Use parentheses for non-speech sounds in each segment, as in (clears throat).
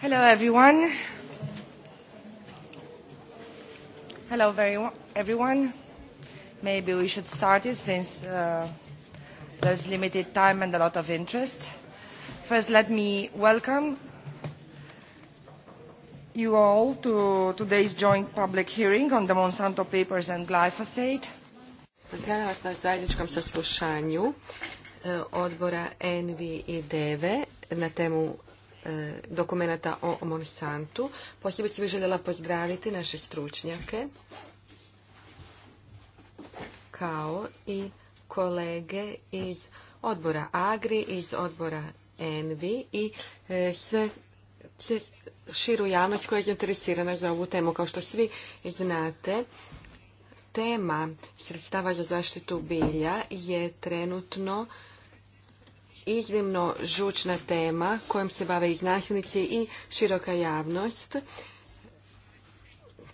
Hello everyone. Hello very everyone. Maybe we should start it since uh, there's limited time and a lot of interest. First, let me welcome you all to today's joint public hearing on the Monsanto papers and glyphosate. Pozdravljam na saslušanju e, odbora i na temu E, dokumenta o Monsantu. Posebice bih željela pozdraviti naše stručnjake kao i kolege iz odbora Agri, iz odbora Envi i e, sve širu javnost koja je zainteresirana za ovu temu. Kao što svi znate, tema sredstava za zaštitu bilja je trenutno iznimno žučna tema kojom se bave i znanstvenici i široka javnost.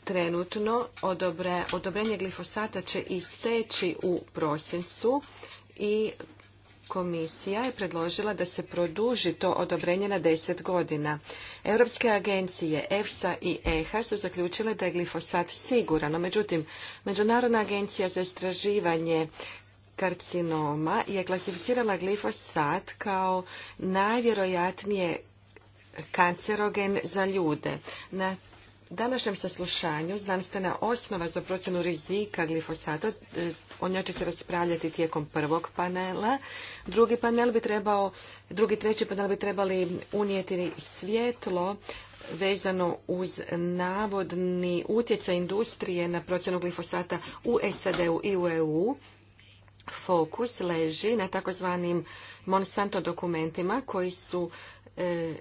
Trenutno odobrenje glifosata će isteći u prosincu i komisija je predložila da se produži to odobrenje na 10 godina. Europske agencije EFSA i EHA su zaključile da je glifosat siguran, no međutim Međunarodna agencija za istraživanje karcinoma je klasificirala glifosat kao najvjerojatnije kancerogen za ljude. Na današnjem saslušanju znanstvena osnova za procjenu rizika glifosata, o njoj će se raspravljati tijekom prvog panela. Drugi panel bi trebao, drugi treći panel bi trebali unijeti svjetlo vezano uz navodni utjecaj industrije na procjenu glifosata u SAD-u i u EU fokus leži na takozvanim Monsanto dokumentima koji su e,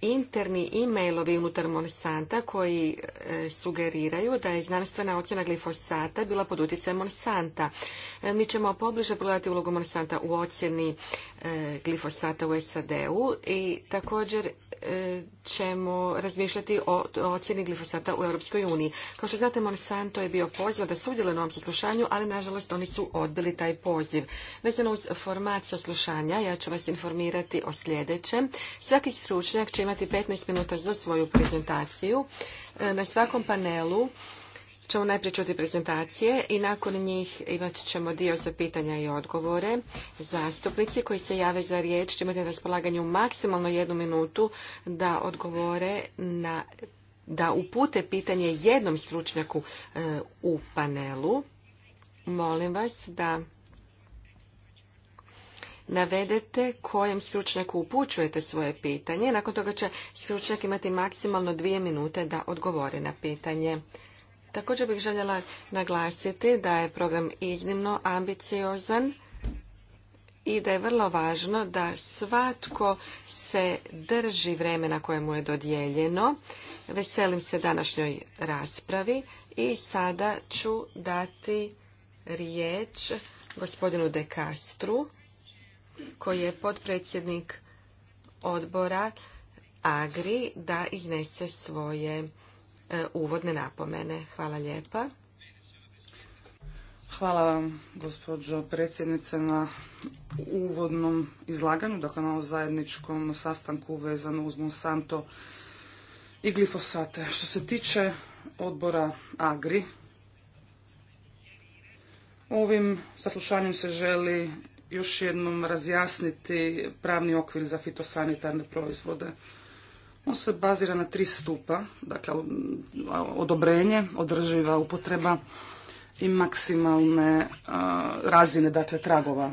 interni e-mailovi unutar Monsanta koji e, sugeriraju da je znanstvena ocjena glifosata bila pod utjecajem Monsanta. E, mi ćemo pobliže pogledati ulogu Monsanta u ocjeni glifosata u SAD-u i također ćemo razmišljati o ocjeni glifosata u Europskoj uniji. Kao što znate, Monsanto je bio poziv da sudjeluje na ovom saslušanju, ali nažalost oni su odbili taj poziv. Vezano uz format saslušanja, ja ću vas informirati o sljedećem. Svaki stručnjak će imati 15 minuta za svoju prezentaciju. E, na svakom panelu ćemo najprije čuti prezentacije i nakon njih imat ćemo dio za pitanja i odgovore. Zastupnici koji se jave za riječ će imati na raspolaganju maksimalno jednu minutu da odgovore na da upute pitanje jednom stručnjaku eh, u panelu. Molim vas da navedete kojem stručnjaku upućujete svoje pitanje. Nakon toga će stručnjak imati maksimalno dvije minute da odgovore na pitanje. Također bih željela naglasiti da je program iznimno ambiciozan i da je vrlo važno da svatko se drži vremena koje mu je dodijeljeno. Veselim se današnjoj raspravi i sada ću dati riječ gospodinu De Castru koji je potpredsjednik odbora Agri da iznese svoje E, uvodne napomene. Hvala lijepa. Hvala vam, gospođo predsjednice, na uvodnom izlaganju, dakle na ovom zajedničkom sastanku vezano uz Monsanto i glifosate. Što se tiče odbora AGRI, ovim saslušanjem se želi još jednom razjasniti pravni okvir za fitosanitarne proizvode. On se bazira na tri stupa, dakle odobrenje, održiva upotreba i maksimalne razine, dakle tragova.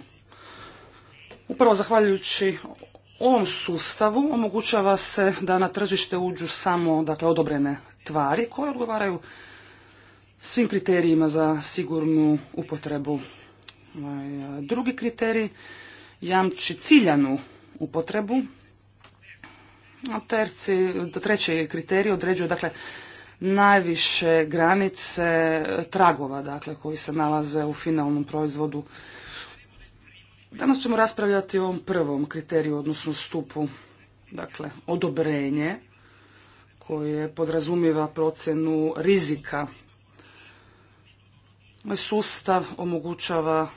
Upravo zahvaljujući ovom sustavu omogućava se da na tržište uđu samo dakle, odobrene tvari koje odgovaraju svim kriterijima za sigurnu upotrebu. Ovaj, drugi kriterij jamči ciljanu upotrebu Terci, treći kriterij određuje dakle najviše granice tragova dakle koji se nalaze u finalnom proizvodu. Danas ćemo raspravljati o ovom prvom kriteriju, odnosno stupu, dakle odobrenje koje podrazumiva procjenu rizika. Sustav omogućava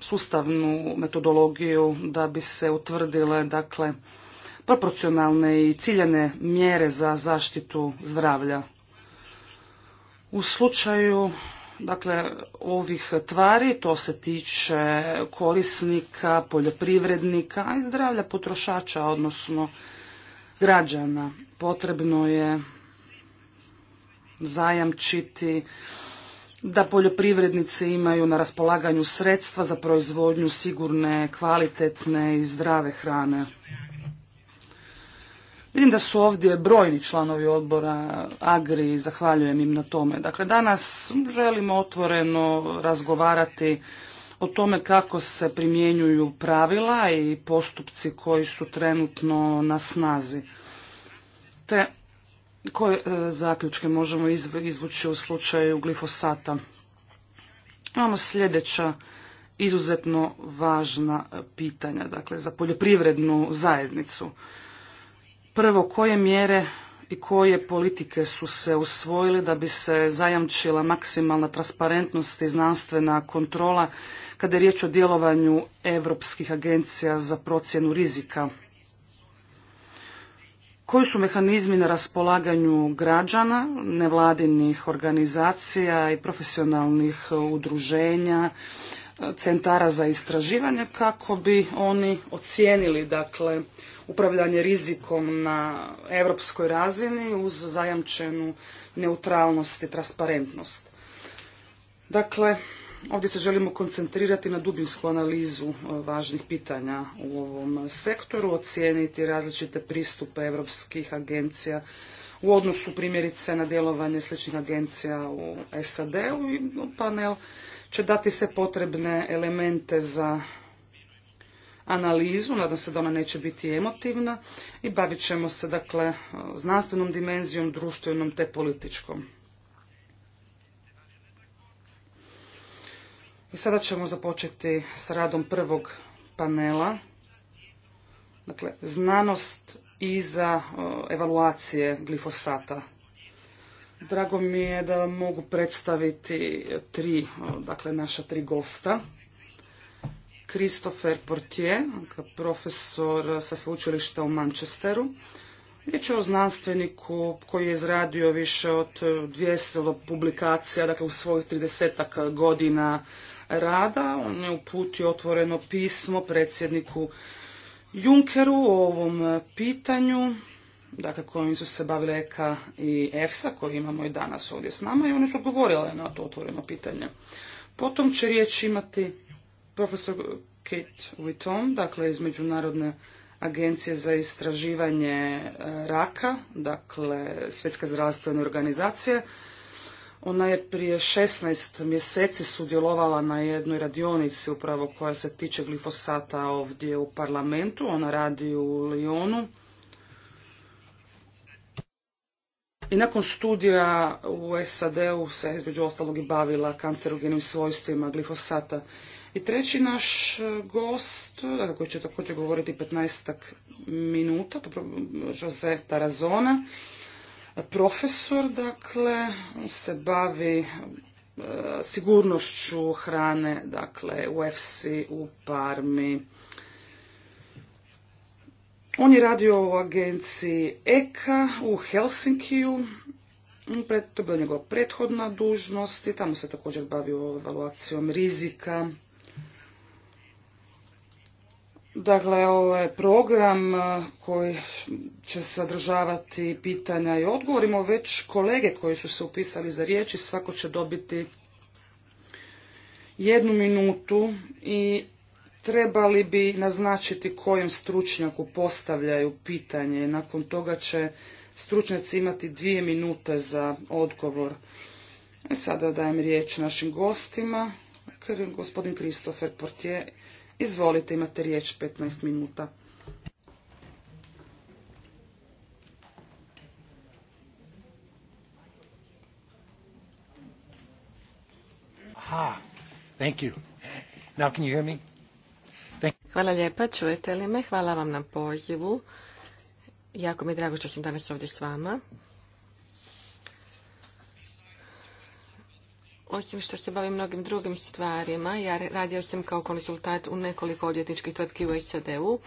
sustavnu metodologiju da bi se utvrdile dakle proporcionalne i ciljane mjere za zaštitu zdravlja. U slučaju dakle, ovih tvari, to se tiče korisnika, poljoprivrednika i zdravlja potrošača, odnosno građana. Potrebno je zajamčiti da poljoprivrednici imaju na raspolaganju sredstva za proizvodnju sigurne, kvalitetne i zdrave hrane. Vidim da su ovdje brojni članovi odbora Agri i zahvaljujem im na tome. Dakle, danas želimo otvoreno razgovarati o tome kako se primjenjuju pravila i postupci koji su trenutno na snazi. Te koje e, zaključke možemo izvući u slučaju glifosata. Imamo sljedeća izuzetno važna e, pitanja, dakle, za poljoprivrednu zajednicu. Prvo, koje mjere i koje politike su se usvojile da bi se zajamčila maksimalna transparentnost i znanstvena kontrola kada je riječ o djelovanju europskih agencija za procjenu rizika? Koji su mehanizmi na raspolaganju građana, nevladinih organizacija i profesionalnih udruženja centara za istraživanje kako bi oni ocijenili dakle upravljanje rizikom na europskoj razini uz zajamčenu neutralnost i transparentnost. Dakle, ovdje se želimo koncentrirati na dubinsku analizu e, važnih pitanja u ovom sektoru, ocijeniti različite pristupe europskih agencija u odnosu primjerice na djelovanje sličnih agencija u SAD-u i panel će dati se potrebne elemente za analizu, nadam se da ona neće biti emotivna i bavit ćemo se dakle znanstvenom dimenzijom, društvenom te političkom. I sada ćemo započeti s radom prvog panela, dakle znanost iza evaluacije glifosata. Drago mi je da mogu predstaviti tri, dakle naša tri gosta. Christopher Portier, profesor sa sveučilišta u Manchesteru. Riječ je o znanstveniku koji je izradio više od 200 publikacija, dakle u svojih 30 godina rada. On je uputio otvoreno pismo predsjedniku Junkeru o ovom pitanju dakle kojim su se bavile EKA i EFSA koji imamo i danas ovdje s nama i one su odgovorile na to otvoreno pitanje. Potom će riječ imati profesor Kate Witton, dakle iz Međunarodne agencije za istraživanje e, raka, dakle Svjetske zdravstvene organizacije. Ona je prije 16 mjeseci sudjelovala na jednoj radionici upravo koja se tiče glifosata ovdje u parlamentu. Ona radi u Lyonu I nakon studija u SAD-u se između ostalog i bavila kancerogenim svojstvima glifosata. I treći naš e, gost, dakle, koji će također govoriti 15 minuta, Jose Tarazona, profesor, dakle, se bavi e, sigurnošću hrane, dakle, u EFSI, u Parmi, on je radio u agenciji EKA u Helsinkiju, to je bila njegova prethodna dužnost i tamo se također bavio evaluacijom rizika. Dakle, ovo je program koji će sadržavati pitanja i odgovorimo već kolege koji su se upisali za riječi svako će dobiti jednu minutu i trebali bi naznačiti kojem stručnjaku postavljaju pitanje. Nakon toga će stručnjaci imati dvije minute za odgovor. E sada dajem riječ našim gostima. Gospodin Kristofer Portier, izvolite, imate riječ 15 minuta. Aha, thank you. Now can you hear me? Hvala lijepa, čujete li me? Hvala vam na pozivu. Jako mi je drago što sam danas ovdje s vama. Osim što se bavim mnogim drugim stvarima, ja radio sam kao konsultant u nekoliko odvjetničkih tvrtki u SAD-u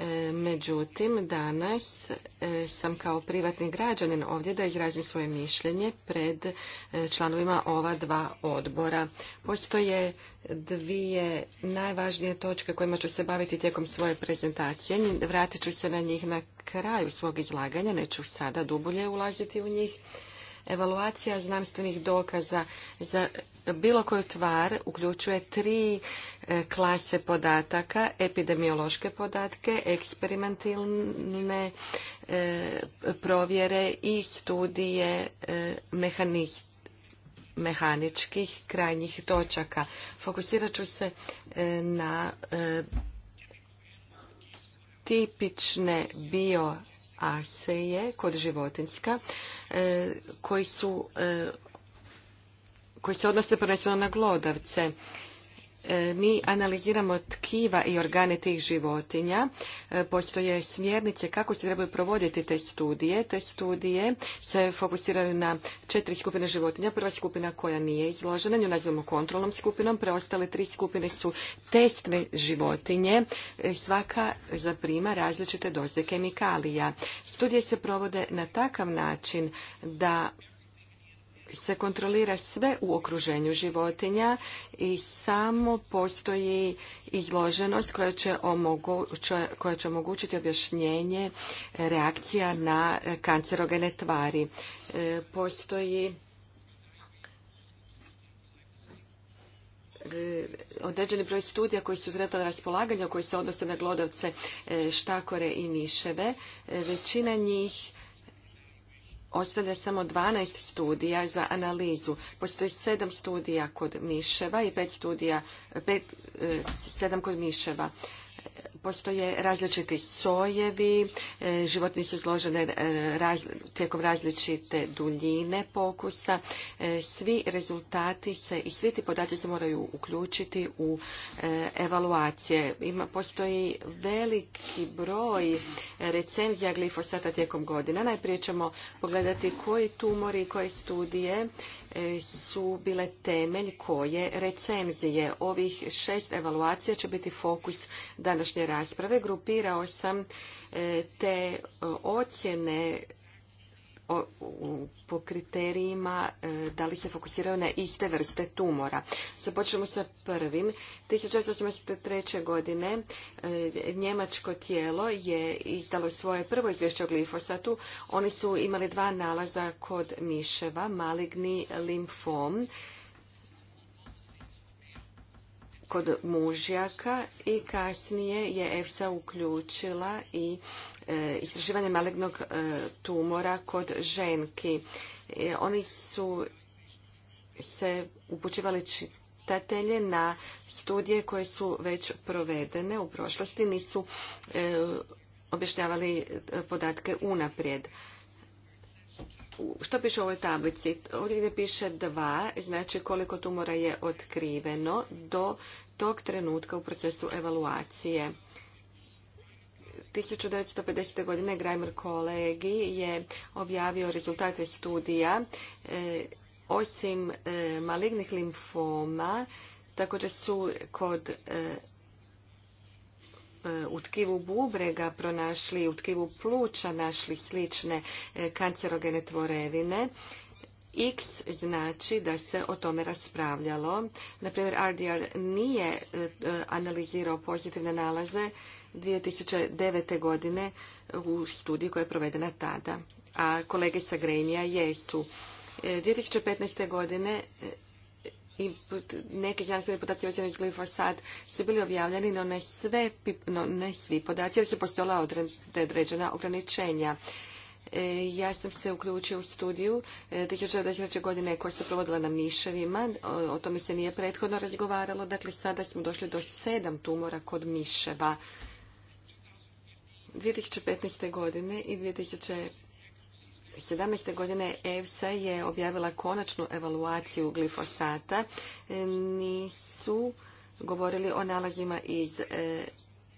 E, međutim, danas e, sam kao privatni građanin ovdje da izrazim svoje mišljenje pred e, članovima ova dva odbora. Postoje dvije najvažnije točke kojima ću se baviti tijekom svoje prezentacije. Vratit ću se na njih na kraju svog izlaganja, neću sada dubulje ulaziti u njih. Evaluacija znanstvenih dokaza za bilo koju tvar uključuje tri e, klase podataka, epidemiološke podatke, eksperimentalne e, provjere i studije e, mehaničkih krajnjih točaka. Fokusirat ću se na tipične bio aseje kod životinska e, koji su e, koji se odnose prvenstveno na glodavce. E, mi analiziramo tkiva i organe tih životinja. E, postoje smjernice kako se trebaju provoditi te studije. Te studije se fokusiraju na četiri skupine životinja. Prva skupina koja nije izložena, nju nazivamo kontrolnom skupinom. Preostale tri skupine su testne životinje. E, svaka zaprima različite doze kemikalija. Studije se provode na takav način da se kontrolira sve u okruženju životinja i samo postoji izloženost koja će, će omogućiti objašnjenje reakcija na kancerogene tvari. E, postoji e, određeni broj studija koji su zredno na raspolaganju, koji se odnose na glodavce, e, štakore i miševe. Većina njih ostavlja samo 12 studija za analizu. Postoji 7 studija kod miševa i 5 studija, 7 eh, kod miševa postoje različiti sojevi, e, životinje su izložene e, tijekom različite duljine pokusa. E, svi rezultati se i svi ti podaci se moraju uključiti u evaluacije. postoji veliki broj recenzija glifosata tijekom godina. Najprije ćemo pogledati koji tumori i koje studije su bile temelj koje recenzije. Ovih šest evaluacija će biti fokus današnje rasprave. Grupirao sam e, te e, ocjene po kriterijima e, da li se fokusiraju na iste vrste tumora. Započnemo sa prvim. 1983. godine e, njemačko tijelo je izdalo svoje prvo izvješće o glifosatu. Oni su imali dva nalaza kod miševa, maligni limfom kod mužjaka i kasnije je EFSA uključila i e, istraživanje malignog e, tumora kod ženki. E, oni su se upućivali čitatelje na studije koje su već provedene u prošlosti, nisu objašnjavali podatke unaprijed što piše u ovoj tablici? Ovdje gdje piše dva, znači koliko tumora je otkriveno do tog trenutka u procesu evaluacije. 1950. godine Greimer kolegi je objavio rezultate studija. E, osim e, malignih limfoma, također su kod e, u tkivu bubrega pronašli, u tkivu pluća našli slične e, kancerogene tvorevine. X znači da se o tome raspravljalo. Naprimjer, RDR nije e, e, analizirao pozitivne nalaze 2009. godine u studiji koja je provedena tada. A kolege sa Gremija jesu. 2015. godine i neki znanstveni podaci vezani uz glifosat su bili objavljeni, no ne, sve, no ne svi podaci, jer su postojala određena ograničenja. E, ja sam se uključio u studiju e, tisuće godine koja se provodila na miševima. O, tome se nije prethodno razgovaralo. Dakle, sada smo došli do sedam tumora kod miševa. 2015. godine i tisuće 2017. godine EFSA je objavila konačnu evaluaciju glifosata. Nisu govorili o nalazima iz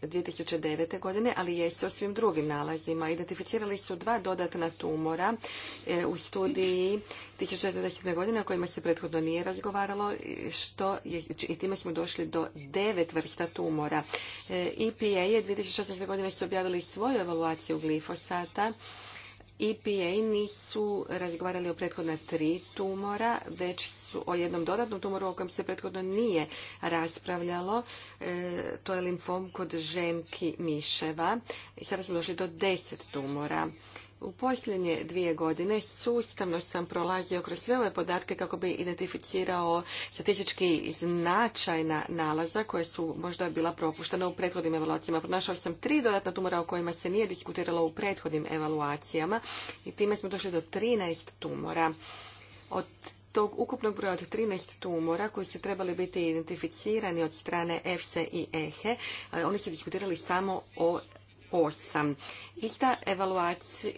2009. E, godine, ali jesu o svim drugim nalazima. Identificirali su dva dodatna tumora e, u studiji 2014 godine o kojima se prethodno nije razgovaralo i time smo došli do devet vrsta tumora. EPA e je 2016. godine su objavili svoju evaluaciju glifosata EPA nisu razgovarali o prethodna tri tumora, već su o jednom dodatnom tumoru o kojem se prethodno nije raspravljalo. E, to je limfom kod ženki miševa. sada smo došli do deset tumora. U posljednje dvije godine sustavno sam prolazio kroz sve ove podatke kako bi identificirao statistički značajna nalaza koje su možda bila propuštena u prethodnim evaluacijama. Pronašao sam tri dodatna tumora o kojima se nije diskutiralo u prethodnim evaluacijama i time smo došli do 13 tumora. Od tog ukupnog broja od 13 tumora koji su trebali biti identificirani od strane EFSE i EHE, oni su diskutirali samo o Ista evaluacija,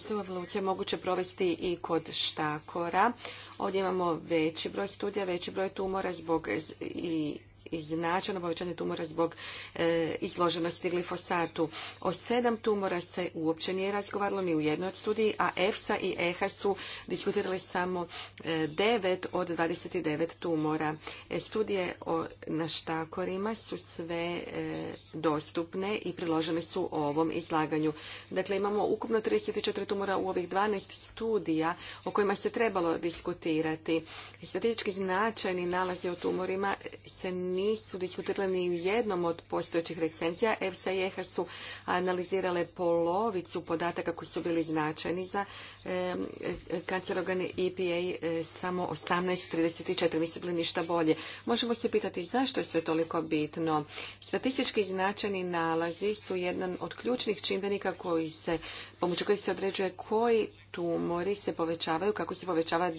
istu evaluaciju moguće provesti i kod štakora. Ovdje imamo veći broj studija, veći broj tumora zbog i značajno povećanje tumora zbog e, izloženosti glifosatu. O sedam tumora se uopće nije razgovaralo ni u jednoj od studiji, a EFSA i EHA su diskutirali samo e, devet od 29 tumora. E, studije na štakorima su sve dostupne i priložene su ovom izlaganju. Dakle, imamo ukupno 34 tumora u ovih 12 studija o kojima se trebalo diskutirati. Statistički značajni nalazi o tumorima se nisu diskutirale ni u jednom od postojećih recenzija. EFSA i EHA su analizirale polovicu podataka koji su bili značajni za e, kancerogene EPA samo 18.34. Nisu bili ništa bolje. Možemo se pitati zašto je sve toliko bitno. Statistički značajni nalazi su jedan od ključnih čimbenika koji se, pomoću kojih se određuje koji tumori se povećavaju kako se povećava e,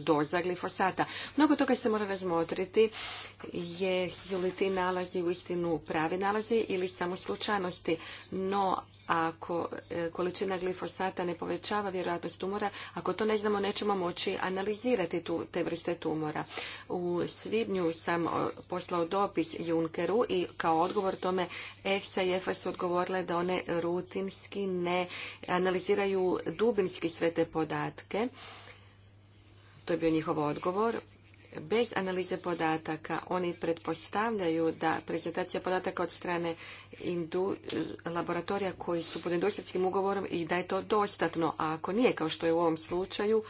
doza glifosata. Mnogo toga se mora razmotriti. Jesu li ti nalazi u istinu pravi nalazi ili samo slučajnosti? No, ako e, količina glifosata ne povećava vjerojatnost tumora, ako to ne znamo, nećemo moći analizirati tu, te vrste tumora. U svibnju sam poslao dopis Junkeru i kao odgovor tome EFSA i EFA su odgovorile da one rutinski ne analiziraju dubinski sve te podatke. To je bio njihov odgovor bez analize podataka. Oni pretpostavljaju da prezentacija podataka od strane laboratorija koji su pod industrijskim ugovorom i da je to dostatno, a ako nije kao što je u ovom slučaju,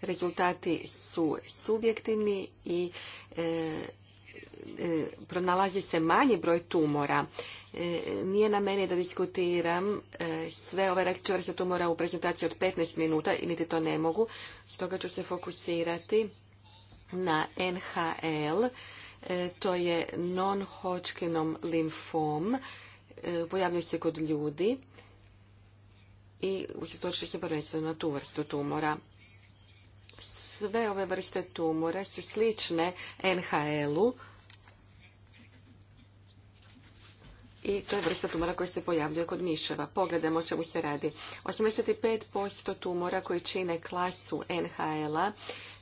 rezultati su subjektivni i e, e, pronalazi se manji broj tumora. E, nije na meni da diskutiram sve ove različite vrste tumora u prezentaciji od 15 minuta, niti to ne mogu, stoga ću se fokusirati na NHL, e, to je non-Hodgkinom limfom, e, pojavljuje se kod ljudi i usjetoči se prvenstveno na tu vrstu tumora. Sve ove vrste tumora su slične NHL-u i to je vrsta tumora koja se pojavljuje kod miševa. Pogledajmo o čemu se radi. 85% tumora koji čine klasu NHL-a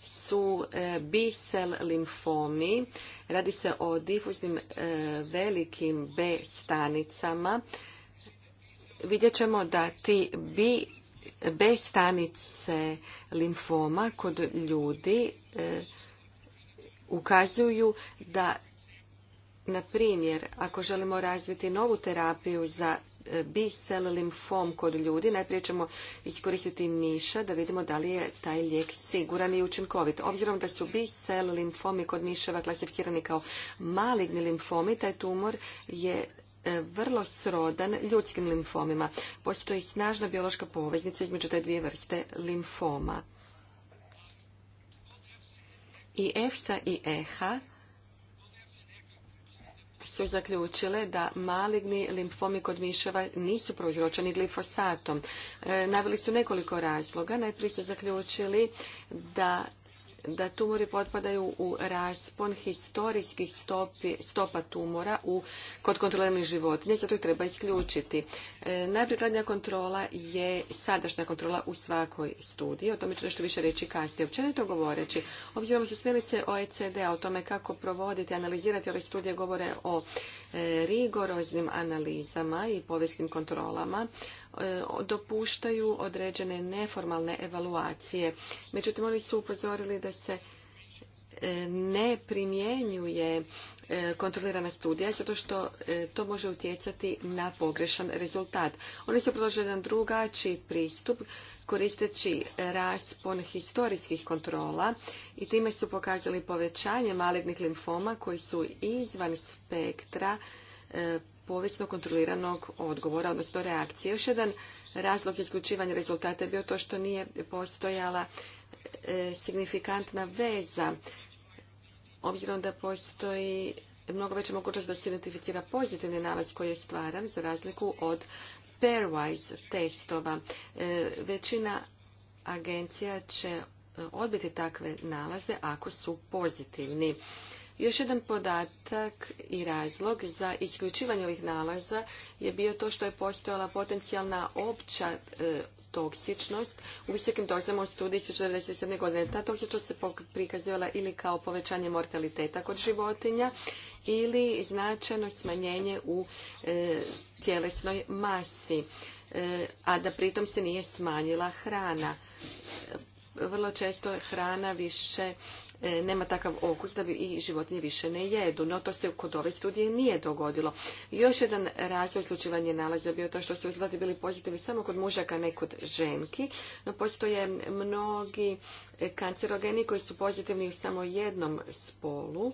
su e, B-cell limfomi. Radi se o difuznim e, velikim B stanicama. Vidjet ćemo da ti B, stanice limfoma kod ljudi e, ukazuju da na primjer, ako želimo razviti novu terapiju za B-cell limfom kod ljudi. Najprije ćemo iskoristiti miša da vidimo da li je taj lijek siguran i učinkovit. Obzirom da su B-cell limfomi kod miševa klasificirani kao maligni limfomi, taj tumor je e, vrlo srodan ljudskim limfomima. Postoji snažna biološka poveznica između te dvije vrste limfoma. I EFSA i EHA su zaključile da maligni limfomi kod miševa nisu prouzročeni glifosatom. E, naveli su nekoliko razloga. Najprije su zaključili da da tumori potpadaju u raspon historijskih stopa tumora u, kod kontroliranih životinja, zato ih treba isključiti. E, najprikladnija kontrola je sadašnja kontrola u svakoj studiji, o tome ću nešto više reći kasnije. Općenito govoreći, obzirom su smjelice OECD-a o tome kako provoditi, analizirati ove studije, govore o e, rigoroznim analizama i povijesnim kontrolama, E, dopuštaju određene neformalne evaluacije. Međutim, oni su upozorili da se e, ne primjenjuje e, kontrolirana studija zato što to može utjecati na pogrešan rezultat. Oni su predložili jedan drugačiji pristup koristeći raspon historijskih kontrola i time su pokazali povećanje malignih limfoma koji su izvan spektra povijesno kontroliranog odgovora, odnosno reakcije. Još jedan razlog za rezultata je bio to što nije postojala e, signifikantna veza, obzirom da postoji mnogo veća mogućnost da se identificira pozitivni nalaz koji je stvaran, za razliku od pairwise testova. E, većina agencija će e, odbiti takve nalaze ako su pozitivni. Još jedan podatak i razlog za isključivanje ovih nalaza je bio to što je postojala potencijalna opća e, toksičnost u visokim dozama u studiji 1997. godine. Ta toksičnost se prikazivala ili kao povećanje mortaliteta kod životinja ili značajno smanjenje u e, tjelesnoj masi, e, a da pritom se nije smanjila hrana. Vrlo često hrana više E, nema takav okus da bi i životinje više ne jedu. No to se kod ove studije nije dogodilo. Još jedan razlog slučivanje nalaza bio to što su rezultati bili pozitivni samo kod mužaka, ne kod ženki. No postoje mnogi kancerogeni koji su pozitivni u samo jednom spolu.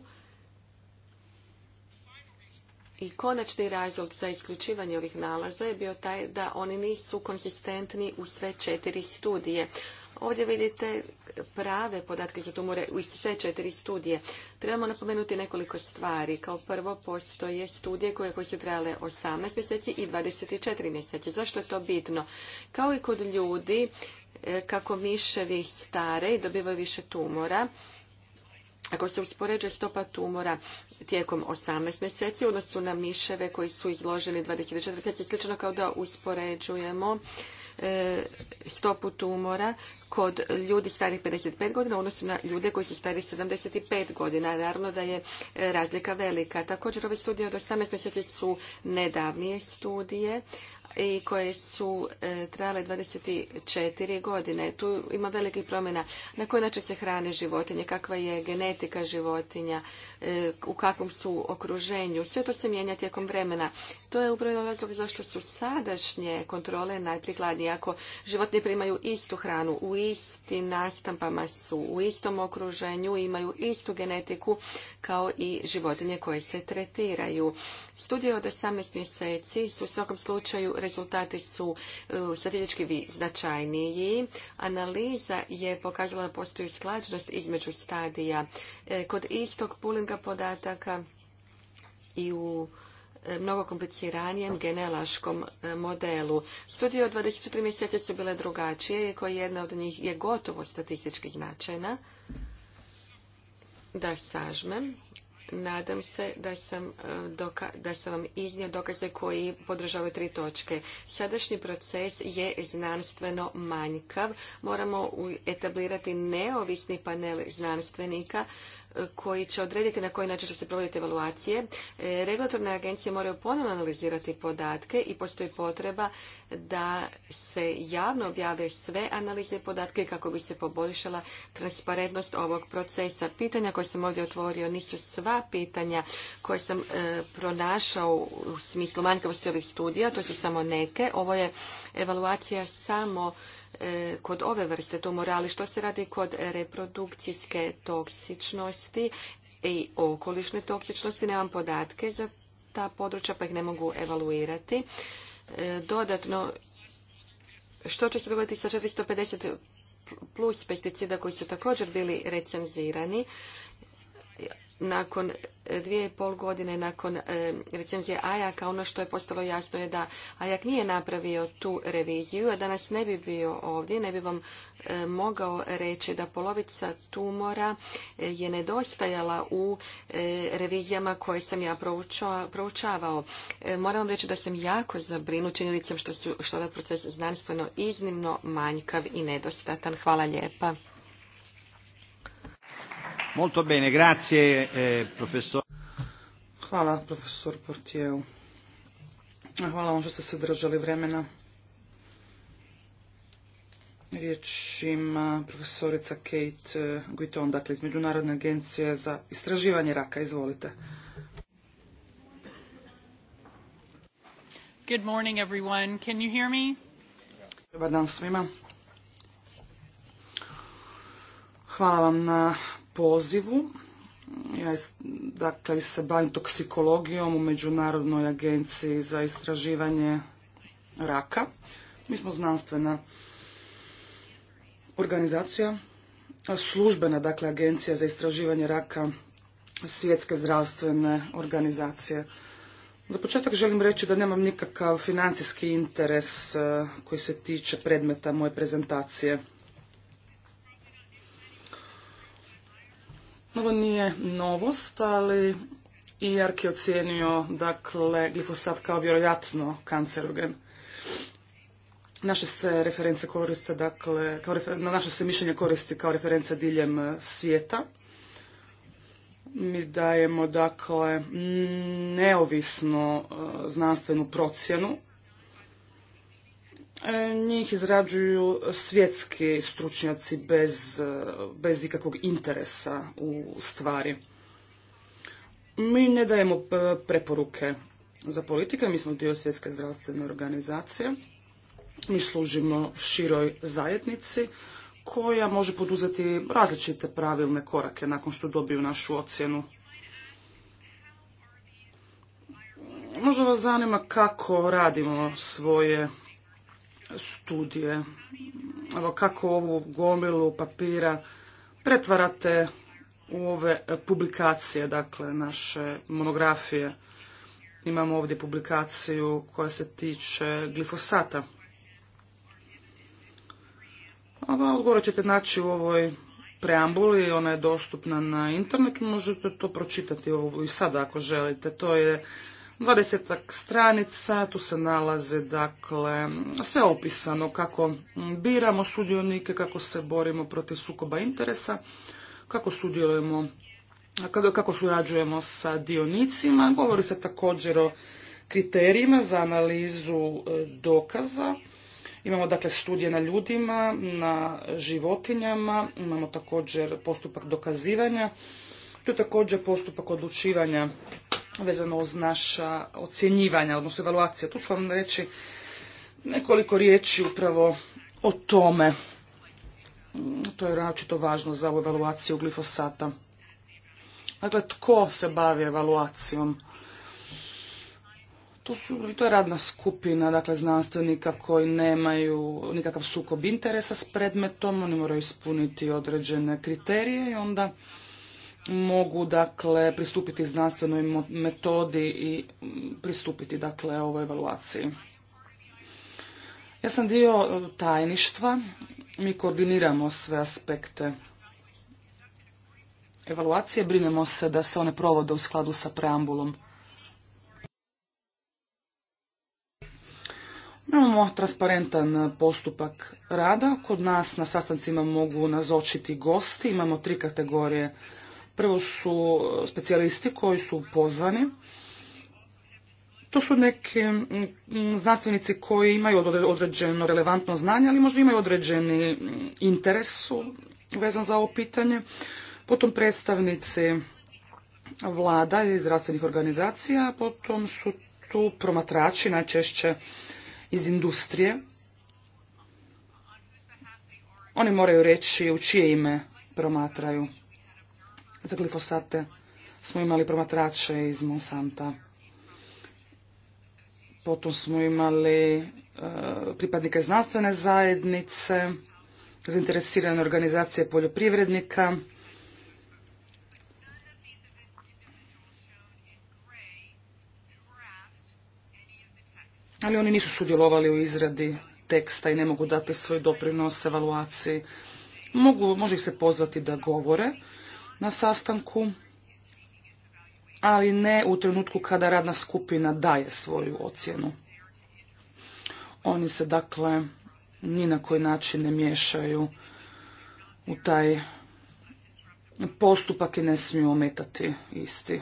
I konačni razlog za isključivanje ovih nalaza je bio taj da oni nisu konsistentni u sve četiri studije. Ovdje vidite prave podatke za tumore u sve četiri studije. Trebamo napomenuti nekoliko stvari. Kao prvo postoje studije koje, su trajale 18 mjeseci i 24 mjeseci. Zašto je to bitno? Kao i kod ljudi, e, kako miševi stare i dobivaju više tumora, ako se uspoređuje stopa tumora tijekom 18 mjeseci u odnosu na miševe koji su izloženi 24 mjeseci, slično kao da uspoređujemo e, stopu tumora kod ljudi starih 55 godina u odnosu na ljude koji su stari 75 godina. Naravno da je e, razlika velika. Također ove studije od 18 mjeseci su nedavnije studije, i koje su e, trajale 24 godine. Tu ima velikih promjena. Na koji način se hrane životinje, kakva je genetika životinja, e, u kakvom su okruženju. Sve to se mijenja tijekom vremena. To je upravo razlog zašto su sadašnje kontrole najprikladnije. Ako životinje primaju istu hranu, u istim nastampama su, u istom okruženju, imaju istu genetiku kao i životinje koje se tretiraju. Studije od 18 mjeseci su u svakom slučaju rezultati su e, statistički značajniji. Analiza je pokazala da postoji sklačnost između stadija. E, kod istog pulinga podataka i u e, mnogo kompliciranijem genelaškom modelu. Studije od 24 mjeseca su bile drugačije, iako jedna od njih je gotovo statistički značajna. Da sažmem, Nadam se da sam, e, da sam vam iznio dokaze koji podržavaju tri točke. Sadašnji proces je znanstveno manjkav. Moramo etablirati neovisni panel znanstvenika koji će odrediti na koji način će se provoditi evaluacije. E, regulatorne agencije moraju ponovno analizirati podatke i postoji potreba da se javno objave sve analize podatke kako bi se poboljšala transparentnost ovog procesa. Pitanja koje sam ovdje otvorio nisu sva pitanja koje sam e, pronašao u smislu manjkavosti ovih studija, to su samo neke. Ovo je evaluacija samo E, kod ove vrste tumora, ali što se radi kod reprodukcijske toksičnosti i okolišne toksičnosti, nemam podatke za ta područja pa ih ne mogu evaluirati. E, dodatno, što će se dogoditi sa 450 plus pesticida koji su također bili recenzirani? nakon dvije i pol godine nakon e, recenzije Ajaka, ono što je postalo jasno je da Ajak nije napravio tu reviziju, a danas ne bi bio ovdje, ne bi vam e, mogao reći da polovica tumora e, je nedostajala u revizijama koje sam ja proučavao. Moram vam reći da sam jako zabrinut činjenicom što je ovaj proces znanstveno iznimno manjkav i nedostatan. Hvala lijepa. Molto bene, eh, profesor. Hvala profesor Portijevu. Hvala vam što ste se držali vremena. Riječ ima profesorica Kate eh, Guiton, dakle iz Međunarodne agencije za istraživanje raka. Izvolite. Good Dobar dan svima. Hvala vam na pozivu. Ja dakle, se bavim toksikologijom u Međunarodnoj agenciji za istraživanje raka. Mi smo znanstvena organizacija, službena dakle, agencija za istraživanje raka svjetske zdravstvene organizacije. Za početak želim reći da nemam nikakav financijski interes eh, koji se tiče predmeta moje prezentacije. Ovo nije novost, ali i je ocijenio dakle, glifosat kao vjerojatno kancerogen. Naše se reference koriste, dakle, kao naše se mišljenje koristi kao referenca diljem e, svijeta. Mi dajemo, dakle, neovisno e, znanstvenu procjenu E, njih izrađuju svjetski stručnjaci bez, e, bez ikakvog interesa u stvari. Mi ne dajemo e, preporuke za politike, mi smo dio svjetske zdravstvene organizacije. Mi služimo široj zajednici koja može poduzeti različite pravilne korake nakon što dobiju našu ocjenu. Možda vas zanima kako radimo svoje studije. Evo kako ovu gomilu papira pretvarate u ove publikacije, dakle naše monografije. Imamo ovdje publikaciju koja se tiče glifosata. Odgovor ćete naći u ovoj preambuli, ona je dostupna na internetu, možete to pročitati i sada ako želite. To je Dvadesetak stranica, tu se nalaze dakle sve opisano kako biramo sudionike, kako se borimo protiv sukoba interesa, kako sudjelujemo kako surađujemo sa dionicima. Govori se također o kriterijima za analizu e, dokaza. Imamo dakle studije na ljudima, na životinjama, imamo također postupak dokazivanja, tu je također postupak odlučivanja vezano uz naša ocjenjivanja, odnosno evaluacija. Tu ću vam reći nekoliko riječi upravo o tome. Mm, to je račito važno za ovu evaluaciju glifosata. Dakle, tko se bavi evaluacijom? To, to je radna skupina dakle, znanstvenika koji nemaju nikakav sukob interesa s predmetom, oni moraju ispuniti određene kriterije i onda mogu dakle pristupiti znanstvenoj metodi i mm, pristupiti dakle ovoj evaluaciji. Ja sam dio e, tajništva, mi koordiniramo sve aspekte evaluacije, brinemo se da se one provode u skladu sa preambulom. Imamo transparentan postupak rada. Kod nas na sastancima mogu nazočiti gosti. Imamo tri kategorije Prvo su e, specijalisti koji su pozvani. To su neki znanstvenici koji imaju određeno relevantno znanje, ali možda imaju određeni interes vezan za ovo pitanje. Potom predstavnici vlada i zdravstvenih organizacija, potom su tu promatrači, najčešće iz industrije. Oni moraju reći u čije ime promatraju za glifosate smo imali promatrače iz Monsanta. Potom smo imali e, pripadnike znanstvene zajednice, zainteresirane organizacije poljoprivrednika. Ali oni nisu sudjelovali u izradi teksta i ne mogu dati svoj doprinos evaluaciji. Mogu, može ih se pozvati da govore, na sastanku, ali ne u trenutku kada radna skupina daje svoju ocjenu. Oni se dakle ni na koji način ne miješaju u taj postupak i ne smiju ometati isti.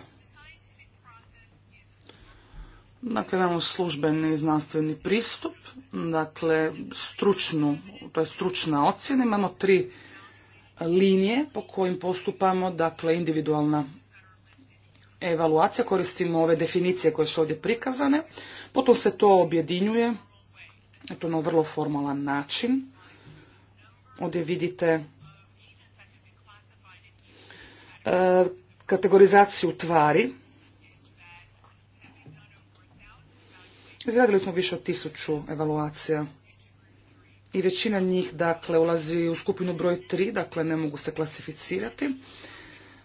Dakle, imamo službeni i znanstveni pristup, dakle, stručnu, to je stručna ocjena, imamo tri linije po kojim postupamo, dakle individualna evaluacija, koristimo ove definicije koje su ovdje prikazane, potom se to objedinjuje, to na vrlo formalan način. Ovdje vidite e, kategorizaciju tvari. Izradili smo više od tisuću evaluacija i većina njih dakle ulazi u skupinu broj 3, dakle ne mogu se klasificirati.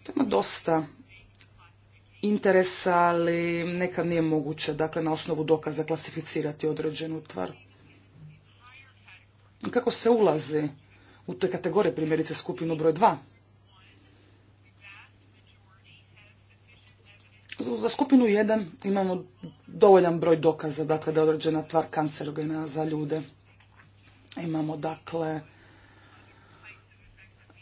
To ima dosta interesa, ali nekad nije moguće dakle na osnovu dokaza klasificirati određenu tvar. Kako se ulazi u te kategorije, primjerice skupinu broj 2? Za skupinu 1 imamo dovoljan broj dokaza, dakle da je određena tvar kancerogena za ljude. Imamo dakle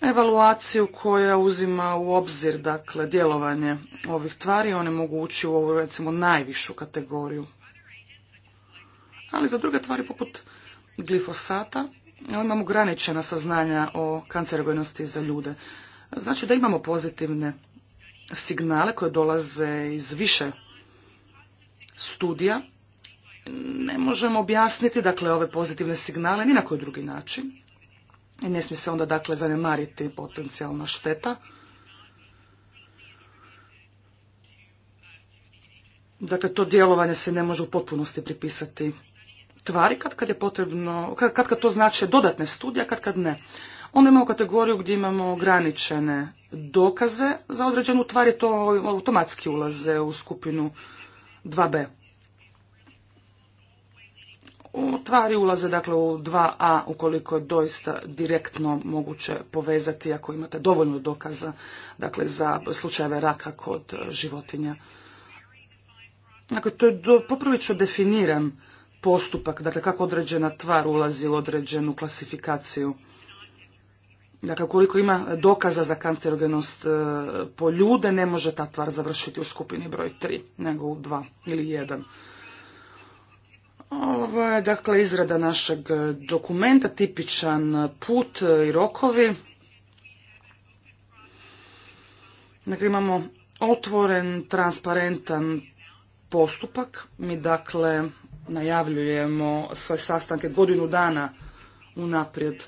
evaluaciju koja uzima u obzir dakle djelovanje ovih tvari. One mogu ući u ovu recimo najvišu kategoriju. Ali za druge tvari poput glifosata imamo ograničena saznanja o kancerogenosti za ljude. Znači da imamo pozitivne signale koje dolaze iz više studija, ne možemo objasniti dakle ove pozitivne signale ni na koji drugi način. I ne smije se onda dakle zanemariti potencijalna šteta. Dakle, to djelovanje se ne može u potpunosti pripisati tvari kad kad je potrebno, kad kad to znači dodatne studije, kad kad ne. Onda imamo kategoriju gdje imamo ograničene dokaze za određenu tvar i to automatski ulaze u skupinu 2b tvari ulaze dakle u 2a ukoliko je doista direktno moguće povezati ako imate dovoljno dokaza dakle za slučajeve raka kod e, životinja. Dakle, to je do, poprilično definiran postupak, dakle kako određena tvar ulazi u određenu klasifikaciju. Dakle, ukoliko ima dokaza za kancerogenost e, po ljude, ne može ta tvar završiti u skupini broj 3, nego u 2 ili 1. Ovo je dakle izrada našeg dokumenta, tipičan put i rokovi. Dakle, imamo otvoren, transparentan postupak. Mi dakle najavljujemo sve sastanke godinu dana unaprijed.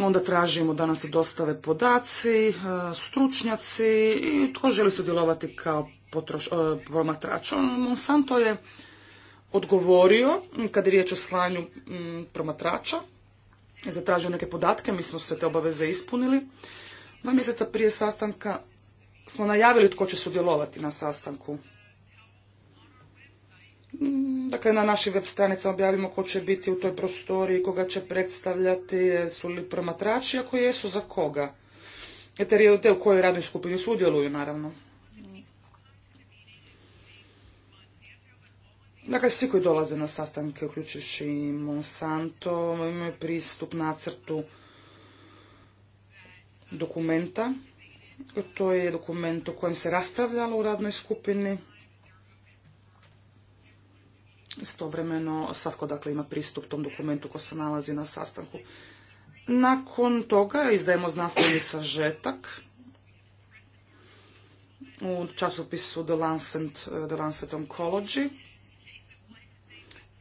Onda tražimo da nam se dostave podaci, e, stručnjaci i tko želi sudjelovati kao e, promatrač. Monsanto je odgovorio mm, kad je riječ o slanju mm, promatrača. Zatražio neke podatke, mi smo sve te obaveze ispunili. Dva mjeseca prije sastanka smo najavili tko će sudjelovati na sastanku. Mm, dakle, na našim web stranicama objavimo ko će biti u toj prostoriji, koga će predstavljati, su li promatrači, ako jesu, za koga. Jer je u kojoj radnoj skupini sudjeluju, naravno. Dakle, svi koji dolaze na sastanke, uključujući Monsanto, imaju pristup nacrtu dokumenta. To je dokument o kojem se raspravljalo u radnoj skupini. Istovremeno, svatko dakle ima pristup tom dokumentu koji se nalazi na sastanku. Nakon toga izdajemo znanstveni sažetak u časopisu The Lancet, eh, The Lancet Oncology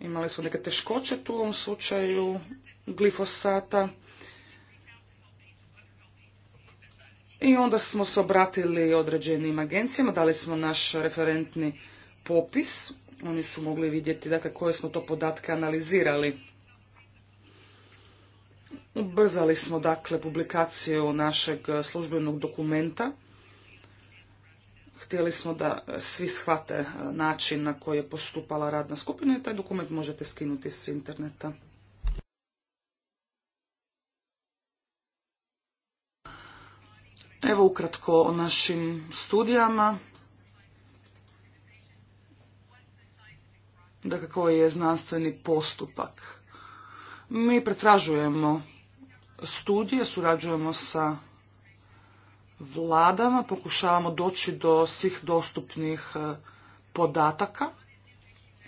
imali su neke teškoće tu u ovom slučaju glifosata. I onda smo se obratili određenim agencijama, dali smo naš referentni popis. Oni su mogli vidjeti dakle, koje smo to podatke analizirali. Ubrzali smo dakle publikaciju našeg službenog dokumenta Htjeli smo da svi shvate e, način na koji je postupala radna skupina i taj dokument možete skinuti s interneta. Evo ukratko o našim studijama. Dakle, koji je znanstveni postupak. Mi pretražujemo studije, surađujemo sa vladama, pokušavamo doći do svih dostupnih e, podataka.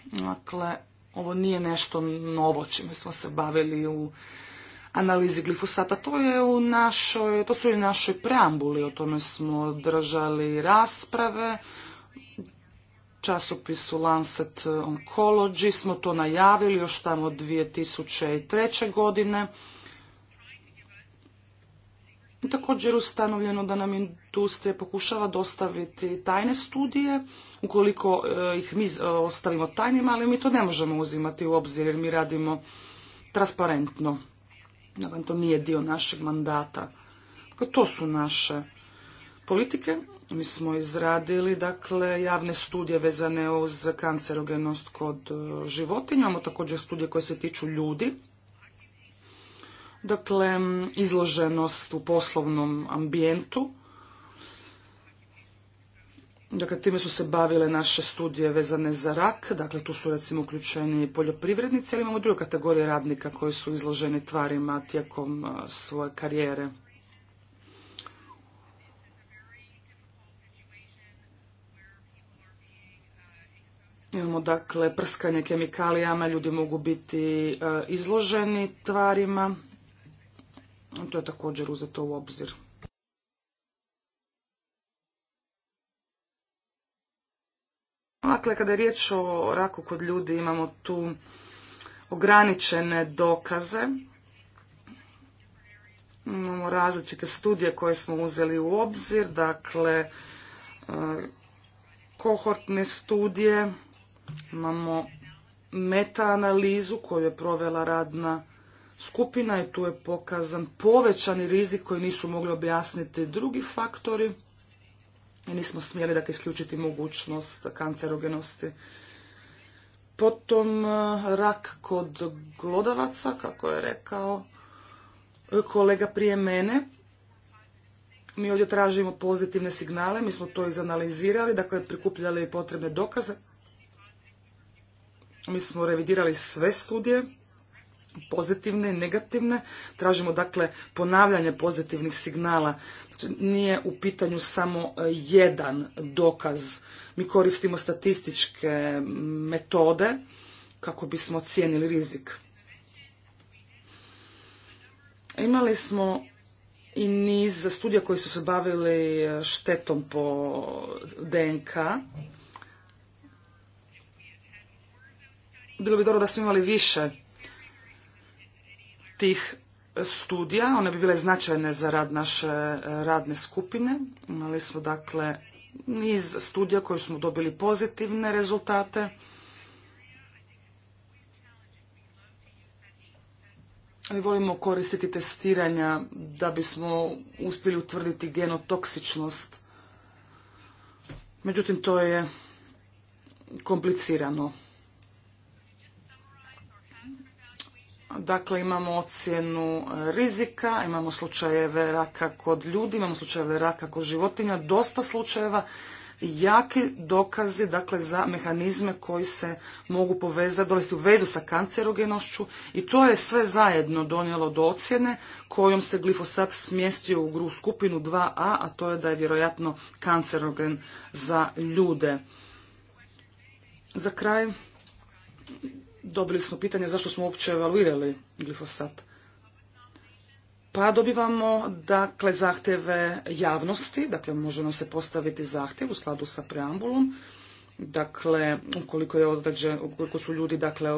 Dakle, ovo nije nešto novo čime smo se bavili u analizi glifosata. To je u našoj, to su i u našoj preambuli, o tome smo držali rasprave. Časopisu Lancet Oncology smo to najavili još tamo 2003. godine. Također ustanovljeno da nam industrija pokušava dostaviti tajne studije, ukoliko e, ih mi e, ostavimo tajnima, ali mi to ne možemo uzimati u obzir jer mi radimo transparentno. Dakle, to nije dio našeg mandata. Dakle, to su naše politike. Mi smo izradili dakle, javne studije vezane uz kancerogenost kod e, životinja. Imamo također studije koje se tiču ljudi dakle izloženost u poslovnom ambijentu. Dakle, time su se bavile naše studije vezane za rak, dakle tu su recimo uključeni poljoprivrednici, ali imamo druge kategorije radnika koji su izloženi tvarima tijekom svoje karijere. Imamo dakle prskanje kemikalijama, ljudi mogu biti izloženi tvarima to je također uzeto u obzir. Dakle, kada je riječ o raku kod ljudi, imamo tu ograničene dokaze. Imamo različite studije koje smo uzeli u obzir, dakle, e, kohortne studije, imamo meta-analizu koju je provela radna skupina i tu je pokazan povećani rizik koji nisu mogli objasniti drugi faktori i nismo smjeli dakle isključiti mogućnost kancerogenosti. Potom e, rak kod glodavaca, kako je rekao e, kolega prije mene. Mi ovdje tražimo pozitivne signale, mi smo to izanalizirali, dakle prikupljali potrebne dokaze. Mi smo revidirali sve studije pozitivne i negativne. Tražimo dakle ponavljanje pozitivnih signala. Znači, nije u pitanju samo e, jedan dokaz. Mi koristimo statističke metode kako bismo ocijenili rizik. Imali smo i niz studija koji su se bavili e, štetom po DNK. Bilo bi dobro da smo imali više tih studija. One bi bile značajne za rad naše e, radne skupine. Imali smo dakle niz studija koji smo dobili pozitivne rezultate. Mi e, volimo koristiti testiranja da bismo uspjeli utvrditi genotoksičnost. Međutim, to je komplicirano. Dakle, imamo ocjenu e, rizika, imamo slučajeve raka kod ljudi, imamo slučajeve raka kod životinja, dosta slučajeva, jaki dokazi dakle, za mehanizme koji se mogu povezati, dovesti u vezu sa kancerogenošću i to je sve zajedno donijelo do ocjene kojom se glifosat smjestio u skupinu 2a, a to je da je vjerojatno kancerogen za ljude. Za kraj, dobili smo pitanje zašto smo uopće evaluirali glifosat. Pa dobivamo dakle zahtjeve javnosti, dakle može nam se postaviti zahtjev u skladu sa preambulom, dakle ukoliko, je određen, ukoliko su ljudi dakle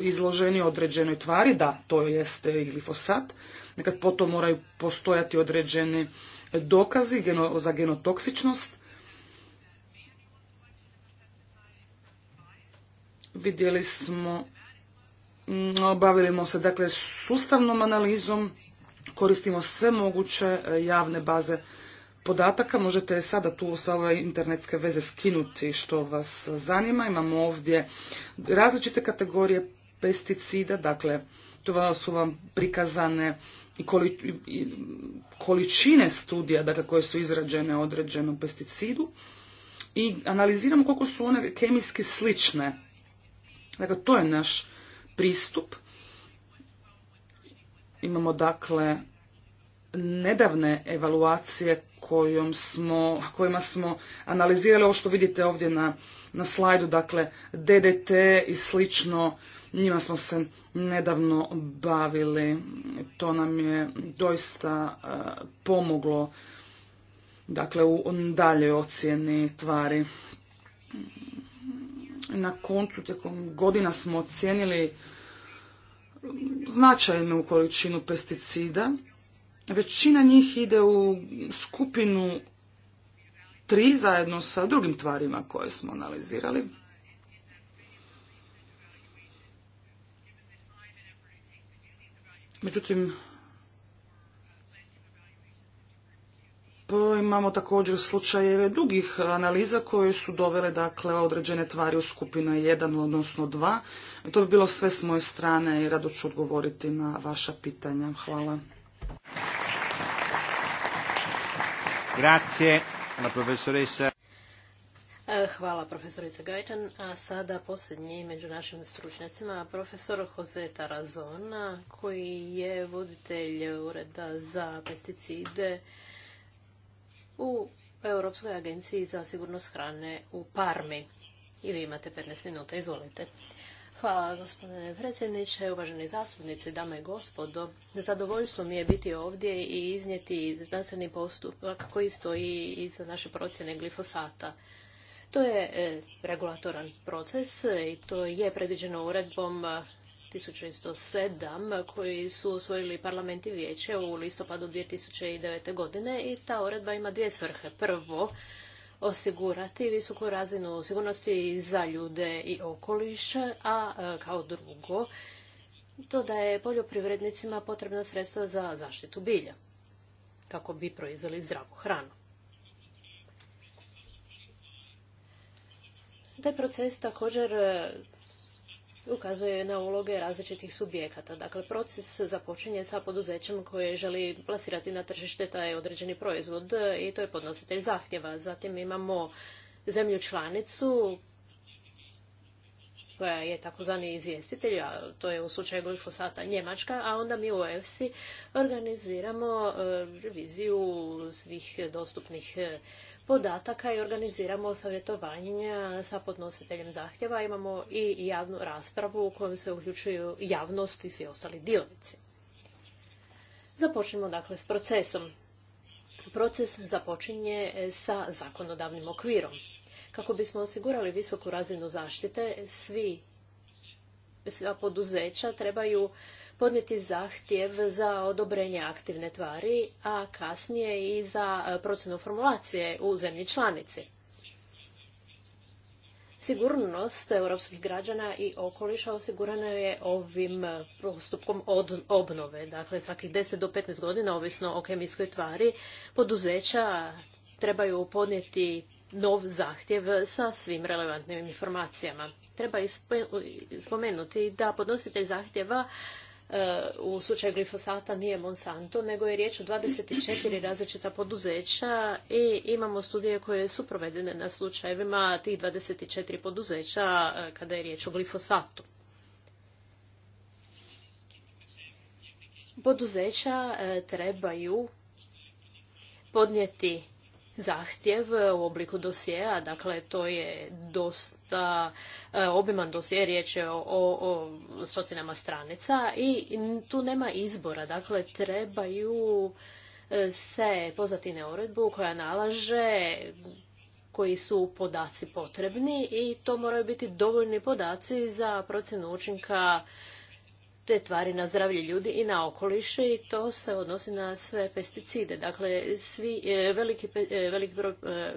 izloženi određenoj tvari, da to jeste i glifosat, nekad potom moraju postojati određeni dokazi za genotoksičnost, Vidjeli smo, mm, bavimo se dakle sustavnom analizom, koristimo sve moguće e, javne baze podataka. Možete sada tu sa ove internetske veze skinuti što vas zanima. Imamo ovdje različite kategorije pesticida, dakle to su vam prikazane i količine studija dakle, koje su izrađene određenom pesticidu i analiziramo koliko su one kemijski slične Dakle, to je naš pristup. Imamo dakle nedavne evaluacije kojom smo, kojima smo analizirali ovo što vidite ovdje na, na slajdu, dakle DDT i slično, njima smo se nedavno bavili, to nam je doista e, pomoglo dakle u daljoj ocjeni tvari. Na koncu tijekom godina smo ocijenili značajnu količinu pesticida. Većina njih ide u skupinu tri zajedno sa drugim tvarima koje smo analizirali. Međutim, imamo također slučajeve drugih analiza koje su dovele dakle određene tvari u skupina 1 odnosno 2. To bi bilo sve s moje strane i rado ću odgovoriti na vaša pitanja. Hvala. Grazie, la e, Hvala profesorice Gajtan. A sada posljednji među našim stručnjacima, profesor Jose Tarazona, koji je voditelj Ureda za pesticide u Europskoj agenciji za sigurnost hrane u Parmi. I vi imate 15 minuta, izvolite. Hvala gospodine predsjedniče, uvaženi zastupnici, dame i gospodo. Zadovoljstvo mi je biti ovdje i iznijeti znanstveni postupak koji stoji iza naše procjene glifosata. To je e, regulatoran proces i to je predviđeno uredbom 1107 koji su usvojili parlament i vijeće u listopadu 2009. godine i ta uredba ima dvije svrhe. Prvo, osigurati visoku razinu sigurnosti za ljude i okoliš, a e, kao drugo, to da je poljoprivrednicima potrebna sredstva za zaštitu bilja kako bi proizveli zdravu hranu. Taj proces također e, ukazuje na uloge različitih subjekata. Dakle, proces započinje sa poduzećem koje želi plasirati na tržište taj određeni proizvod i to je podnositelj zahtjeva. Zatim imamo zemlju članicu koja je takozvani izvjestitelj, a to je u slučaju glifosata Njemačka, a onda mi u EFSI organiziramo e, reviziju svih dostupnih e, podataka i organiziramo savjetovanja sa podnositeljem zahtjeva. Imamo i javnu raspravu u kojoj se uključuju javnost i svi ostali dionici. Započnemo dakle s procesom. Proces započinje sa zakonodavnim okvirom. Kako bismo osigurali visoku razinu zaštite, svi, sva poduzeća trebaju podnijeti zahtjev za odobrenje aktivne tvari, a kasnije i za e, procjenu formulacije u zemlji članici. Sigurnost europskih građana i okoliša osigurana je ovim e, postupkom od obnove. Dakle, svakih 10 do 15 godina, ovisno o kemijskoj tvari, poduzeća trebaju podnijeti nov zahtjev sa svim relevantnim informacijama. Treba spomenuti da podnositelj zahtjeva E, u slučaju glifosata nije Monsanto, nego je riječ o 24 različita poduzeća i imamo studije koje su provedene na slučajevima tih 24 poduzeća e, kada je riječ o glifosatu. Poduzeća e, trebaju podnijeti zahtjev e, u obliku dosjea, dakle to je dosta e, obiman dosje, riječ je o, stotinama stranica i tu nema izbora, dakle trebaju e, se pozvati na uredbu koja nalaže koji su podaci potrebni i to moraju biti dovoljni podaci za procjenu učinka te tvari na zdravlje ljudi i na okoliš i to se odnosi na sve pesticide. Dakle, svi, e, e, veliki, broj e,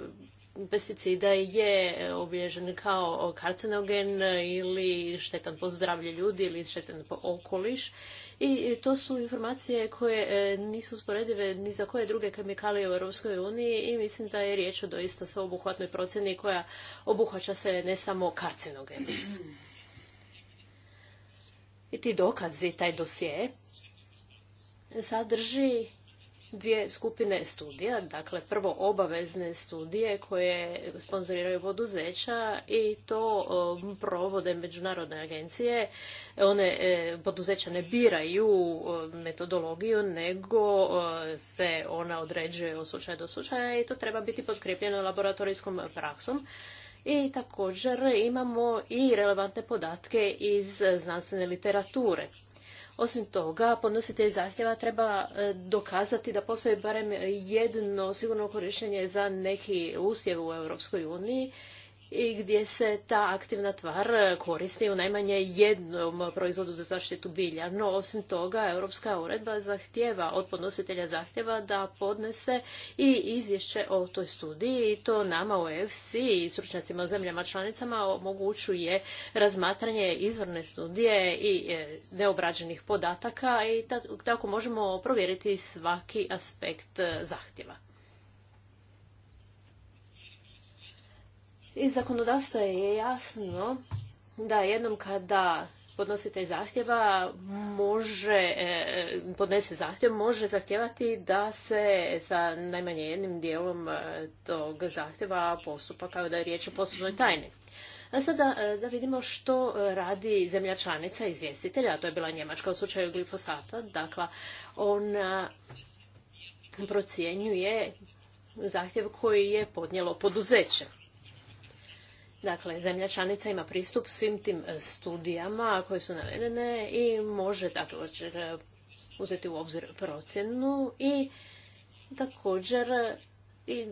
pesticida je obilježen kao karcinogen ili štetan po zdravlje ljudi ili štetan po okoliš. I to su informacije koje nisu usporedive ni za koje druge kemikalije u Europskoj uniji i mislim da je riječ o doista sveobuhvatnoj procjeni koja obuhvaća se ne samo karcinogenost i ti dokazi, taj dosje, sadrži dvije skupine studija. Dakle, prvo obavezne studije koje sponzoriraju poduzeća i to um, provode međunarodne agencije. One e, poduzeća ne biraju e, metodologiju, nego e, se ona određuje od slučaja do slučaja i to treba biti potkrepljeno laboratorijskom praksom i također imamo i relevantne podatke iz znanstvene literature. Osim toga, podnositelj zahtjeva treba e, dokazati da postoji barem jedno sigurno korištenje za neki usjev u Europskoj uniji i gdje se ta aktivna tvar koristi u najmanje jednom proizvodu za zaštitu bilja. No, osim toga, Europska uredba zahtjeva od podnositelja zahtjeva da podnese i izvješće o toj studiji i to nama u EFC i stručnjacima u zemljama članicama omogućuje razmatranje izvorne studije i e, neobrađenih podataka i tako možemo provjeriti svaki aspekt e, zahtjeva. I zakonodavstvo je jasno da jednom kada podnositelj zahtjeva može, e, podnese zahtjev, može zahtjevati da se za najmanje jednim dijelom e, tog zahtjeva postupa kao da je riječ o poslovnoj tajni. A sada e, da vidimo što radi zemlja članica izvjestitelja, a to je bila Njemačka u slučaju glifosata. Dakle, ona procjenjuje zahtjev koji je podnijelo poduzeće. Dakle, zemlja članica ima pristup svim tim e, studijama koje su navedene i može također e, uzeti u obzir procjenu i također e, i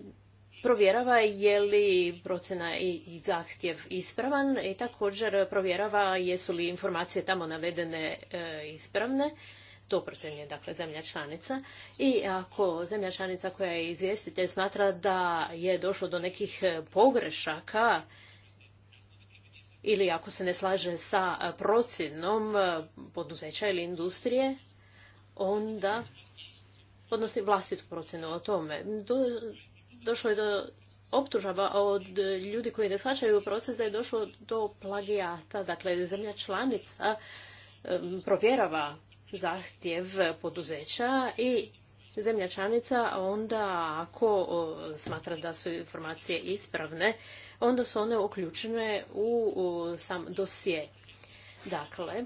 provjerava je li procjena i zahtjev ispravan i također provjerava jesu li informacije tamo navedene ispravne. To procjenjuje dakle zemlja članica i ako zemlja članica koja je izvjestitelj smatra da je došlo do nekih pogrešaka ili ako se ne slaže sa e, procjenom e, poduzeća ili industrije, onda podnosi vlastitu procjenu o tome. došlo je do optužaba od ljudi koji ne shvaćaju proces da je došlo do plagijata. Dakle, zemlja članica e, provjerava zahtjev poduzeća i zemlja članica onda ako smatra da su informacije ispravne onda su one uključene u, sam dosje. Dakle,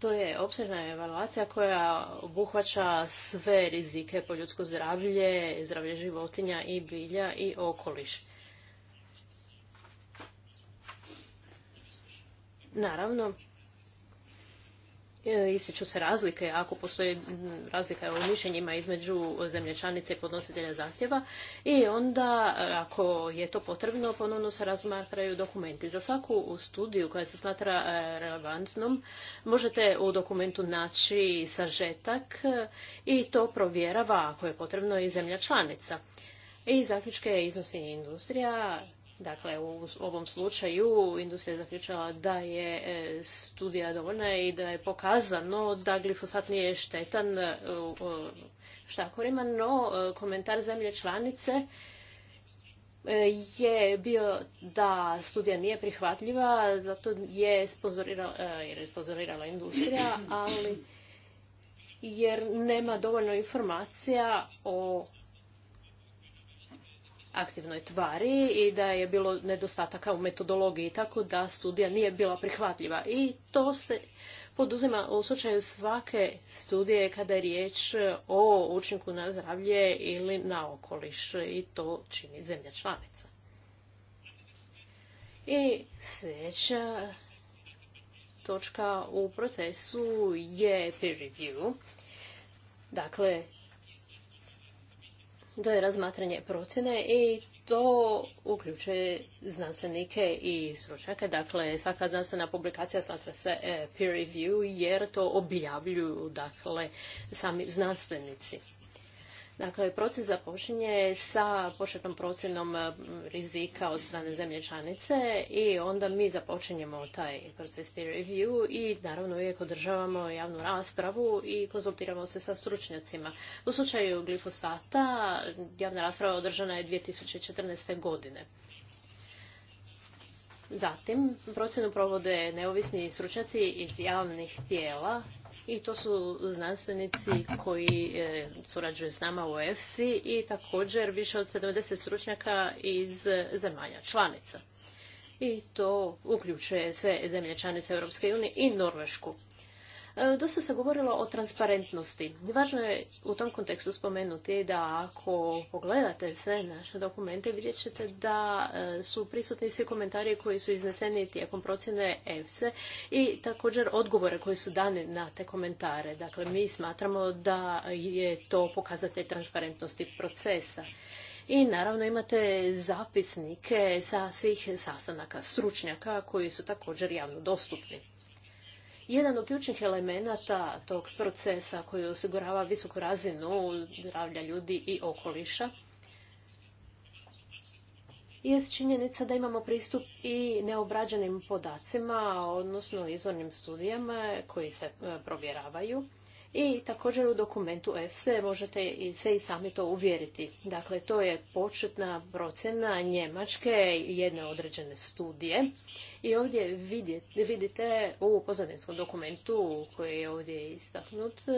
to je opsežna evaluacija koja obuhvaća sve rizike po ljudsko zdravlje, zdravlje životinja i bilja i okoliš. Naravno, E, ističu se razlike, ako postoji razlika u mišljenjima između zemlje članice i podnositelja zahtjeva i onda e, ako je to potrebno ponovno se razmatraju dokumenti. Za svaku studiju koja se smatra e, relevantnom možete u dokumentu naći sažetak i to provjerava ako je potrebno i zemlja članica. I zaključke iznosi industrija Dakle, u ovom slučaju industrija je zaključila da je e, studija dovoljna i da je pokazano da glifosat nije štetan e, štakorima, no e, komentar zemlje članice je bio da studija nije prihvatljiva, zato je je industrija, ali (clears throat) jer nema dovoljno informacija o aktivnoj tvari i da je bilo nedostataka u metodologiji, tako da studija nije bila prihvatljiva. I to se poduzima u slučaju svake studije kada je riječ o učinku na zdravlje ili na okoliš i to čini zemlja članica. I sljedeća točka u procesu je peer review. Dakle, to je razmatranje procjene i to uključuje znanstvenike i stručnjake. Dakle, svaka znanstvena publikacija smatra se eh, peer review jer to objavljuju dakle, sami znanstvenici. Dakle, ovaj proces započinje sa početnom procjenom e, rizika od strane zemlje članice i onda mi započinjemo taj proces peer review i naravno uvijek održavamo javnu raspravu i konzultiramo se sa stručnjacima. U slučaju glifosata javna rasprava održana je 2014. godine. Zatim, procjenu provode neovisni stručnjaci iz javnih tijela i to su znanstvenici koji e, surađuju s nama u EFSI i također više od 70 stručnjaka iz zemalja članica. I to uključuje sve zemlje članice Europske unije i Norvešku. E, dosta se govorilo o transparentnosti. Važno je u tom kontekstu spomenuti da ako pogledate sve naše dokumente vidjet ćete da e, su prisutni svi komentari koji su izneseni tijekom procjene EFSE i također odgovore koji su dane na te komentare. Dakle, mi smatramo da je to pokazatelj transparentnosti procesa. I naravno imate zapisnike sa svih sastanaka stručnjaka koji su također javno dostupni. Jedan od ključnih elemenata tog procesa koji osigurava visoku razinu zdravlja ljudi i okoliša jest činjenica da imamo pristup i neobrađenim podacima, odnosno izvornim studijama koji se e, provjeravaju i također u dokumentu EFSE možete i se i sami to uvjeriti. Dakle, to je početna procjena Njemačke jedne određene studije i ovdje vidite u pozadinskom dokumentu koji je ovdje istaknut e,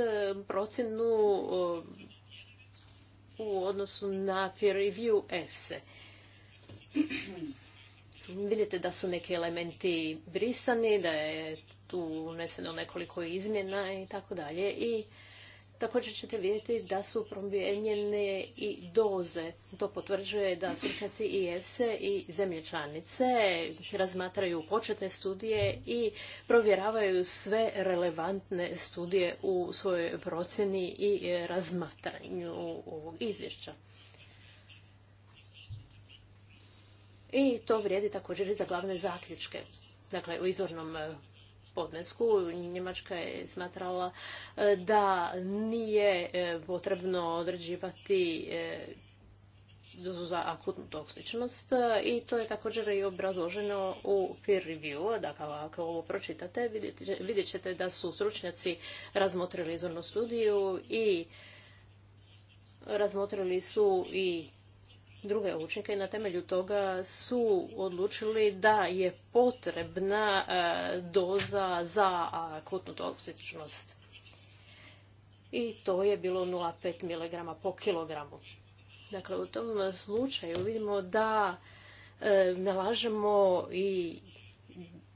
procjenu e, u odnosu na peer review EFSE. (clears throat) Vidite da su neki elementi brisani, da je tu uneseno nekoliko izmjena i tako dalje. I također ćete vidjeti da su promijenjene i doze. To potvrđuje da stručnjaci i EFSE e i zemlje članice razmatraju početne studije i provjeravaju sve relevantne studije u svojoj procjeni i razmatranju ovog izvješća. I to vrijedi također i za glavne zaključke. Dakle, u izvornom podnesku. Njemačka je smatrala e, da nije e, potrebno određivati e, za akutnu toksičnost i to je također i obrazloženo u peer review. Dakle, ako ovo pročitate, vidjet ćete da su stručnjaci razmotrili izvornu studiju i razmotrili su i druge učinke i na temelju toga su odlučili da je potrebna e, doza za akutnu toksičnost. I to je bilo 0,5 mg po kilogramu. Dakle, u tom slučaju vidimo da e, nalažemo i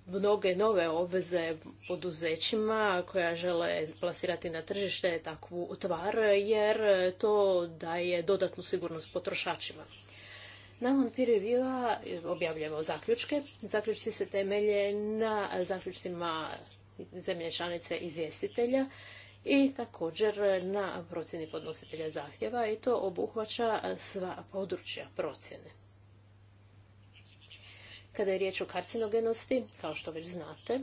mnoge nove obveze poduzećima koja žele plasirati na tržište takvu tvar jer to daje dodatnu sigurnost potrošačima. Nakon peer reviewa e, objavljamo zaključke. Zaključci se temelje na zaključcima zemlje članice izvjestitelja i također na procjeni podnositelja zahtjeva i to obuhvaća sva područja procjene. Kada je riječ o karcinogenosti, kao što već znate,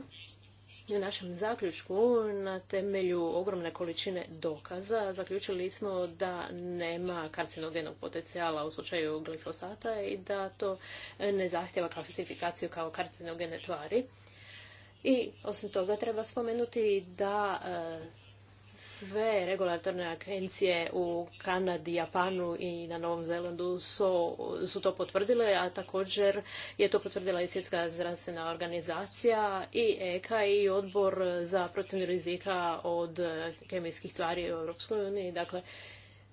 u našem zaključku na temelju ogromne količine dokaza zaključili smo da nema karcinogenog potencijala u slučaju glifosata i da to ne zahtjeva klasifikaciju kao karcinogene tvari. I osim toga treba spomenuti da e, sve regulatorne agencije u Kanadi, Japanu i na Novom Zelandu su, su to potvrdile, a također je to potvrdila i Svjetska zdravstvena organizacija i EKA i odbor za procjenu rizika od kemijskih tvari u Europskoj uniji. Dakle,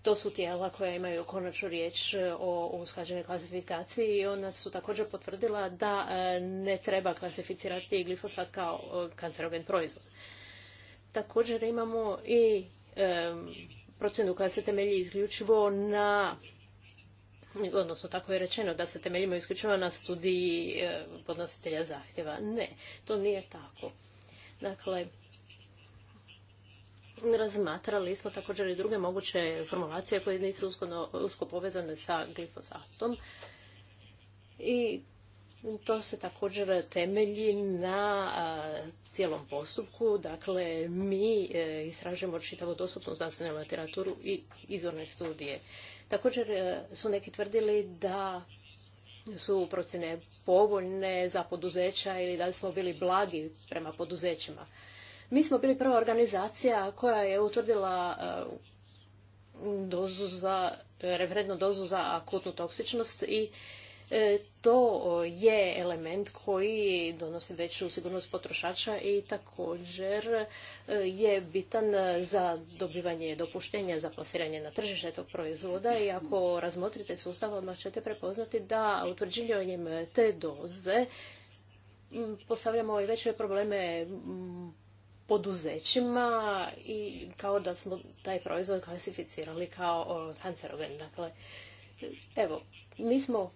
to su tijela koja imaju konačnu riječ o usklađenoj klasifikaciji i ona su također potvrdila da e, ne treba klasificirati glifosat kao e, kancerogen proizvod. Također imamo i e, procjenu koja se temelji isključivo na odnosno tako je rečeno da se temeljimo isključivo na studiji podnositelja zahtjeva. Ne, to nije tako. Dakle, razmatrali smo također i druge moguće formulacije koje nisu usko, usko povezane sa glifosatom i to se također temelji na cijelom postupku. Dakle, mi e, istražujemo čitavu dostupnu znanstvenu literaturu i izvorne studije. Također e, su neki tvrdili da su procjene povoljne za poduzeća ili da li smo bili blagi prema poduzećima. Mi smo bili prva organizacija koja je utvrdila e, dozu za, referentnu dozu za akutnu toksičnost i E, to je element koji donosi veću sigurnost potrošača i također e, je bitan za dobivanje dopuštenja za plasiranje na tržište tog proizvoda i ako razmotrite sustav odmah ćete prepoznati da utvrđivanjem te doze postavljamo i veće probleme poduzećima i kao da smo taj proizvod klasificirali kao kancerogen. Dakle, evo, mi smo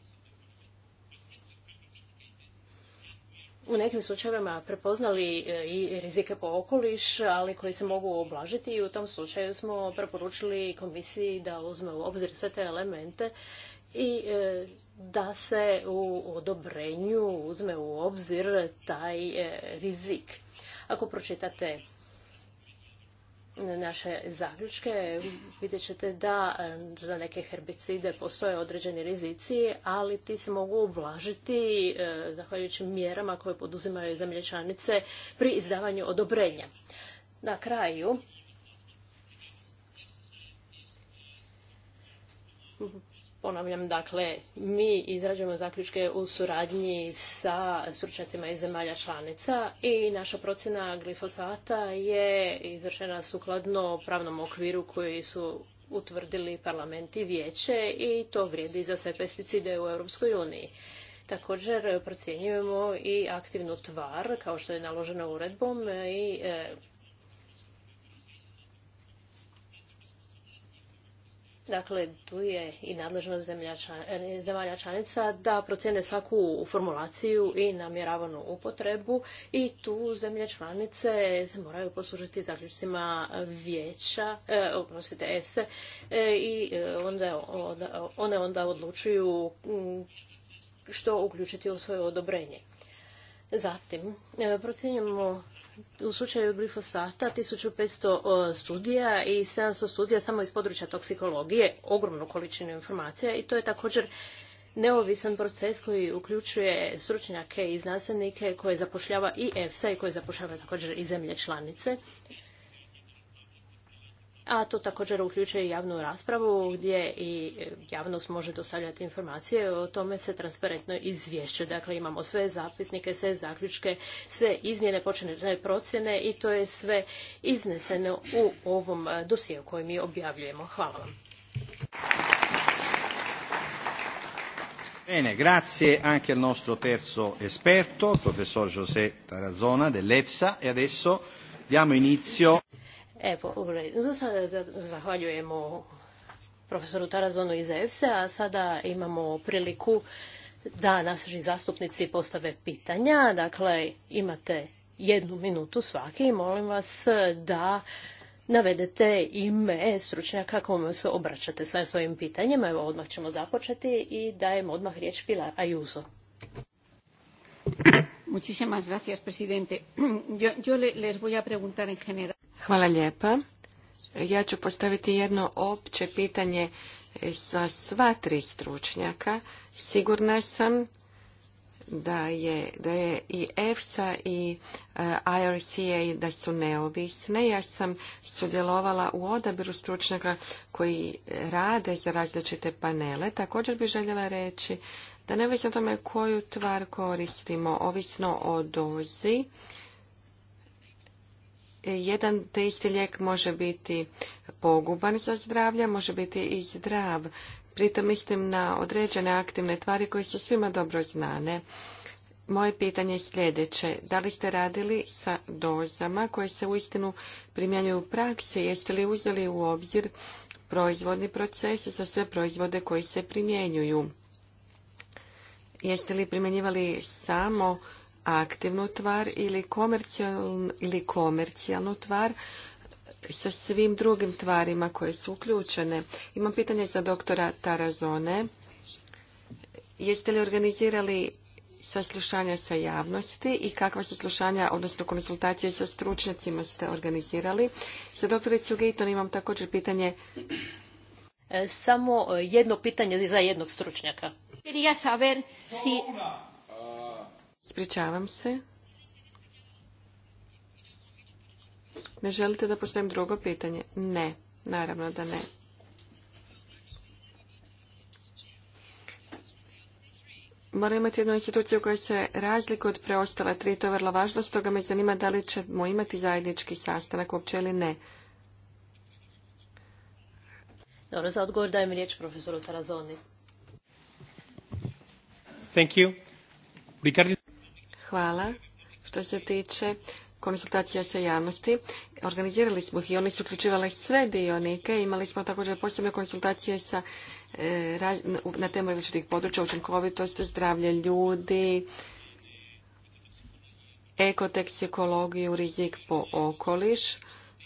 u nekim slučajevima prepoznali e, i rizike po okoliš, ali koji se mogu oblažiti i u tom slučaju smo preporučili komisiji da uzme u obzir sve te elemente i e, da se u odobrenju uzme u obzir taj e, rizik. Ako pročitate naše zaključke, vidjet ćete da za neke herbicide postoje određeni rizici, ali ti se mogu ublažiti e, zahvaljujući mjerama koje poduzimaju članice pri izdavanju odobrenja. Na kraju, Ponavljam, dakle, mi izrađujemo zaključke u suradnji sa stručnjacima iz zemalja članica i naša procjena glifosata je izvršena sukladno pravnom okviru koji su utvrdili parlament i vijeće i to vrijedi za sve pesticide u Europskoj uniji. Također procjenjujemo i aktivnu tvar, kao što je naloženo uredbom i e, Dakle, tu je i nadležnost e, zemalja članica da procjene svaku formulaciju i namjeravanu upotrebu i tu zemlje članice se moraju poslužiti zaključcima vijeća, e, oprostite, i e, onda, one onda odlučuju mm, što uključiti u svoje odobrenje. Zatim, e, procjenjujemo u slučaju glifosata 1500 studija i 700 studija samo iz područja toksikologije, ogromnu količinu informacija i to je također neovisan proces koji uključuje stručnjake i znanstvenike koje zapošljava i EFSA i koje zapošljava također i zemlje članice a to također uključuje i javnu raspravu gdje i javnost može dostavljati informacije o tome se transparentno izvješće. Dakle, imamo sve zapisnike, sve zaključke, sve izmjene počinjene procjene i to je sve izneseno u ovom e, dosijeu koji mi objavljujemo. Hvala vam. Bene, grazie anche al nostro terzo esperto, José Tarazona dell'EFSA e adesso diamo inizio Evo, zahvaljujemo profesoru Tarazonu iz EFSE, a sada imamo priliku da naši zastupnici postave pitanja. Dakle, imate jednu minutu svaki i molim vas da navedete ime stručnjaka kome se obraćate sa svojim pitanjima. Evo, odmah ćemo započeti i dajem odmah riječ Pilar Ayuso. Muchísimas gracias, presidente. Yo, les voy a preguntar en Hvala lijepa. Ja ću postaviti jedno opće pitanje za sva tri stručnjaka. Sigurna sam da je, da je i EFSA i e, IRCA da su neovisne. Ja sam sudjelovala u odabiru stručnjaka koji rade za različite panele. Također bih željela reći da neovisno o tome koju tvar koristimo, ovisno o dozi, jedan te isti lijek može biti poguban za zdravlje, može biti i zdrav. Pritom mislim na određene aktivne tvari koje su svima dobro znane. Moje pitanje je sljedeće. Da li ste radili sa dozama koje se uistinu primjenjuju u praksi? Jeste li uzeli u obzir proizvodni proces za sve proizvode koji se primjenjuju? Jeste li primjenjivali samo aktivnu tvar ili komercijalnu, ili komercijalnu tvar sa svim drugim tvarima koje su uključene. Imam pitanje za doktora Tarazone. Jeste li organizirali saslušanja sa javnosti i kakva saslušanja, odnosno konsultacije sa stručnjacima ste organizirali? Za doktoricu Gejton imam također pitanje. E, samo e, jedno pitanje za jednog stručnjaka. Quería saber si Ispričavam se. Ne želite da postavim drugo pitanje? Ne, naravno da ne. Moram imati jednu instituciju koja se razlikuje od preostala tri, to je vrlo važno, stoga me zanima da li ćemo imati zajednički sastanak uopće ili ne. Dobro, za odgovor dajem riječ profesoru Tarazoni. Thank Hvala. Što se tiče konsultacija sa javnosti. Organizirali smo ih i oni su uključivali sve dionike. Imali smo također posebne konsultacije sa, e, na temu različitih područja, učinkovitost, zdravlje ljudi, ekoteksikologiju, rizik po okoliš.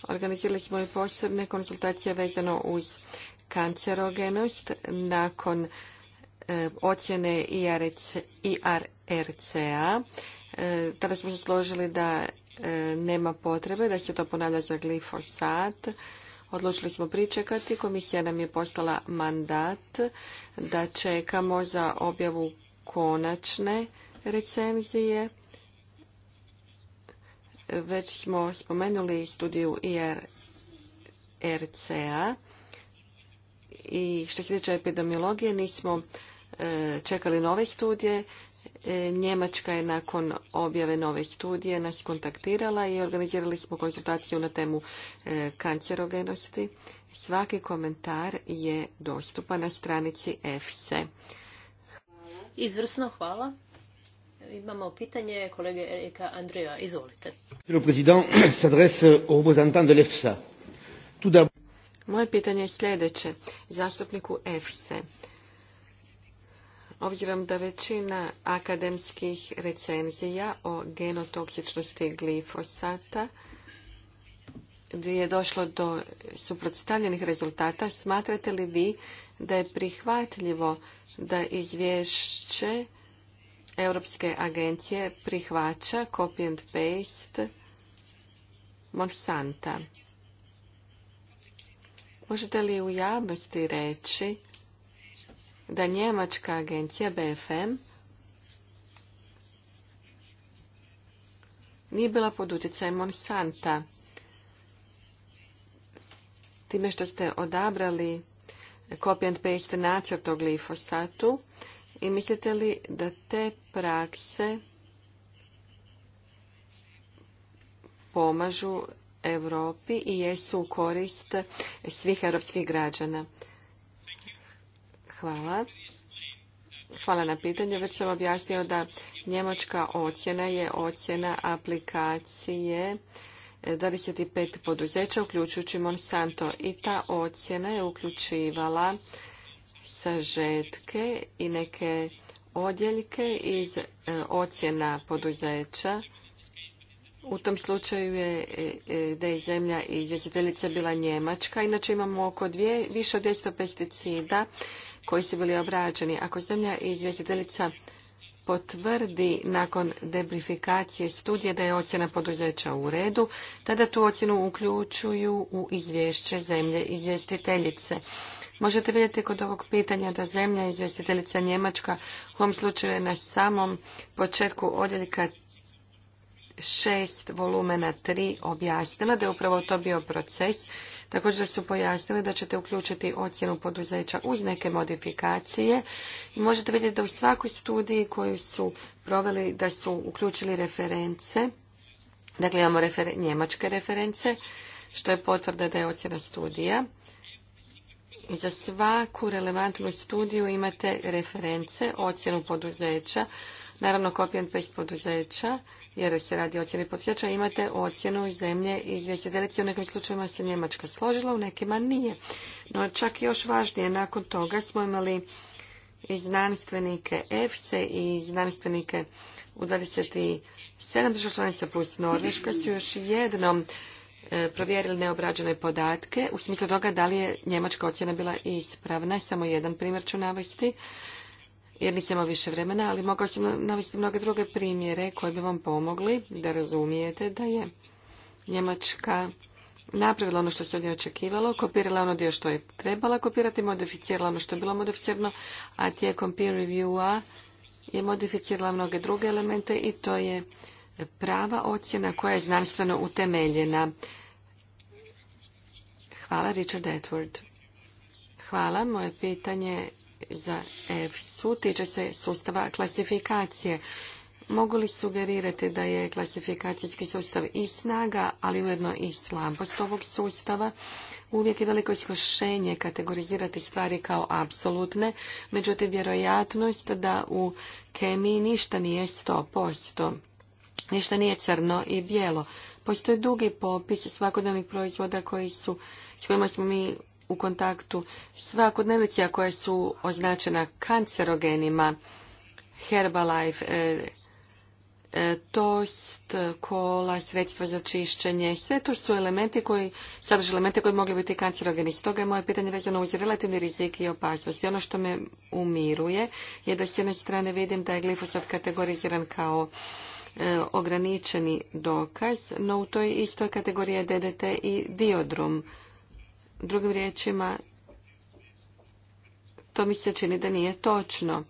Organizirali smo i posebne konsultacije vezano uz kancerogenost nakon e, ocjene IRC, IR. RCA. E, tada smo se složili da e, nema potrebe, da se to ponavlja za glifosat. Odlučili smo pričekati. Komisija nam je postala mandat da čekamo za objavu konačne recenzije. Već smo spomenuli studiju IRCA i što se tiče epidemiologije nismo e, čekali nove studije, E, Njemačka je nakon objave nove studije nas kontaktirala i organizirali smo konsultaciju na temu e, kancerogenosti. Svaki komentar je dostupan na stranici EFSE. Izvrsno, hvala. Imamo pitanje kolege Erika Andreja. Izvolite. (clears throat) Moje pitanje je sljedeće. Zastupniku EFSE. Obzirom da većina akademskih recenzija o genotoksičnosti glifosata je došlo do suprotstavljenih rezultata, smatrate li vi da je prihvatljivo da izvješće Europske agencije prihvaća copy and paste Monsanta? Možete li u javnosti reći da njemačka agencija BFM nije bila pod utjecajem Monsanta. Time što ste odabrali copy and paste nacrt o glifosatu i mislite li da te prakse pomažu Europi i jesu u korist svih europskih građana. Hvala. Hvala na pitanju. Već sam objasnio da njemačka ocjena je ocjena aplikacije 25 e, poduzeća, uključujući Monsanto. I ta ocjena je uključivala sažetke i neke odjeljke iz e, ocjena poduzeća. U tom slučaju je e, da je zemlja izvjestiteljica bila Njemačka. Inače imamo oko dvije, više od 200 pesticida koji su bili obrađeni. Ako zemlja izvjestiteljica potvrdi nakon debrifikacije studije da je ocjena poduzeća u redu, tada tu ocjenu uključuju u izvješće zemlje izvjestiteljice. Možete vidjeti kod ovog pitanja da zemlja izvjestiteljica Njemačka u ovom slučaju je na samom početku odjeljka 6 volumena 3 objasnila da je upravo to bio proces Također su pojasnili da ćete uključiti ocjenu poduzeća uz neke modifikacije i možete vidjeti da u svakoj studiji koju su proveli da su uključili reference, dakle imamo njemačke reference, što je potvrda da je ocjena studija. Za svaku relevantnu studiju imate reference, ocjenu poduzeća, naravno copy and paste poduzeća, jer se radi o ocjeni podsjeća, imate ocjenu zemlje izvjestiteljice. U nekim slučajevima se Njemačka složila, u nekima nije. No čak još važnije, nakon toga smo imali i znanstvenike EFSE i znanstvenike u 27 država članica plus Norveška su još jednom e, provjerili neobrađene podatke u smislu toga da li je njemačka ocjena bila ispravna. Samo jedan primjer ću navesti jer nisam više vremena, ali mogao sam navesti mnoge druge primjere koje bi vam pomogli da razumijete da je Njemačka napravila ono što se od nje očekivalo, kopirala ono dio što je trebala kopirati, modificirala ono što je bilo modificirano, a tijekom peer review-a je modificirala mnoge druge elemente i to je prava ocjena koja je znanstveno utemeljena. Hvala, Richard Edward. Hvala, moje pitanje za EFSU tiče se sustava klasifikacije. Mogu li sugerirati da je klasifikacijski sustav i snaga, ali ujedno i slabost ovog sustava? Uvijek je veliko iskušenje kategorizirati stvari kao apsolutne, međutim vjerojatnost da u kemiji ništa nije 100%, ništa nije crno i bijelo. Postoje dugi popis svakodnevnih proizvoda koji su, s kojima smo mi u kontaktu svakodnevica koja su označena kancerogenima, Herbalife, e, e, tost, kola, sredstva za čišćenje, sve to su elementi koji, sadrže elemente koji mogli biti kancerogeni. Stoga je moje pitanje vezano uz relativni rizik i opasnost. I ono što me umiruje je da s jedne strane vidim da je glifosat kategoriziran kao e, ograničeni dokaz, no u toj istoj kategoriji je DDT i diodrom. Drugim riječima, to mi se čini da nije točno.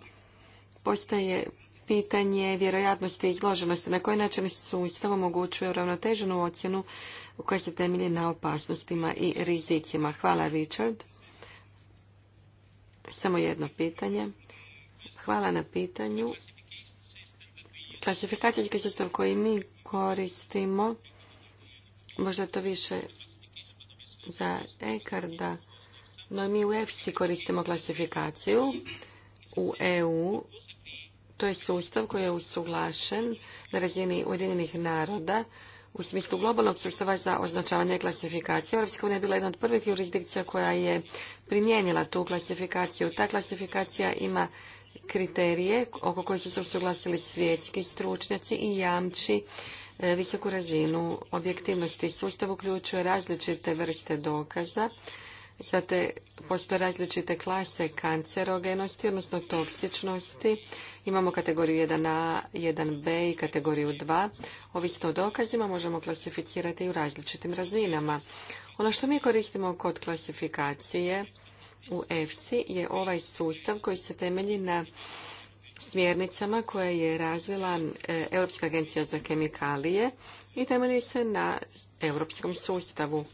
Postaje pitanje vjerojatnosti i izloženosti. Na koji način sustav omogućuje uravnoteženu ocjenu u kojoj se temelji na opasnostima i rizicima? Hvala, Richard. Samo jedno pitanje. Hvala na pitanju. Klasifikacijski sustav koji mi koristimo, možda to više za Ekarda, no mi u EFSI koristimo klasifikaciju. U EU to je sustav koji je usuglašen na razini Ujedinjenih naroda u smislu globalnog sustava za označavanje klasifikacije. Europska unija je bila jedna od prvih jurisdikcija koja je primijenila tu klasifikaciju. Ta klasifikacija ima kriterije oko kojih su se usuglasili svjetski stručnjaci i jamči E, visoku razinu objektivnosti. Sustav uključuje različite vrste dokaza, Zate postoje različite klase kancerogenosti, odnosno toksičnosti. Imamo kategoriju 1a, 1b i kategoriju 2. Ovisno o dokazima možemo klasificirati i u različitim razinama. Ono što mi koristimo kod klasifikacije u EFSI je ovaj sustav koji se temelji na smjernicama koje je razvila e, Europska agencija za kemikalije i temelji se na europskom sustavu.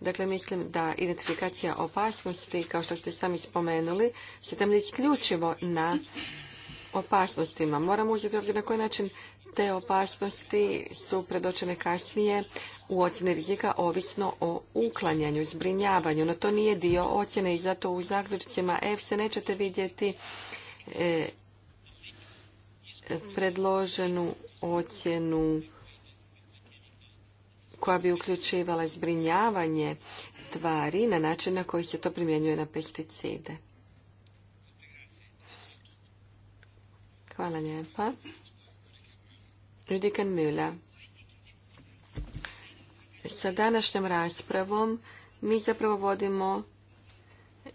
Dakle, mislim da identifikacija opasnosti, kao što ste sami spomenuli, se temelji isključivo na opasnostima. Moramo uzeti obzir na koji način te opasnosti su predočene kasnije u ocjeni rizika ovisno o uklanjanju, zbrinjavanju. No to nije dio ocjene i zato u zaključcima F se nećete vidjeti e, predloženu ocjenu koja bi uključivala zbrinjavanje tvari na način na koji se to primjenjuje na pesticide. Hvala lijepa. Ljudikan Mila. Sa današnjom raspravom mi zapravo vodimo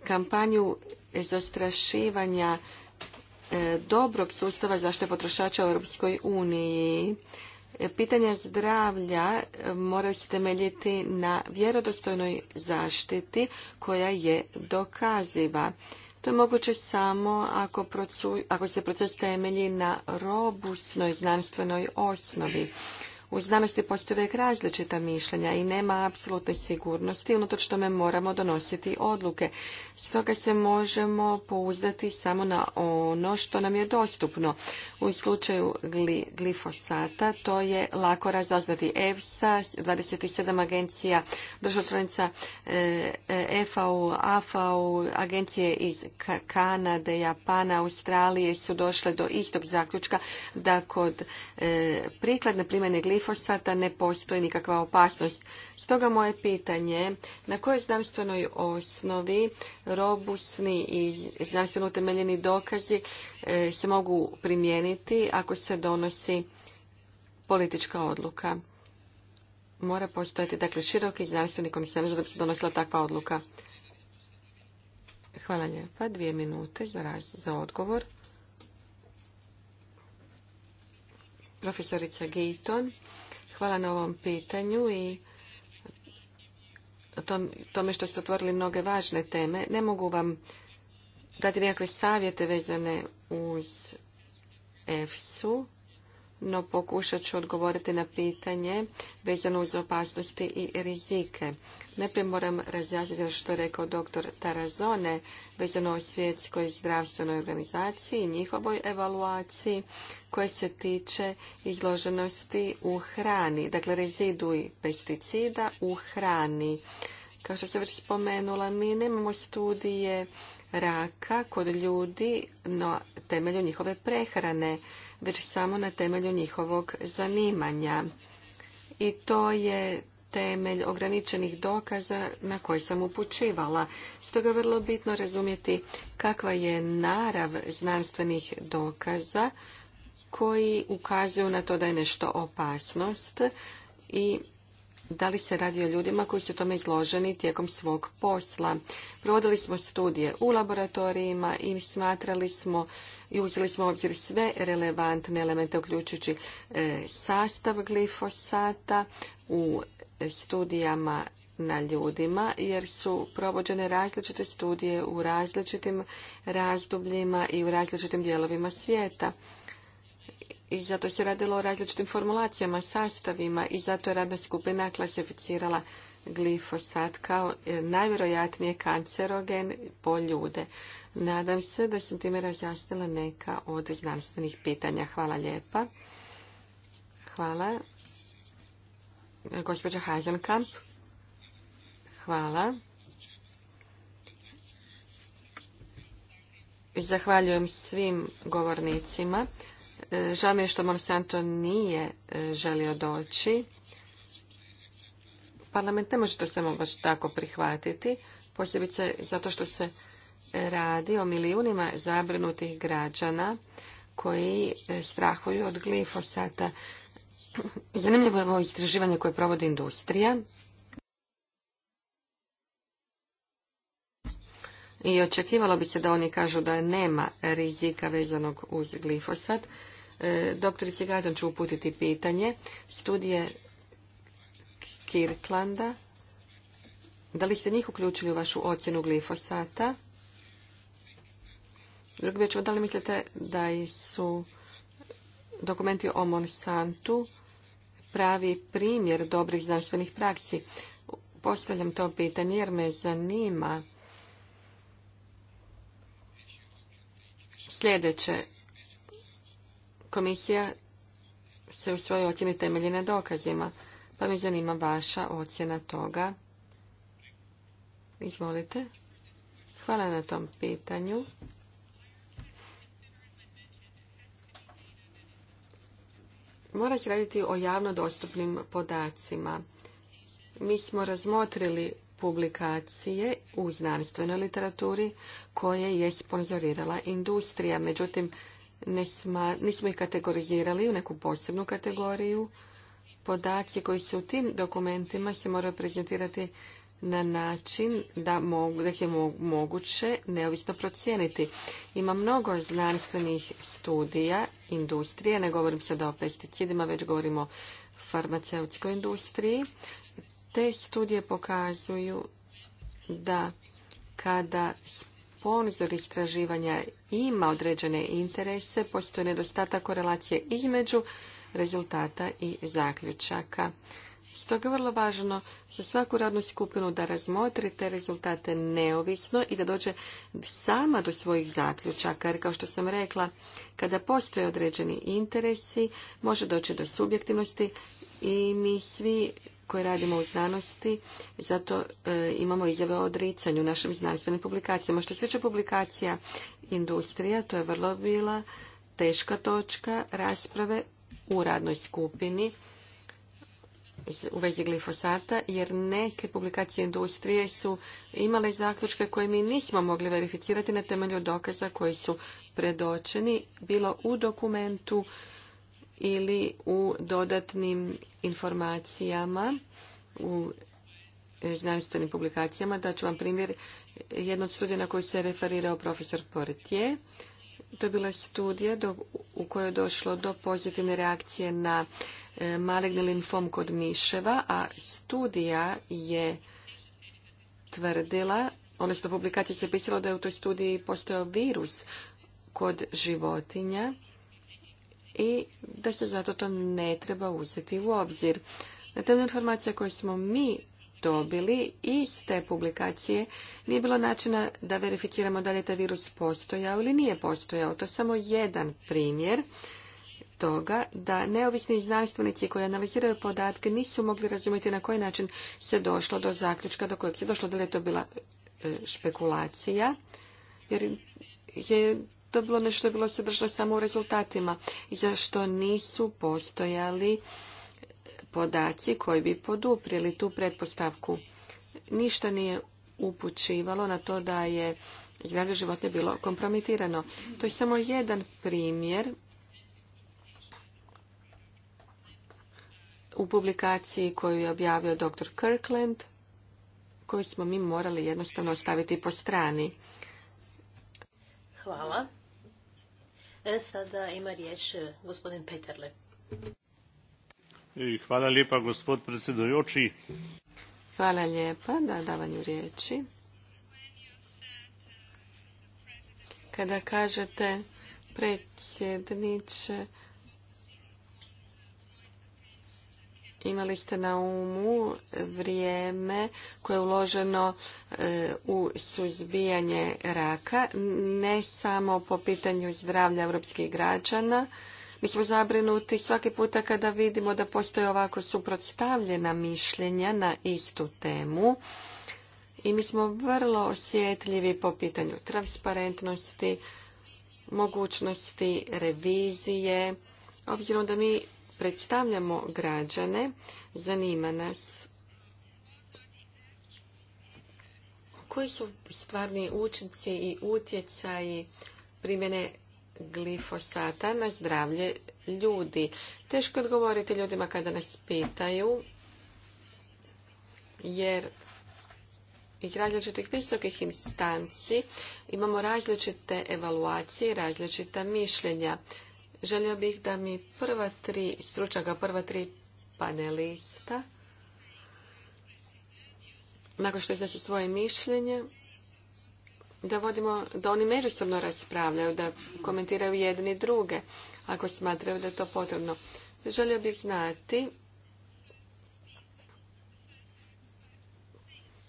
kampanju zastrašivanja E, dobrog sustava zaštite potrošača u Europskoj uniji. E, Pitanja zdravlja e, moraju se temeljiti na vjerodostojnoj zaštiti koja je dokaziva. To je moguće samo ako, ako se proces temelji na robusnoj znanstvenoj osnovi. U znanosti postoje uvijek različita mišljenja i nema apsolutne sigurnosti, unatoč tome moramo donositi odluke. Stoga se možemo pouzdati samo na ono što nam je dostupno. U slučaju glifosata to je lako razaznati EFSA, 27 agencija država članica EFAU, e, AFAU, agencije iz Kanade, Japana, Australije su došle do istog zaključka da kod e, prikladne primjene glifosata glifosata ne postoji nikakva opasnost. Stoga moje pitanje, na kojoj znanstvenoj osnovi robusni i znanstveno utemeljeni dokazi e, se mogu primijeniti ako se donosi politička odluka? Mora postojati dakle, široki znanstveni konsenzus da bi se donosila takva odluka. Hvala lijepa. Dvije minute za, za odgovor. Profesorica Gejton, Hvala na ovom pitanju i tome što ste otvorili mnoge važne teme. Ne mogu vam dati nekakve savjete vezane uz EFSU no pokušat ću odgovoriti na pitanje vezano uz opasnosti i rizike. Najprije moram razjasniti ono što je rekao dr. Tarazone vezano o svjetskoj zdravstvenoj organizaciji i njihovoj evaluaciji koja se tiče izloženosti u hrani, dakle reziduj pesticida u hrani. Kao što sam već spomenula, mi nemamo studije raka kod ljudi na temelju njihove prehrane već samo na temelju njihovog zanimanja. I to je temelj ograničenih dokaza na koji sam upućivala. Stoga je vrlo bitno razumjeti kakva je narav znanstvenih dokaza koji ukazuju na to da je nešto opasnost i da li se radi o ljudima koji su tome izloženi tijekom svog posla. Provodili smo studije u laboratorijima i smatrali smo i uzeli smo u obzir sve relevantne elemente, uključujući e, sastav glifosata u studijama na ljudima, jer su provođene različite studije u različitim razdobljima i u različitim dijelovima svijeta i zato se radilo o različitim formulacijama, sastavima i zato je radna skupina klasificirala glifosat kao e, najvjerojatnije kancerogen po ljude. Nadam se da sam time razjasnila neka od znanstvenih pitanja. Hvala lijepa. Hvala. Gospođa Hazenkamp. Hvala. Zahvaljujem svim govornicima. Žao mi je što Monsanto nije e, želio doći. Parlament ne može to samo baš tako prihvatiti, posebice zato što se radi o milijunima zabrinutih građana koji e, strahuju od glifosata. Zanimljivo je ovo istraživanje koje provodi industrija. i očekivalo bi se da oni kažu da nema rizika vezanog uz glifosat. E, doktorici Gađan ću uputiti pitanje. Studije Kirklanda. Da li ste njih uključili u vašu ocjenu glifosata? Drugi već, da li mislite da su dokumenti o Monsantu pravi primjer dobrih znanstvenih praksi? Postavljam to pitanje jer me zanima Sljedeće, komisija se u svojoj ocjeni temelji na dokazima, pa me zanima vaša ocjena toga. Izvolite. Hvala na tom pitanju. Mora se raditi o javno dostupnim podacima. Mi smo razmotrili publikacije u znanstvenoj literaturi koje je sponzorirala industrija. Međutim, nismo, ih kategorizirali u neku posebnu kategoriju. Podaci koji su u tim dokumentima se moraju prezentirati na način da, mogu, da ih je moguće neovisno procijeniti. Ima mnogo znanstvenih studija, industrije, ne govorim sada o pesticidima, već govorimo o farmaceutskoj industriji. Te studije pokazuju da kada sponzor istraživanja ima određene interese, postoji nedostatak korelacije između rezultata i zaključaka. Stoga je vrlo važno za svaku radnu skupinu da razmotri te rezultate neovisno i da dođe sama do svojih zaključaka. Jer kao što sam rekla, kada postoje određeni interesi, može doći do subjektivnosti i mi svi koje radimo u znanosti, zato e, imamo izjave o odricanju našim znanstvenim publikacijama. Što se tiče publikacija industrija, to je vrlo bila teška točka rasprave u radnoj skupini u vezi glifosata, jer neke publikacije industrije su imale zaključke koje mi nismo mogli verificirati na temelju dokaza koji su predočeni, bilo u dokumentu ili u dodatnim informacijama u znanstvenim publikacijama. ću vam primjer jednog od studija na koju se referirao profesor Portje. To je bila studija u kojoj je došlo do pozitivne reakcije na e, maligni linfom kod miševa, a studija je tvrdila, odnosno publikacija se pisalo da je u toj studiji postao virus kod životinja i da se zato to ne treba uzeti u obzir. Na temelju informacija koje smo mi dobili iz te publikacije nije bilo načina da verificiramo da li je taj virus postojao ili nije postojao. To je samo jedan primjer toga da neovisni znanstvenici koji analiziraju podatke nisu mogli razumjeti na koji način se došlo do zaključka do kojeg se došlo, da li je to bila e, špekulacija, jer je to bilo nešto je bilo sadržano samo u rezultatima, za što nisu postojali podaci koji bi poduprijeli tu pretpostavku. Ništa nije upućivalo na to da je zdravlje životne bilo kompromitirano. To je samo jedan primjer u publikaciji koju je objavio dr. Kirkland, koju smo mi morali jednostavno ostaviti po strani. Hvala. E, sada ima riječ e, gospodin Peterle. E, hvala lijepa gospod predsjedajući Hvala lijepa na davanju riječi. Kada kažete predsjedniče imali ste na umu vrijeme koje je uloženo e, u suzbijanje raka, ne samo po pitanju zdravlja europskih građana. Mi smo zabrinuti svaki puta kada vidimo da postoje ovako suprotstavljena mišljenja na istu temu. I mi smo vrlo osjetljivi po pitanju transparentnosti, mogućnosti revizije, obzirom da mi predstavljamo građane, zanima nas koji su stvarni učinci i utjecaji primjene glifosata na zdravlje ljudi. Teško odgovoriti ljudima kada nas pitaju, jer iz različitih visokih instanci imamo različite evaluacije i različita mišljenja. Želio bih da mi prva tri stručnjaka, prva tri panelista, nakon što iznesu svoje mišljenje, da vodimo, da oni međusobno raspravljaju, da komentiraju jedni druge, ako smatraju da je to potrebno. Želio bih znati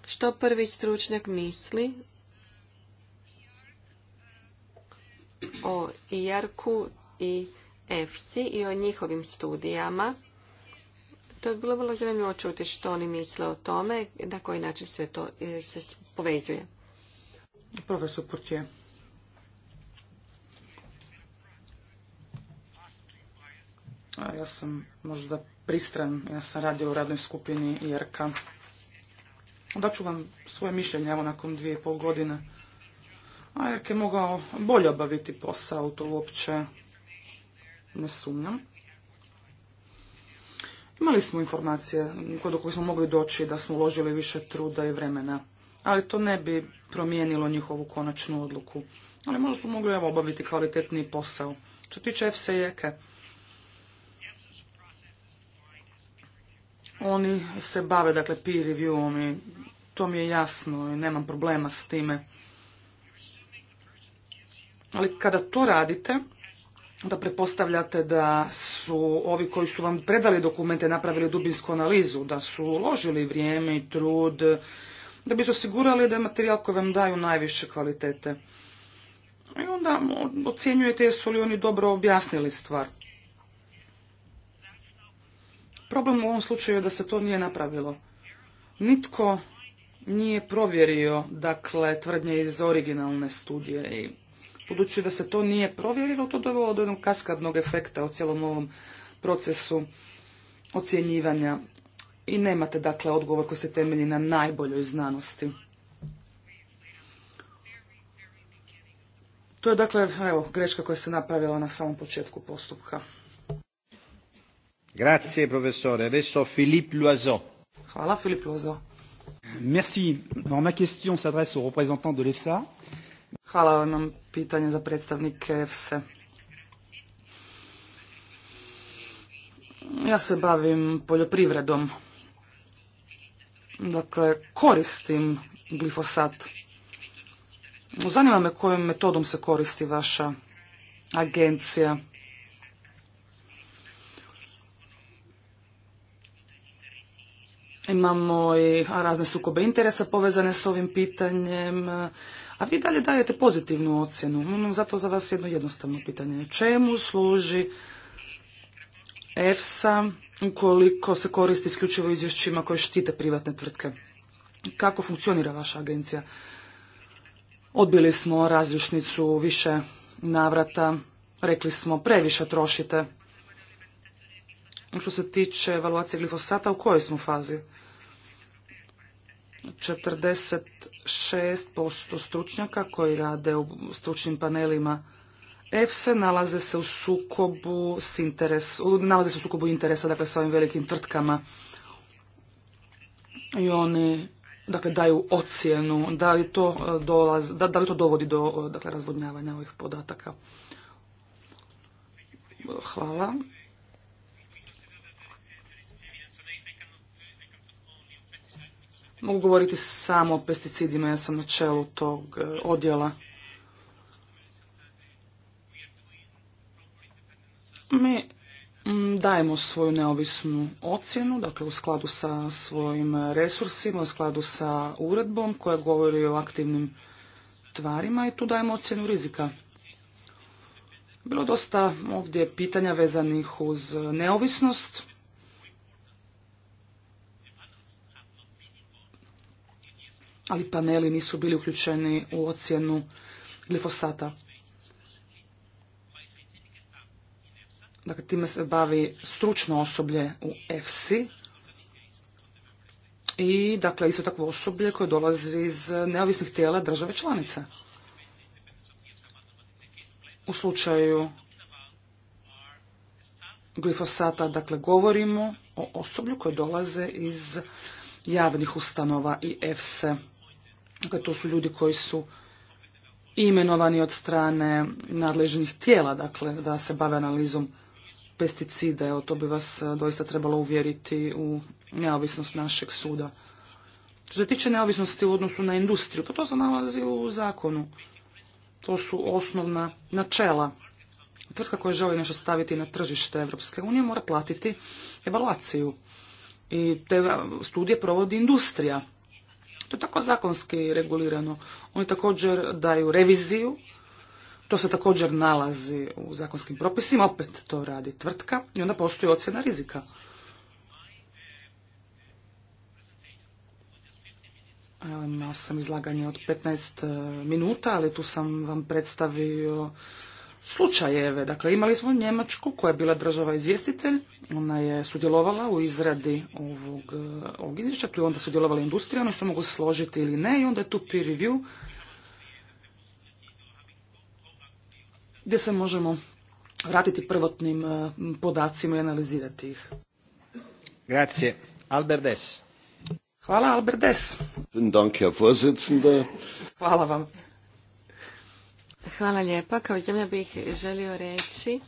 što prvi stručnjak misli o Jarku? i EFSI i o njihovim studijama. To je bilo vrlo zanimljivo čuti što oni misle o tome, na koji način sve to e, se povezuje. Profesor Purtje. Ja sam možda pristran, ja sam radio u radnoj skupini IRK. Daću vam svoje mišljenje, evo, nakon dvije i pol godine. A je mogao bolje obaviti posao, to uopće ne sumnjam. Imali smo informacije kod kojih smo mogli doći da smo uložili više truda i vremena, ali to ne bi promijenilo njihovu konačnu odluku. Ali možda su mogli evo, obaviti kvalitetniji posao. Što tiče FSA i EKE, oni se bave dakle, peer reviewom i to mi je jasno i nemam problema s time. Ali kada to radite, da pretpostavljate da su ovi koji su vam predali dokumente napravili dubinsku analizu, da su uložili vrijeme i trud, da bi se osigurali da je materijal koji vam daju najviše kvalitete. I onda ocjenjujete jesu li oni dobro objasnili stvar. Problem u ovom slučaju je da se to nije napravilo. Nitko nije provjerio, dakle, tvrdnje iz originalne studije i Budući da se to nije provjerilo, to dovelo do jednog kaskadnog efekta u cijelom ovom procesu ocjenjivanja i nemate dakle odgovor koji se temelji na najboljoj znanosti. To je dakle evo, greška koja se napravila na samom početku postupka. Grazie professore. Adesso Philippe Loiseau. Hvala Philippe Loiseau. Merci. ma question s'adresse au représentant de l'EFSA. Hvala vam, pitanje za predstavnike EFSE. Ja se bavim poljoprivredom. Dakle, koristim glifosat. Zanima me kojom metodom se koristi vaša agencija. Imamo i razne sukobe interesa povezane s ovim pitanjem. A vi dalje dajete pozitivnu ocjenu. Ono, zato za vas jedno jednostavno pitanje. Čemu služi EFSA ukoliko se koristi isključivo izvješćima koje štite privatne tvrtke? Kako funkcionira vaša agencija? Odbili smo različnicu više navrata. Rekli smo previše trošite. Što se tiče evaluacije glifosata, u kojoj smo fazi? 46% stručnjaka koji rade u stručnim panelima EFSE nalaze se u sukobu s interes, nalaze se u sukobu interesa dakle sa ovim velikim tvrtkama i oni dakle daju ocjenu da li to e, da, da li to dovodi do e, dakle razvodnjavanja ovih podataka. Hvala. Mogu govoriti samo o pesticidima, ja sam na čelu tog e, odjela. Mi mm, dajemo svoju neovisnu ocjenu, dakle u skladu sa svojim resursima, u skladu sa uredbom koja govori o aktivnim tvarima i tu dajemo ocjenu rizika. Bilo dosta ovdje pitanja vezanih uz neovisnost. ali paneli nisu bili uključeni u ocjenu glifosata. Dakle, time se bavi stručno osoblje u EFSI i dakle, isto takvo osoblje koje dolazi iz neovisnih tijela države članice. U slučaju glifosata, dakle, govorimo o osoblju koje dolaze iz javnih ustanova i EFSE. Dakle, to su ljudi koji su imenovani od strane nadležnih tijela, dakle, da se bave analizom pesticida. Evo, to bi vas e, doista trebalo uvjeriti u neovisnost našeg suda. Što se tiče neovisnosti u odnosu na industriju, pa to se nalazi u zakonu. To su osnovna načela. Tvrtka koja želi nešto staviti na tržište Evropske unije mora platiti evaluaciju. I te studije provodi industrija. To je tako zakonski regulirano. Oni također daju reviziju, to se također nalazi u zakonskim propisima, opet to radi tvrtka i onda postoji ocjena rizika. Imao sam izlaganje od 15 minuta, ali tu sam vam predstavio slučajeve. Dakle, imali smo Njemačku koja je bila država izvjestitelj, ona je sudjelovala u izradi ovog, e, ovog izvješća, tu je onda sudjelovala industrija, oni se mogu složiti ili ne i onda je tu peer review gdje se možemo vratiti prvotnim e, podacima i analizirati ih. Grazie. Albert Des. Hvala, Albert Des. Hvala vam. Hvala lijepa. Kao zemlja bih želio reći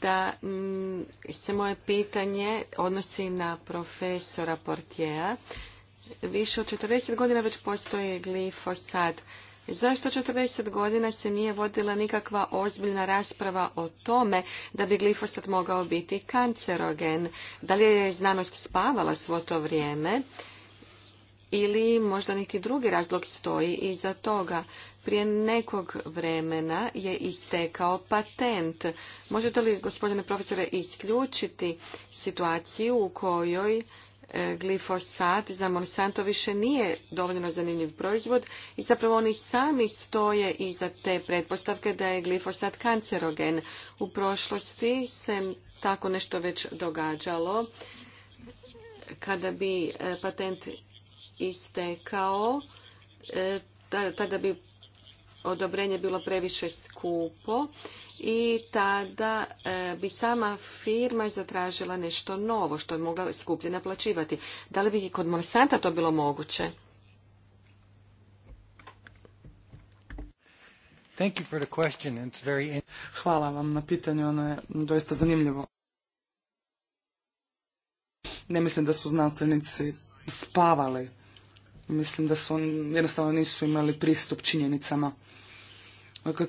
da mm, se moje pitanje odnosi na profesora Portjeja. Više od 40 godina već postoji glifosat. Zašto 40 godina se nije vodila nikakva ozbiljna rasprava o tome da bi glifosat mogao biti kancerogen? Da li je znanost spavala svo to vrijeme? ili možda neki drugi razlog stoji iza toga. Prije nekog vremena je istekao patent. Možete li, gospodine profesore, isključiti situaciju u kojoj e, glifosat za Monsanto više nije dovoljno zanimljiv proizvod i zapravo oni sami stoje iza te pretpostavke da je glifosat kancerogen. U prošlosti se tako nešto već događalo kada bi e, patent istekao, e, tada bi odobrenje bilo previše skupo i tada e, bi sama firma zatražila nešto novo što je mogla skuplje naplaćivati. Da li bi i kod Monsanta to bilo moguće? Thank Hvala vam na pitanju, ono je doista zanimljivo. Ne mislim da su znanstvenici spavali Mislim da su oni jednostavno nisu imali pristup činjenicama. Dakle,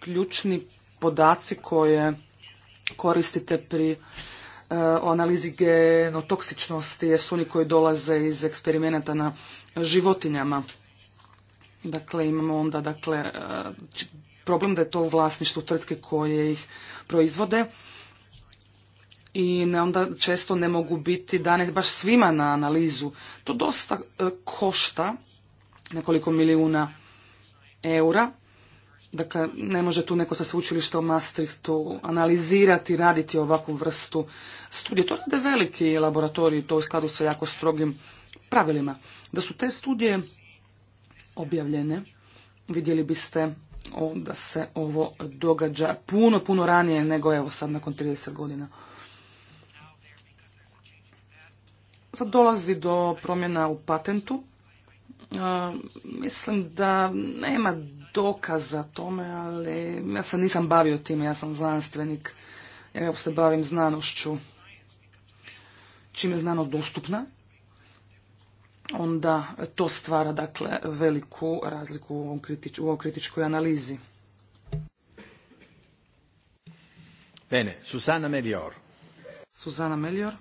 ključni podaci koje koristite pri o e, analizi genotoksičnosti jesu oni koji dolaze iz eksperimenata na životinjama. Dakle, imamo onda dakle, e, problem da je to u vlasništvu tvrtke koje ih proizvode, i ne onda često ne mogu biti dane baš svima na analizu. To dosta e, košta, nekoliko milijuna eura. Dakle, ne može tu neko sa sveučilišta u Maastrichtu analizirati, raditi ovakvu vrstu studije. To rade veliki laboratoriji, to u skladu sa jako strogim pravilima. Da su te studije objavljene, vidjeli biste da se ovo događa puno, puno ranije nego evo sad nakon 30 godina. Sad dolazi do promjena u patentu. E, mislim da nema dokaza tome, ali ja se nisam bavio time, ja sam znanstvenik. Ja se bavim znanošću. Čim je znanost dostupna, onda to stvara dakle veliku razliku u, ovoj kritičkoj analizi. Bene, Susana Melior. Susana Melior.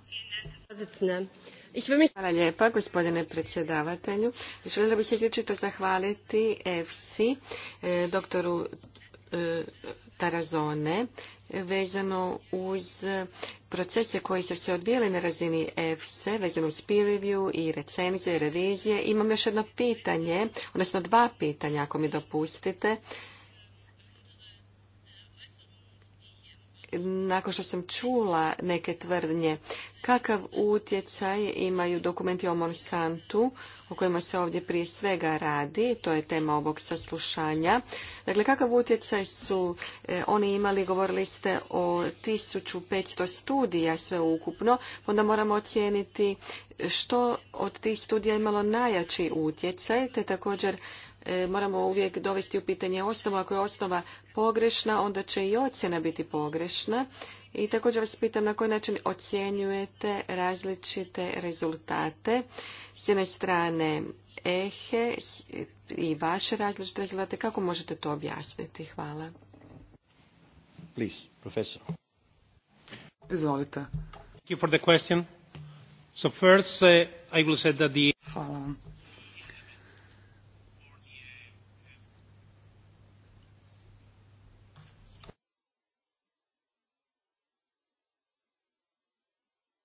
Hvala lijepa, gospodine predsjedavatelju. Želim bih se izličito zahvaliti EFSI, doktoru e, Tarazone, vezano uz procese koji su se odvijali na razini EFSE, vezano uz peer review i recenzije i revizije. Imam još jedno pitanje, odnosno dva pitanja, ako mi dopustite. nakon što sam čula neke tvrdnje, kakav utjecaj imaju dokumenti o Monsantu, o kojima se ovdje prije svega radi, to je tema ovog saslušanja. Dakle, kakav utjecaj su e, oni imali, govorili ste o 1500 studija sve ukupno, onda moramo ocijeniti što od tih studija imalo najjači utjecaj, te također E, moramo uvijek dovesti u pitanje osnovu. Ako je osnova pogrešna, onda će i ocjena biti pogrešna. I također vas pitam na koji način ocjenjujete različite rezultate. S jedne strane ehe i vaše različite rezultate. Kako možete to objasniti? Hvala. Please, professor. Izvolite. Hvala vam.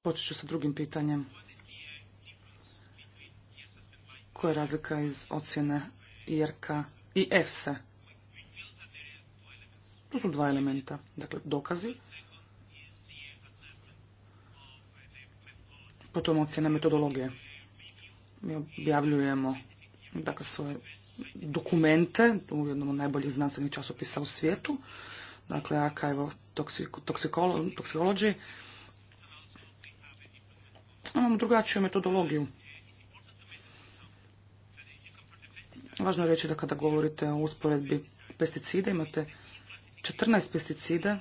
Počet ću sa drugim pitanjem. Koja je razlika iz ocjene IRK i EFSA? To su dva elementa, dakle dokazi. Potom ocjena metodologije. Mi objavljujemo dakle, svoje dokumente u jednom od najboljih znanstvenih časopisa u svijetu, dakle Archive of Toxicology, imamo drugačiju metodologiju. Važno je reći da kada govorite o usporedbi pesticida imate 14 pesticida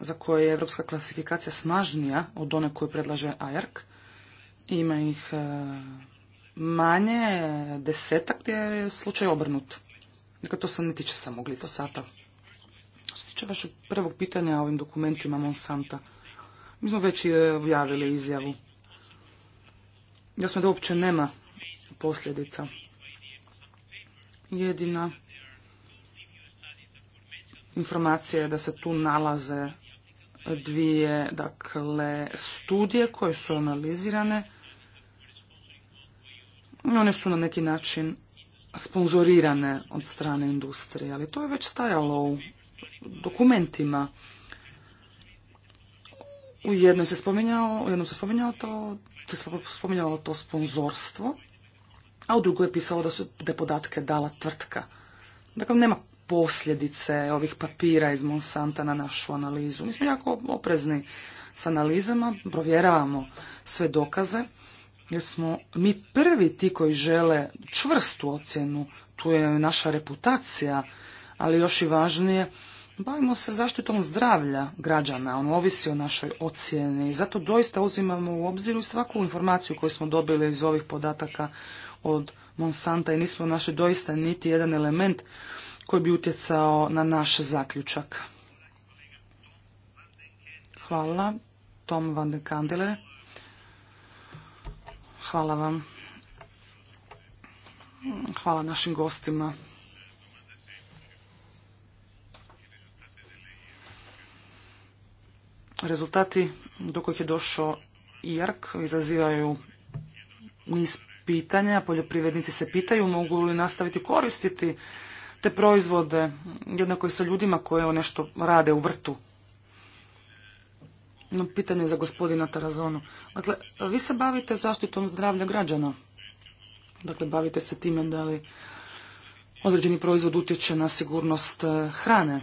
za koje je evropska klasifikacija snažnija od one koju predlaže AERK. Ima ih e, manje, desetak gdje je slučaj obrnut. Dakle, to se ne tiče samo glifosata. Što se tiče vašeg prvog pitanja o ovim dokumentima Monsanta, mi smo već e, objavili izjavu jasno da uopće nema posljedica. Jedina informacija je da se tu nalaze dvije dakle, studije koje su analizirane. One su na neki način sponzorirane od strane industrije, ali to je već stajalo u dokumentima. U jednom se spominjao, u jednom se spominjao to se spominjalo to sponzorstvo, a u drugoj je pisalo da su te podatke dala tvrtka. Dakle, nema posljedice ovih papira iz Monsanta na našu analizu. Mi smo jako oprezni s analizama, provjeravamo sve dokaze, jer smo mi prvi ti koji žele čvrstu ocjenu, tu je naša reputacija, ali još i važnije, Bavimo se zaštitom zdravlja građana, on ovisi o našoj ocjeni i zato doista uzimamo u obziru svaku informaciju koju smo dobili iz ovih podataka od Monsanta i nismo našli doista niti jedan element koji bi utjecao na naš zaključak. Hvala, Tom van de Kandele. Hvala vam. Hvala našim gostima. Rezultati do kojih je došao IARC izazivaju niz pitanja. Poljoprivrednici se pitaju mogu li nastaviti koristiti te proizvode jednako i sa ljudima koje nešto rade u vrtu. No, pitanje za gospodina Tarazonu. Dakle, vi se bavite zaštitom zdravlja građana. Dakle, bavite se time da li određeni proizvod utječe na sigurnost eh, hrane.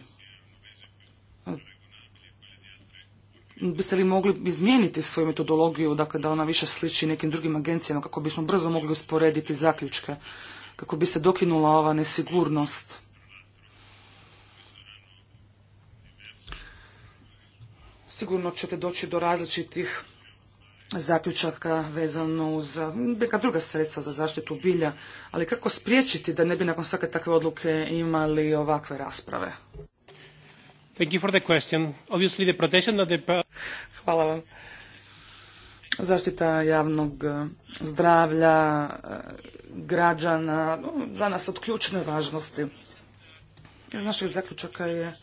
biste li mogli izmijeniti svoju metodologiju, dakle da ona više sliči nekim drugim agencijama kako bismo brzo mogli usporediti zaključke, kako bi se dokinula ova nesigurnost? Sigurno ćete doći do različitih zaključaka vezano uz neka druga sredstva za zaštitu bilja, ali kako spriječiti da ne bi nakon svake takve odluke imali ovakve rasprave? Thank for the question. Obviously the protection Hvala vam. Zaštita javnog eh, zdravlja eh, građana za nas od ključne važnosti. Iz naših zaključaka je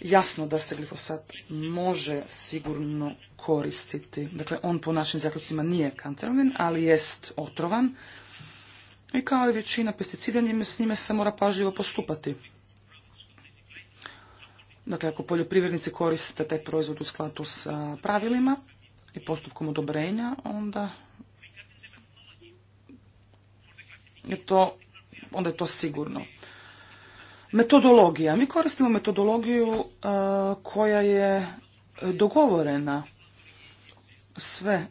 jasno da se glifosat može sigurno koristiti. Dakle, on po našim zaključcima nije kancerogen, ali jest otrovan. I kao i većina pesticida, s njime se mora pažljivo postupati. Dakle, ako poljoprivrednici koriste taj proizvod u skladu sa pravilima i postupkom odobrenja, onda je to, onda je to sigurno. Metodologija. Mi koristimo metodologiju koja je dogovorena. Sve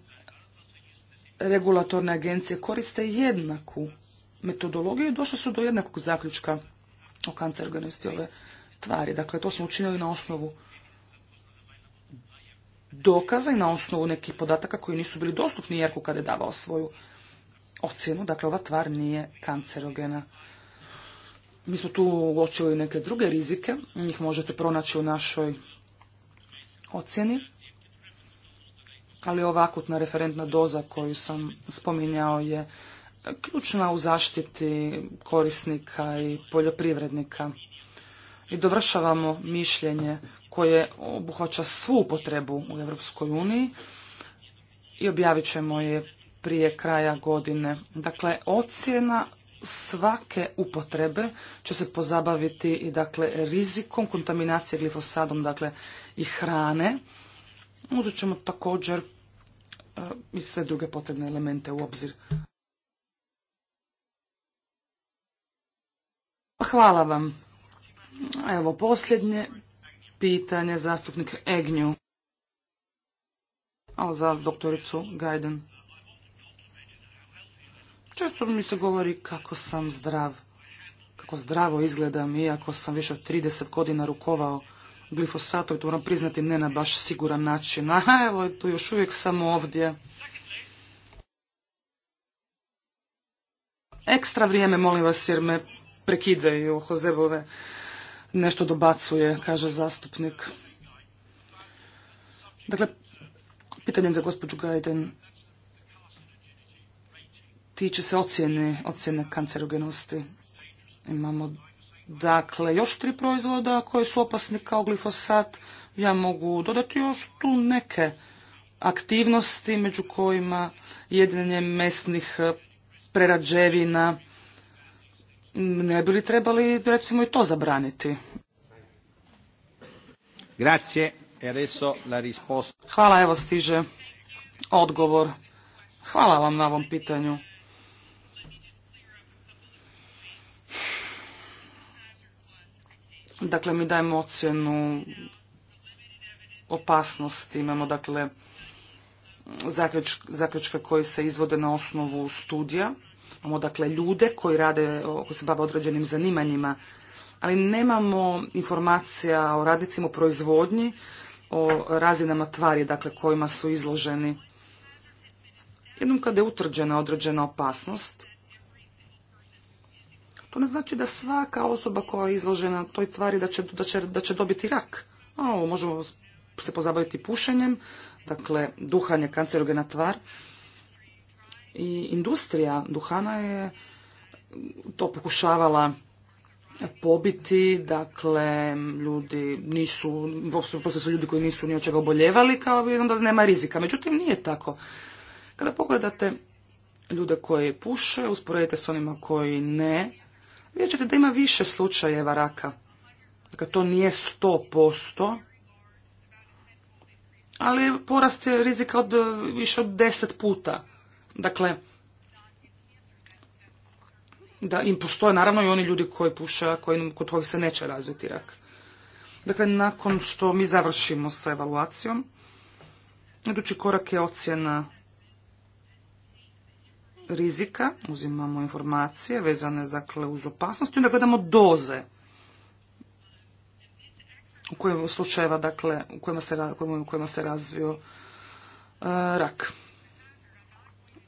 regulatorne agencije koriste jednaku metodologiju i došle su do jednakog zaključka o kancerogenosti ove tvari. Dakle, to smo učinili na osnovu dokaza i na osnovu nekih podataka koji nisu bili dostupni Jerku kada je davao svoju ocjenu. Dakle, ova tvar nije kancerogena. Mi smo tu uočili neke druge rizike, njih možete pronaći u našoj ocjeni, ali ova akutna referentna doza koju sam spominjao je ključna u zaštiti korisnika i poljoprivrednika i dovršavamo mišljenje koje obuhvaća svu potrebu u Europskoj uniji i objavit ćemo je prije kraja godine. Dakle, ocjena svake upotrebe će se pozabaviti i dakle rizikom kontaminacije glifosadom dakle i hrane. Uzet ćemo također e, i sve druge potrebne elemente u obzir. Hvala vam. Evo, posljednje pitanje, zastupnik Egnju. A za doktoricu Gajden. Često mi se govori kako sam zdrav, kako zdravo izgledam, iako sam više od 30 godina rukovao glifosatom i to moram priznati ne na baš siguran način. A evo, tu još uvijek sam ovdje. Ekstra vrijeme, molim vas, jer me prekidaju Hozebove nešto dobacuje, kaže zastupnik. Dakle, pitanje za gospođu Gajden tiče se ocjene, ocjene kancerogenosti. Imamo dakle još tri proizvoda koji su opasni kao glifosat. Ja mogu dodati još tu neke aktivnosti među kojima jedinjenje mesnih prerađevina, ne bi li trebali recimo i to zabraniti? Grazie. E Hvala, evo stiže odgovor. Hvala vam na ovom pitanju. Dakle, mi dajemo ocjenu opasnosti. Imamo, dakle, zaključke koji se izvode na osnovu studija. Imamo dakle ljude koji rade, koji se bave određenim zanimanjima, ali nemamo informacija o radnicima u proizvodnji, o razinama tvari dakle kojima su izloženi. Jednom kada je utvrđena određena opasnost, to ne znači da svaka osoba koja je izložena toj tvari da će, da će, dobiti rak. Ovo možemo se pozabaviti pušenjem, dakle duhan je kancerogena tvar, i industrija duhana je to pokušavala pobiti, dakle, ljudi nisu, prosto su ljudi koji nisu ni od čega oboljevali, kao i onda nema rizika. Međutim, nije tako. Kada pogledate ljude koji puše, usporedite s onima koji ne, vidjet ćete da ima više slučajeva raka. Dakle, to nije sto posto, ali porast je rizika od više od deset puta. Dakle, da im postoje naravno i oni ljudi koji puša koji, kod kojih se neće razviti rak. Dakle, nakon što mi završimo sa evaluacijom, idući korak je ocjena rizika, uzimamo informacije vezane dakle, uz opasnost i onda gledamo doze u kojem slučajeva, dakle, u kojima se, se razvio e, rak.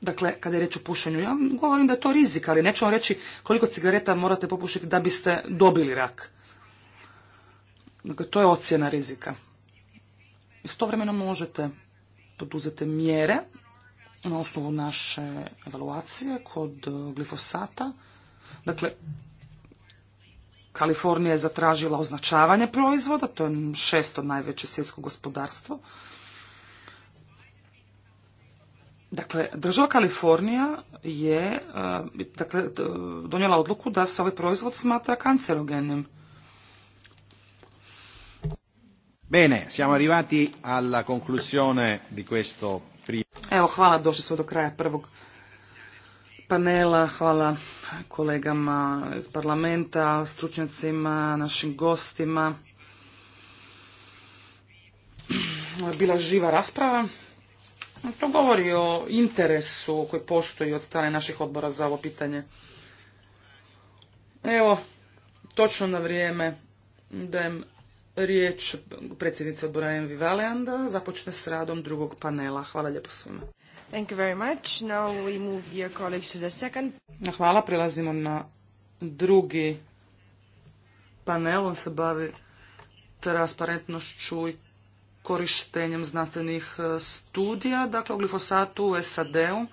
Dakle, kada je reč o pušenju, ja govorim da je to rizik, ali neću vam reći koliko cigareta morate popušiti da biste dobili rak. Dakle, to je ocjena rizika. Istovremeno možete poduzeti mjere na osnovu naše evaluacije kod e, glifosata. Dakle, Kalifornija je zatražila označavanje proizvoda, to je šesto najveće svjetsko gospodarstvo. Dakle, država Kalifornija je e, dakle, donijela odluku da se ovaj proizvod smatra kancerogenim. Bene, siamo arrivati alla conclusione di questo primo. Evo, hvala, došli smo do kraja prvog panela, hvala kolegama iz parlamenta, stručnjacima, našim gostima. Bila živa rasprava. To govori o interesu koji postoji od strane naših odbora za ovo pitanje. Evo, točno na vrijeme dajem riječ predsjednice odbora Envi Valianda započne s radom drugog panela. Hvala lijepo svima. Hvala, prelazimo na drugi panel. On se bavi transparentnošću i korištenjem znanstvenih e, studija, dakle o glifosatu u SAD-u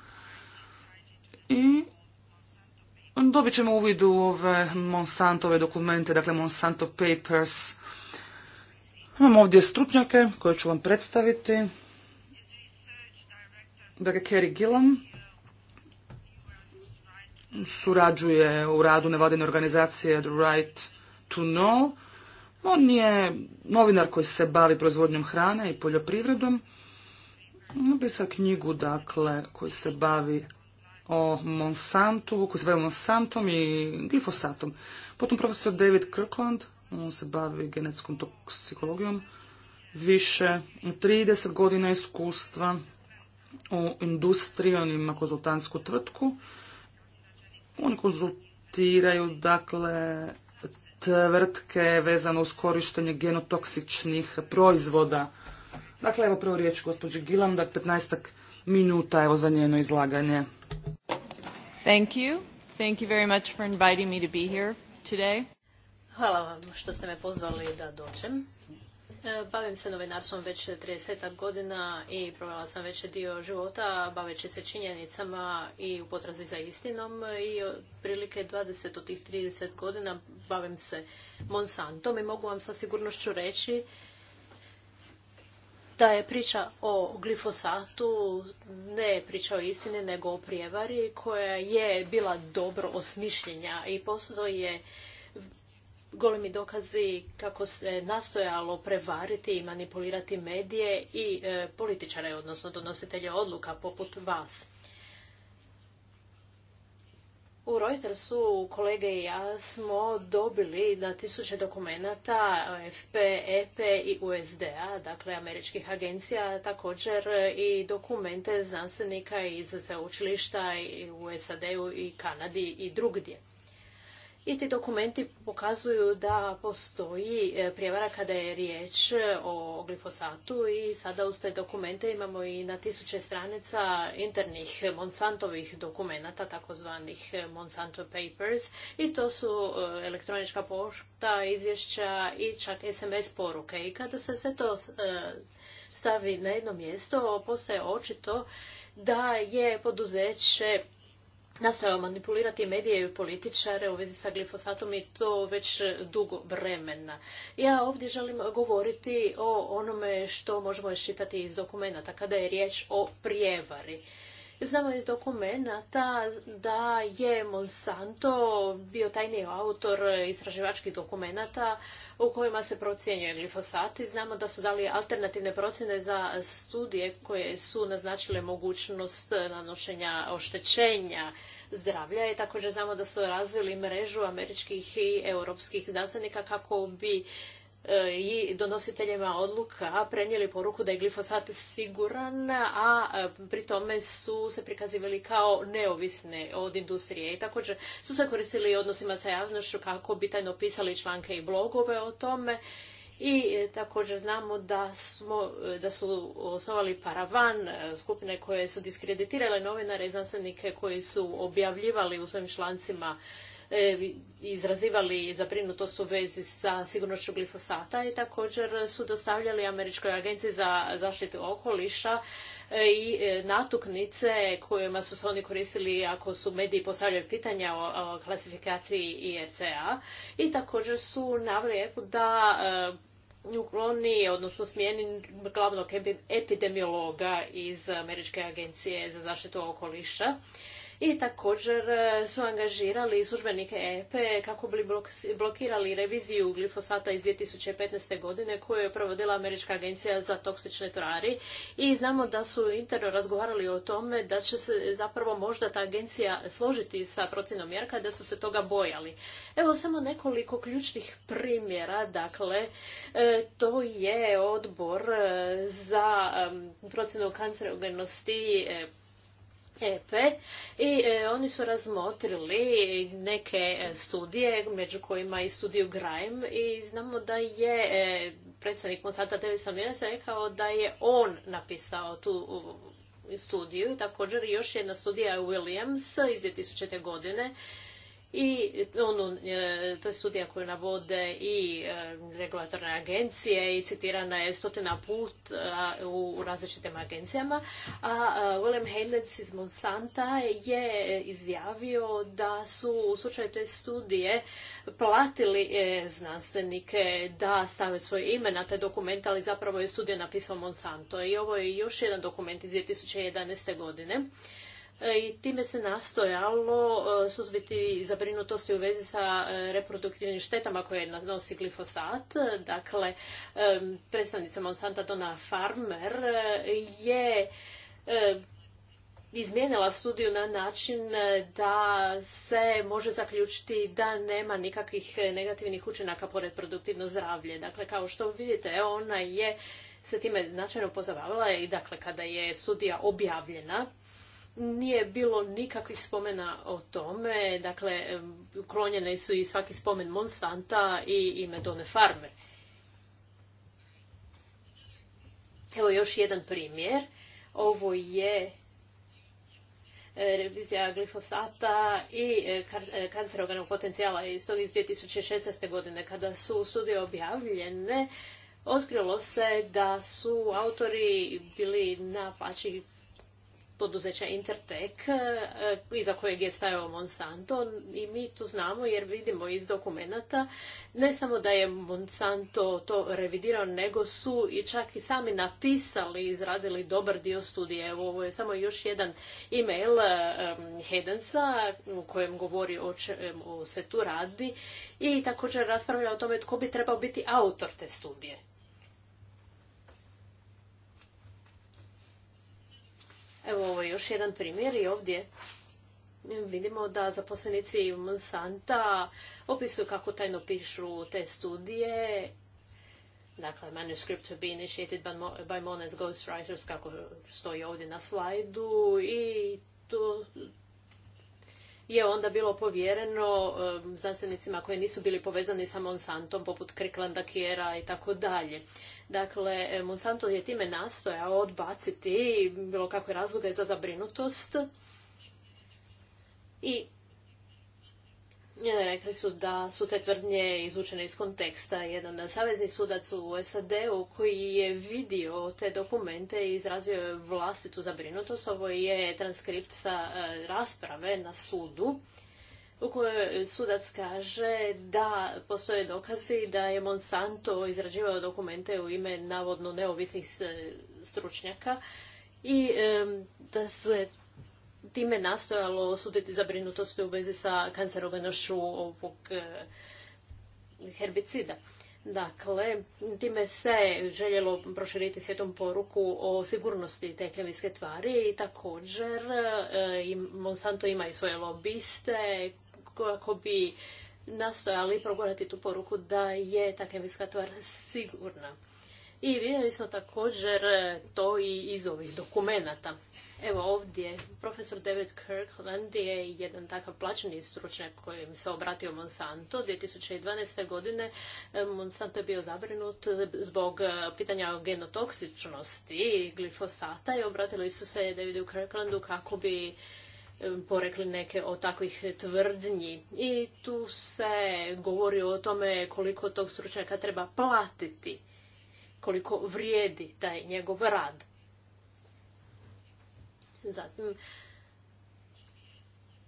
i dobit ćemo uvid u ove Monsantove dokumente, dakle Monsanto Papers. Imamo ovdje stručnjake koje ću vam predstaviti. Dakle, Kerry Gillam surađuje u radu nevladine organizacije The Right to Know on je novinar koji se bavi proizvodnjom hrane i poljoprivredom. Napisao knjigu, dakle, koji se bavi o Monsantu, koji se bavi Monsantom i glifosatom. Potom profesor David Kirkland, on se bavi genetskom toksikologijom, više 30 godina iskustva u industriji, on ima konzultantsku tvrtku. Oni konzultiraju, dakle, tvrtke vezano uz korištenje genotoksičnih proizvoda. Dakle, evo prvo riječ gospođi Gilam, da 15 minuta evo za njeno izlaganje. Thank you. Thank you very much for inviting me to be here today. Hvala vam što ste me pozvali da dođem. E, bavim se novinarstvom već 30 godina i provela sam već dio života baveći se činjenicama i u potrazi za istinom i prilike 20 od tih 30 godina bavim se Monsantom i mogu vam sa sigurnošću reći da je priča o glifosatu ne priča o istini nego o prijevari koja je bila dobro osmišljenja i je golemi dokazi kako se nastojalo prevariti i manipulirati medije i e, političare, odnosno donositelje odluka poput vas. U Reutersu kolege i ja smo dobili na tisuće dokumenata FP, EP i USDA, dakle američkih agencija, također i dokumente znanstvenika iz sveučilišta u SAD-u i Kanadi i drugdje. I ti dokumenti pokazuju da postoji e, prijevara kada je riječ e, o glifosatu i sada uz te dokumente imamo i na tisuće stranica internih Monsantovih dokumenata, takozvanih e, Monsanto Papers i to su elektronička pošta, izvješća i čak SMS poruke. I kada se sve to stavi na jedno mjesto, postaje očito da je poduzeće nastojao manipulirati medije i političare u vezi sa glifosatom i to već dugo vremena. Ja ovdje želim govoriti o onome što možemo iščitati iz dokumenata kada je riječ o prijevari. Znamo iz dokumenta da je Monsanto bio tajni autor istraživačkih dokumenata u kojima se procjenjuje glifosati. i znamo da su dali alternativne procjene za studije koje su naznačile mogućnost nanošenja oštećenja zdravlja i također znamo da su razvili mrežu američkih i europskih znanstvenika kako bi i donositeljima odluka prenijeli poruku da je glifosat siguran, a pri tome su se prikazivali kao neovisne od industrije. I također su se koristili odnosima sa javnošću kako bi tajno pisali članke i blogove o tome. I e, također znamo da, e, da su osnovali paravan e, skupine koje su diskreditirale novinare i znanstvenike koji su objavljivali u svojim člancima E, izrazivali zabrinutost u vezi sa sigurnošću glifosata i također su dostavljali Američkoj agenciji za zaštitu okoliša e, i e, natuknice kojima su se oni koristili ako su mediji postavljali pitanja o klasifikaciji ECA i također su naveli da ukloni, odnosno smijeni glavnog epidemiologa iz Američke agencije za zaštitu okoliša i također e, su angažirali službenike EP kako bi blokirali reviziju glifosata iz 2015. godine koju je provodila Američka agencija za toksične tvari i znamo da su interno razgovarali o tome da će se zapravo možda ta agencija složiti sa procjenom Jerka da su se toga bojali. Evo samo nekoliko ključnih primjera, dakle e, to je odbor e, za procjenu kancerogenosti EP i e, oni su razmotrili neke e, studije, među kojima i studiju Grime i znamo da je e, predstavnik Monsanta Davisa Miresa rekao da je on napisao tu studiju i također još jedna studija Williams iz 2000. godine i on e, to je studija koju navode i e, regulatorne agencije i citirana je stotina put e, u različitim agencijama. A William Haynes iz Monsanta je izjavio da su u slučaju te studije platili znanstvenike da stave svoje ime na te dokument, ali zapravo je studija napisao Monsanto. I ovo je još jedan dokument iz 2011. godine E, i time se nastojalo e, suzbiti zabrinutosti u vezi sa e, reproduktivnim štetama koje nanosi glifosat. Dakle, predstavnica Monsanta Dona Farmer je izmijenila studiju na način da se može zaključiti da nema nikakvih negativnih učinaka po reproduktivno zdravlje. Dakle, kao što vidite, ona je se time značajno pozabavila i dakle, kada je studija objavljena, nije bilo nikakvih spomena o tome. Dakle, uklonjene su i svaki spomen Monsanta i ime Done Farmer. Evo još jedan primjer. Ovo je e, revizija glifosata i e, e, kancerogenog potencijala iz tog iz 2016. godine. Kada su studije objavljene, otkrilo se da su autori bili na plaći poduzeća Intertek, e, iza kojeg je stajao Monsanto i mi to znamo jer vidimo iz dokumenata ne samo da je Monsanto to revidirao, nego su i čak i sami napisali, izradili dobar dio studije. Evo, ovo je samo još jedan email e, Hedensa u kojem govori o čemu se tu radi i također raspravlja o tome tko bi trebao biti autor te studije. Evo ovo je još jedan primjer i ovdje vidimo da zaposlenici Monsanta opisuju kako tajno pišu te studije. Dakle, manuscript to be initiated by Mona's ghostwriters, kako stoji ovdje na slajdu. I to, je onda bilo povjereno znanstvenicima koji nisu bili povezani sa Monsantom, poput Kriklanda, Kjera i tako dalje. Dakle, Monsanto je time nastojao odbaciti bilo kakve razloge za zabrinutost i Rekli su da su te tvrdnje izvučene iz konteksta. Jedan savezni sudac u SAD-u koji je vidio te dokumente i izrazio je vlastitu zabrinutost. Ovo je transkript sa e, rasprave na sudu u kojoj sudac kaže da postoje dokazi da je Monsanto izrađivao dokumente u ime navodno neovisnih e, stručnjaka i da se time nastojalo osuditi zabrinutosti u vezi sa kancerogenošću ovog e, herbicida. Dakle, time se željelo proširiti svijetom poruku o sigurnosti te kemijske tvari i također e, Monsanto ima i svoje lobiste kako bi nastojali progurati tu poruku da je ta kemijska tvar sigurna. I vidjeli smo također to i iz ovih dokumenata. Evo ovdje, profesor David Kirkland je jedan takav plaćeni stručnjak kojim se obratio Monsanto. 2012. godine e, Monsanto je bio zabrinut zbog e, pitanja o genotoksičnosti i glifosata i obratili su se Davidu Kirklandu kako bi e, porekli neke od takvih tvrdnji. I tu se govori o tome koliko tog stručnjaka treba platiti, koliko vrijedi taj njegov rad. Zatim,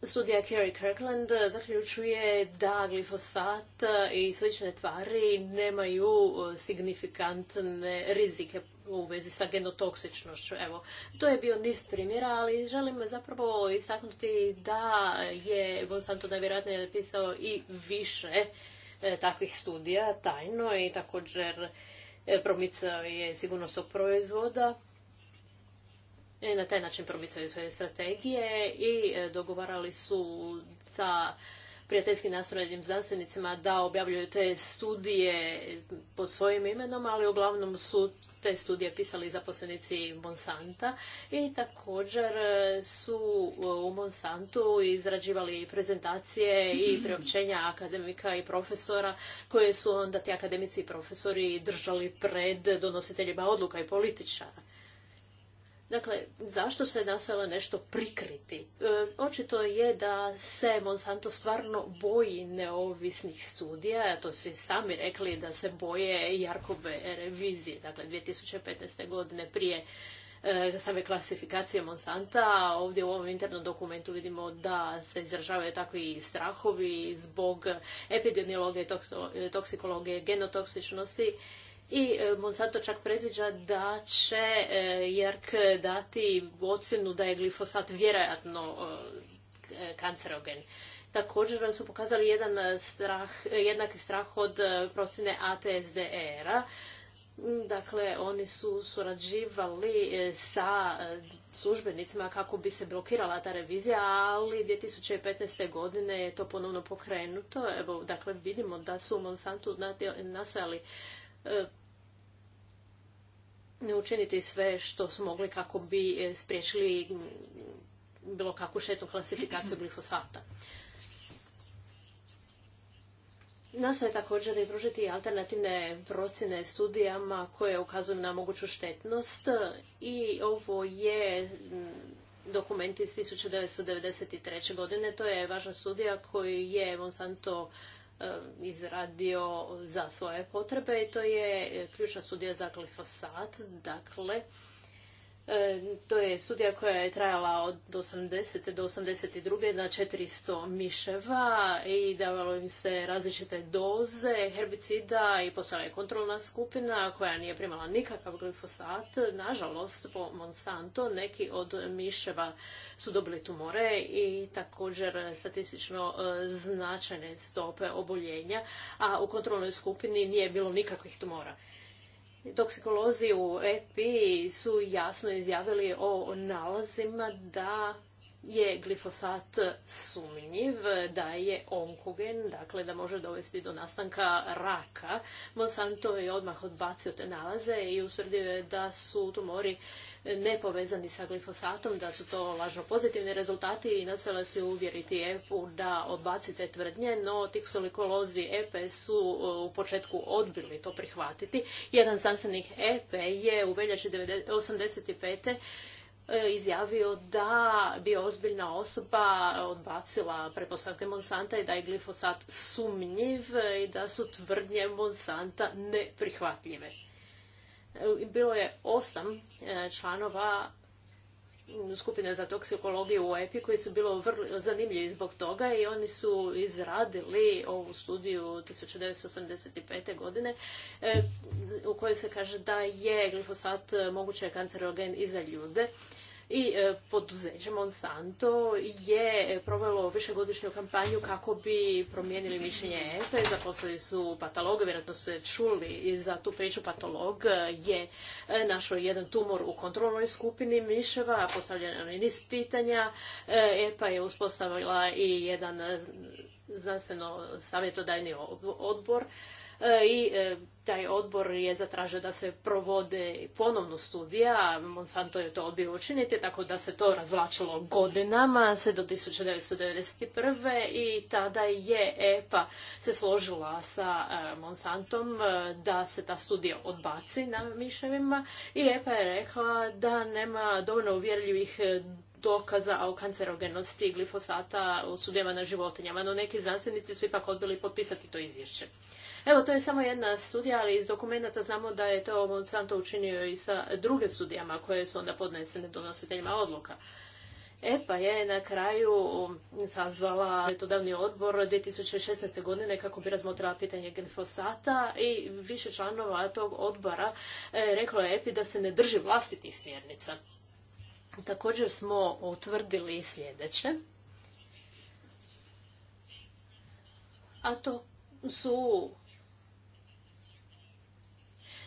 studija Kerry Kirkland zaključuje da glifosat i slične tvari nemaju e, signifikantne rizike u vezi sa genotoksičnošću. Evo, to je bio niz primjera, ali želim zapravo istaknuti da je Monsanto najvjerojatnije napisao i više e, takvih studija tajno i također e, promicao je sigurnost tog proizvoda i e, na taj način promicaju svoje strategije i e, dogovarali su sa prijateljskim nastrojenim znanstvenicima da objavljuju te studije pod svojim imenom, ali uglavnom su te studije pisali zaposlenici Monsanta i također e, su u Monsantu izrađivali prezentacije i (clears throat) priopćenja akademika i profesora koje su onda ti akademici i profesori držali pred donositeljima odluka i političara. Dakle, zašto se nastojalo nešto prikriti? E, očito je da se Monsanto stvarno boji neovisnih studija, to su sami rekli da se boje Jarkove revizije, dakle 2015. godine prije e, same klasifikacije Monsanta. Ovdje u ovom internom dokumentu vidimo da se izražavaju takvi strahovi zbog epidemiologe, toksikologije, genotoksičnosti i e, Monsanto čak predviđa da će e, JERK dati ocjenu da je glifosat vjerojatno e, kancerogen. Također su pokazali jedan strah, jednaki strah od procjene ATSDR-a. Dakle, oni su surađivali sa službenicima kako bi se blokirala ta revizija, ali 2015. godine je to ponovno pokrenuto. Evo, dakle, vidimo da su u Monsantu nastojali E, učiniti sve što su mogli kako bi e, spriječili bilo kakvu šetnu klasifikaciju (clears throat) glifosata. je također i pružiti alternativne procjene studijama koje ukazuju na moguću štetnost i ovo je dokument iz 1993. godine. To je važna studija koji je Monsanto E, izradio za svoje potrebe i to je ključna studija za glifosat. Dakle, E, to je studija koja je trajala od 80. do 82. na 400 miševa i davalo im se različite doze herbicida i postojala je kontrolna skupina koja nije primala nikakav glifosat. Nažalost, po Monsanto neki od miševa su dobili tumore i također statistično e, značajne stope oboljenja, a u kontrolnoj skupini nije bilo nikakvih tumora toksikolozi u EPI su jasno izjavili o nalazima da je glifosat sumnjiv, da je onkogen, dakle da može dovesti do nastanka raka. Monsanto je odmah odbacio te nalaze i usvrdio je da su tumori nepovezani sa glifosatom, da su to lažno pozitivni rezultati i nasvele se uvjeriti EPU da odbaci te tvrdnje, no tiksolikolozi EPE su e, u početku odbili to prihvatiti. Jedan znanstvenik EPE je u veljači 1985 E, izjavio da bi ozbiljna osoba odbacila pretpostavke Monsanta i da je glifosat sumnjiv i da su tvrdnje Monsanta neprihvatljive. E, bilo je osam e, članova skupine za toksikologiju u EPI koji su bilo vrlo zanimljivi zbog toga i oni su izradili ovu studiju 1985. godine e, u kojoj se kaže da je glifosat moguće kancerogen i za ljude i e, poduzeće Monsanto je provelo višegodišnju kampanju kako bi promijenili mišljenje EFE. E. Zaposlili su patologe, vjerojatno je čuli i za tu priču patolog je e, našao jedan tumor u kontrolnoj skupini miševa, postavljeno je niz pitanja. EPA je uspostavila i jedan znanstveno savjetodajni odbor i taj odbor je zatražio da se provode ponovno studija, Monsanto je to odbio učiniti, tako da se to razvlačilo godinama, sve do 1991. i tada je EPA se složila sa e, Monsantom e, da se ta studija odbaci na miševima i EPA je rekla da nema dovoljno uvjerljivih dokaza o kancerogenosti glifosata u studijama na životinjama, no neki znanstvenici su ipak odbili potpisati to izvješće. Evo, to je samo jedna studija, ali iz dokumentata znamo da je to Monsanto učinio i sa druge studijama koje su onda podnesene donositeljima odluka. EPA je na kraju sazvala davni odbor 2016. godine kako bi razmotrila pitanje genfosata i više članova tog odbora e, reklo je EPI da se ne drži vlastitih smjernica. Također smo utvrdili sljedeće, a to su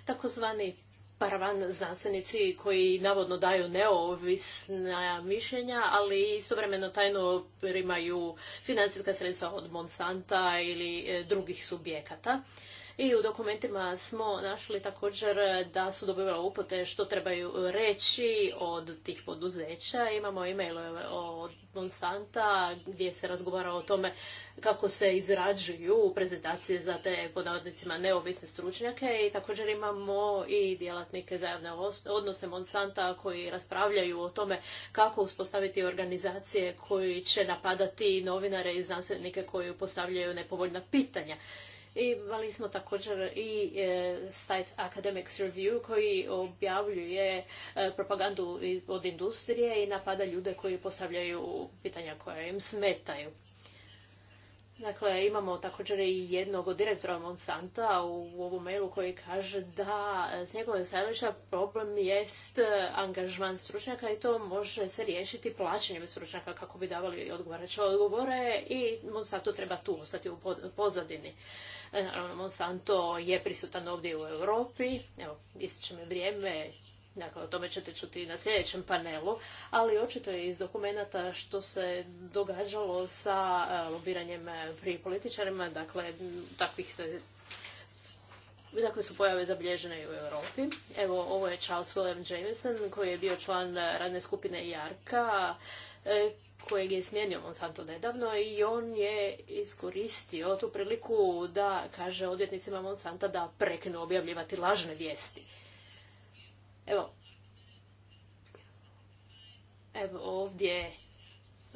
takozvani paravan znanstvenici koji navodno daju neovisna mišljenja, ali istovremeno tajno primaju financijska sredstva od Monsanta ili e, drugih subjekata. I u dokumentima smo našli također da su dobivali upute što trebaju reći od tih poduzeća. Imamo e mail od Monsanta gdje se razgovara o tome kako se izrađuju prezentacije za te podavodnicima neovisne stručnjake i također imamo i djelatnike za javne odnose Monsanta koji raspravljaju o tome kako uspostaviti organizacije koji će napadati novinare i znanstvenike koji postavljaju nepovoljna pitanja. Imali smo također i e, site Academics Review koji objavljuje e, propagandu od industrije i napada ljude koji postavljaju pitanja koja im smetaju. Dakle, imamo također i jednog od direktora Monsanta u ovom mailu koji kaže da e, s njegove stajališta problem jest e, angažman stručnjaka i to može se riješiti plaćanjem stručnjaka kako bi davali odgovarajuće odgovore i Monsanto treba tu ostati u pozadini. E, naravno, Monsanto je prisutan ovdje u Europi, evo, ističe mi vrijeme, Dakle, o tome ćete čuti i na sljedećem panelu, ali očito je iz dokumenata što se događalo sa e, lobiranjem pri političarima, dakle, takvih se Dakle, su pojave zabilježene i u Europi. Evo, ovo je Charles William Jameson, koji je bio član radne skupine Jarka, e, kojeg je smijenio Monsanto nedavno i on je iskoristio tu priliku da kaže odvjetnicima Monsanta da preknu objavljivati lažne vijesti. Evo, evo ovdje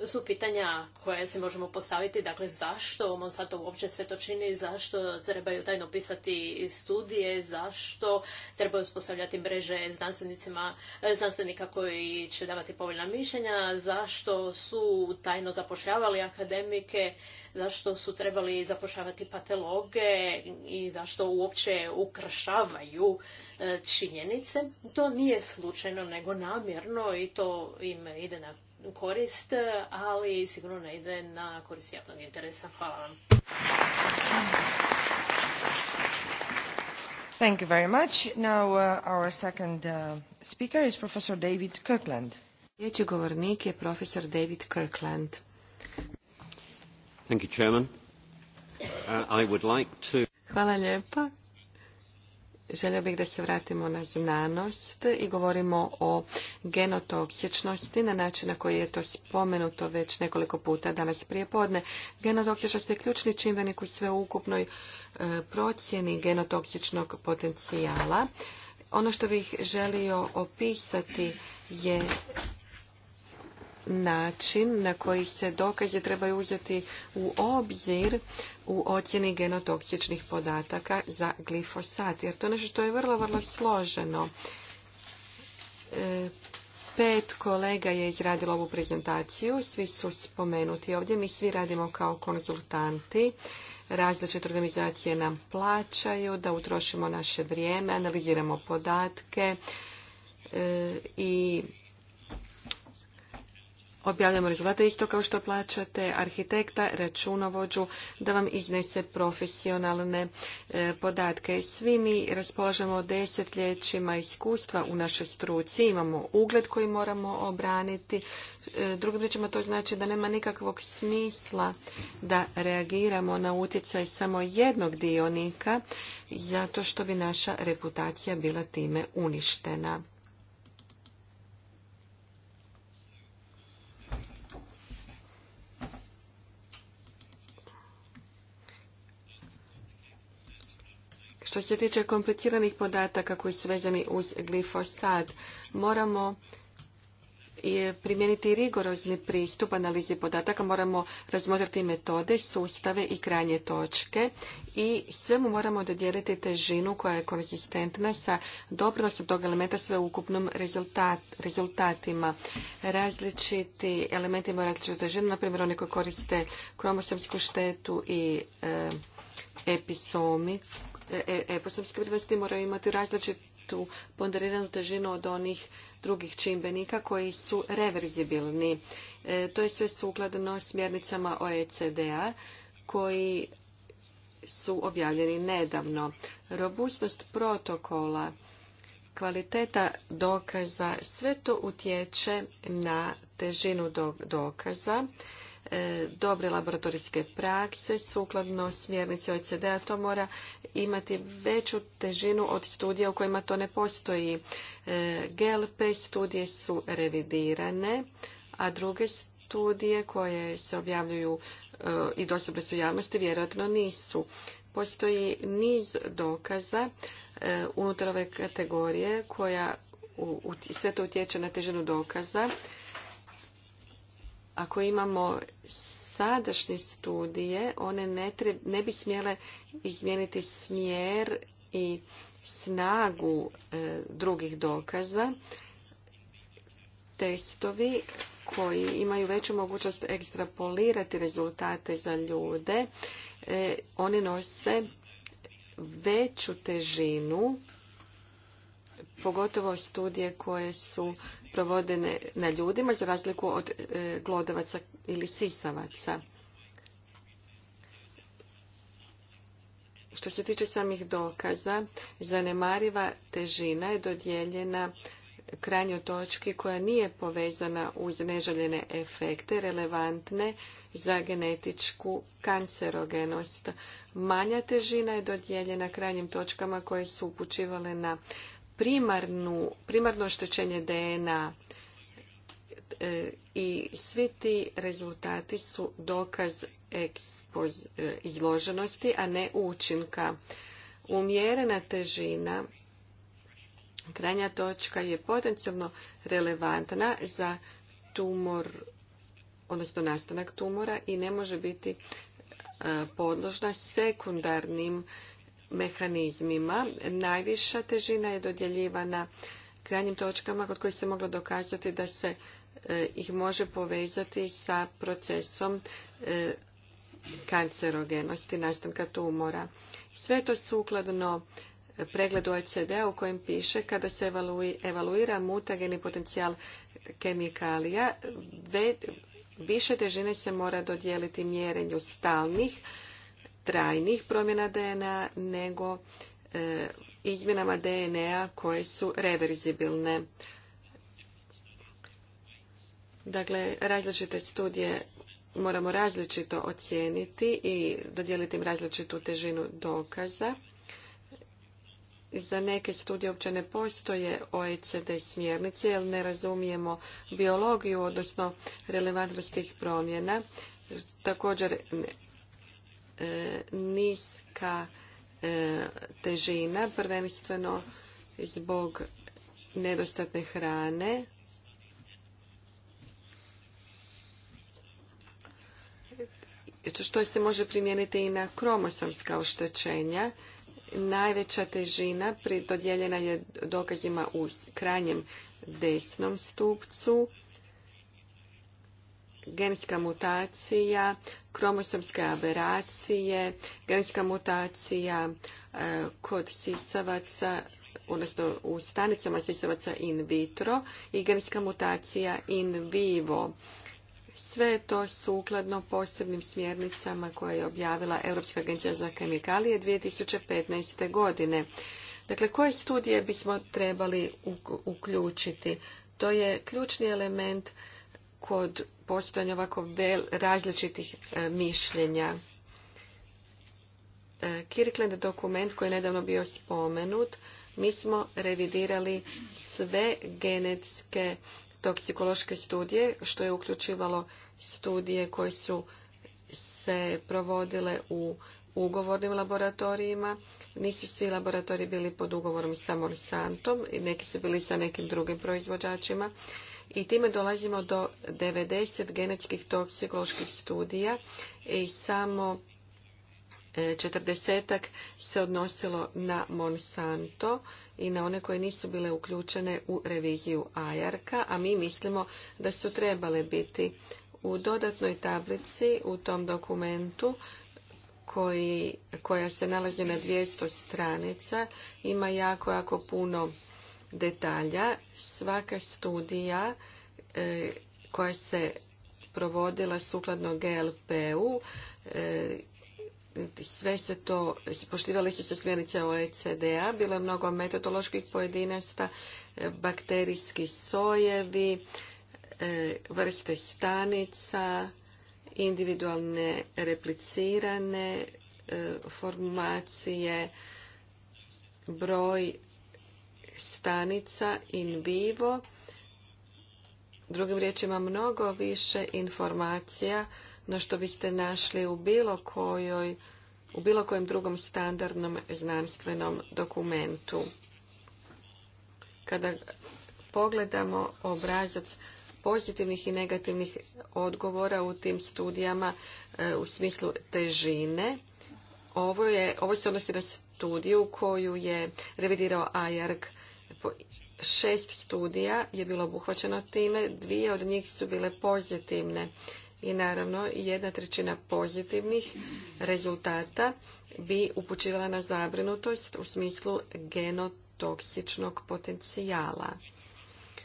su pitanja koje se možemo postaviti, dakle zašto Monsanto uopće sve to čini, zašto trebaju tajno pisati studije, zašto trebaju uspostavljati mreže znanstvenicima, e, znanstvenika koji će davati povoljna mišljenja, zašto su tajno zapošljavali akademike, zašto su trebali zapošljavati patologe i zašto uopće ukršavaju e, činjenice. To nije slučajno nego namjerno i to im ide na korist, ali sigurno ne ide na korist javnog interesa. Hvala vam. Thank you very much. Now uh, our second uh, speaker is Professor David Kirkland. Sljedeći govornik je profesor David Kirkland. Thank you, Chairman. Uh, I would like to... Hvala lijepa. Želio bih da se vratimo na znanost i govorimo o genotoksičnosti na način na koji je to spomenuto već nekoliko puta danas prije podne. Genotoksičnost je ključni čimbenik u sveukupnoj e, procjeni genotoksičnog potencijala. Ono što bih želio opisati je način na koji se dokaze trebaju uzeti u obzir u ocjeni genotoksičnih podataka za glifosat. Jer to je nešto što je vrlo, vrlo složeno. E, pet kolega je izradilo ovu prezentaciju, svi su spomenuti ovdje, mi svi radimo kao konzultanti, različite organizacije nam plaćaju da utrošimo naše vrijeme, analiziramo podatke e, i objavljamo rezultate isto kao što plaćate arhitekta, računovođu da vam iznese profesionalne e, podatke. Svi mi raspolažemo desetljećima iskustva u našoj struci, imamo ugled koji moramo obraniti. E, drugim rečima to znači da nema nikakvog smisla da reagiramo na utjecaj samo jednog dionika zato što bi naša reputacija bila time uništena. Što se tiče kompliciranih podataka koji su vezani uz glifosat, moramo primijeniti rigorozni pristup analizi podataka, moramo razmotriti metode, sustave i krajnje točke i svemu moramo dodijeliti težinu koja je konzistentna sa doprinosom tog elementa sveukupnom rezultat, rezultatima. Različiti elementi imaju različitu težinu, na primjer oni koji koriste kromosomsku štetu i e, episomi, vrijednosti e, e, e, pa moraju imati različitu ponderiranu težinu od onih drugih čimbenika koji su reverzibilni. To je sve sukladno smjernicama OECD-a koji su objavljeni nedavno. Robustnost protokola, kvaliteta dokaza, sve to utječe na težinu dokaza E, dobre laboratorijske prakse sukladno smjernici OECD-a. To mora imati veću težinu od studija u kojima to ne postoji. E, GLP studije su revidirane, a druge studije koje se objavljuju e, i dostupne su javnosti vjerojatno nisu. Postoji niz dokaza unutar ove kategorije koja sve to utječe na težinu dokaza ako imamo sadašnje studije, one ne, ne bi smjele izmijeniti smjer i snagu e, drugih dokaza. Testovi koji imaju veću mogućnost ekstrapolirati rezultate za ljude, e, oni nose veću težinu pogotovo studije koje su provodene na ljudima za razliku od e, glodavaca ili sisavaca. Što se tiče samih dokaza, zanemariva težina je dodijeljena krajnjoj točki koja nije povezana uz neželjene efekte relevantne za genetičku kancerogenost. Manja težina je dodijeljena krajnjim točkama koje su upućivale na primarno oštećenje DNA e, i svi ti rezultati su dokaz e, izloženosti, a ne učinka. Umjerena težina, krajnja točka je potencijalno relevantna za tumor, odnosno nastanak tumora i ne može biti e, podložna sekundarnim mehanizmima. Najviša težina je dodjeljivana krajnjim točkama kod kojih se moglo dokazati da se e, ih može povezati sa procesom e, kancerogenosti, nastanka tumora. Sve to sukladno pregledu OECD-a u kojem piše kada se evaluira mutageni potencijal kemikalija, više težine se mora dodijeliti mjerenju stalnih trajnih promjena DNA, nego e, izmjenama DNA koje su reverzibilne. Dakle, različite studije moramo različito ocijeniti i dodijeliti im različitu težinu dokaza. Za neke studije uopće ne postoje OECD smjernice, jer ne razumijemo biologiju, odnosno relevantnost tih promjena. Također E, niska e, težina, prvenstveno zbog nedostatne hrane. Što se može primijeniti i na kromosomska oštećenja. Najveća težina dodjeljena je dokazima u krajnjem desnom stupcu genska mutacija, kromosomske aberacije, genska mutacija e, kod sisavaca, odnosno u stanicama sisavaca in vitro i genska mutacija in vivo. Sve je to sukladno posebnim smjernicama koje je objavila Europska agencija za kemikalije 2015. godine. Dakle, koje studije bismo trebali uključiti? To je ključni element kod postojanje ovako različitih e, mišljenja. E, Kirkland dokument koji je nedavno bio spomenut, mi smo revidirali sve genetske toksikološke studije, što je uključivalo studije koje su se provodile u ugovornim laboratorijima. Nisu svi laboratoriji bili pod ugovorom sa Monsantom, neki su bili sa nekim drugim proizvođačima. I time dolazimo do 90 genetskih toksikoloških studija i samo e, četrdesetak se odnosilo na Monsanto i na one koje nisu bile uključene u reviziju Ajarka, a mi mislimo da su trebale biti u dodatnoj tablici u tom dokumentu koja se nalazi na 200 stranica. Ima jako, jako puno detalja. Svaka studija e, koja se provodila sukladno GLP-u, e, sve se to, poštivali su se smjernice OECD-a, bilo je mnogo metodoloških pojedinasta, e, bakterijski sojevi, vrste stanica, individualne replicirane formacije, broj stanica in vivo. Drugim riječima, mnogo više informacija na što biste našli u bilo kojoj u bilo kojem drugom standardnom znanstvenom dokumentu. Kada pogledamo obrazac pozitivnih i negativnih odgovora u tim studijama e, u smislu težine, ovo, je, ovo se odnosi na studiju koju je revidirao AJARG šest studija je bilo obuhvaćeno time, dvije od njih su bile pozitivne i naravno jedna trećina pozitivnih rezultata bi upućivala na zabrinutost u smislu genotoksičnog potencijala.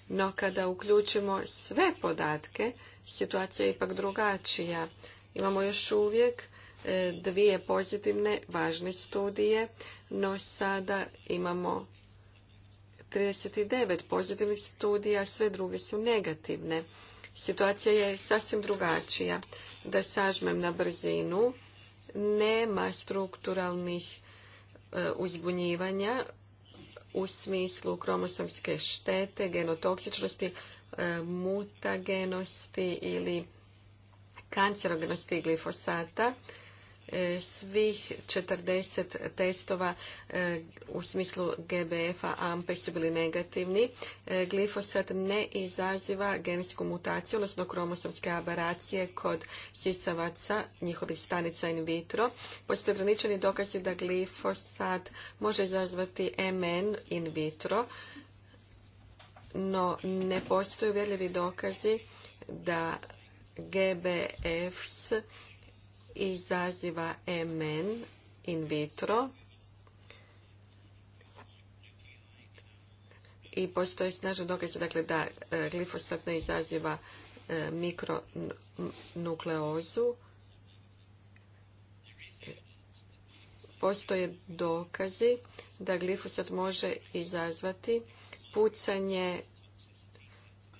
No kada uključimo sve podatke, situacija je ipak drugačija. Imamo još uvijek e, dvije pozitivne važne studije, no sada imamo 39 pozitivnih studija, sve druge su negativne. Situacija je sasvim drugačija. Da sažmem na brzinu, nema strukturalnih e, uzbunjivanja u smislu kromosomske štete, genotoksičnosti, e, mutagenosti ili kancerogenosti glifosata. E, svih 40 testova e, u smislu GBF-a AMPE p-a su bili negativni. E, glifosat ne izaziva genetsku mutaciju, odnosno kromosomske aberacije kod sisavaca, njihovih stanica in vitro. Postoje ograničeni dokazi da glifosat može izazvati MN in vitro, no ne postoje uvjerljivi dokazi da GBFs izaziva e MN in vitro i postoje snažan dokaz dakle, da e, glifosat ne izaziva e, mikronukleozu. Postoje dokazi da glifosat može izazvati pucanje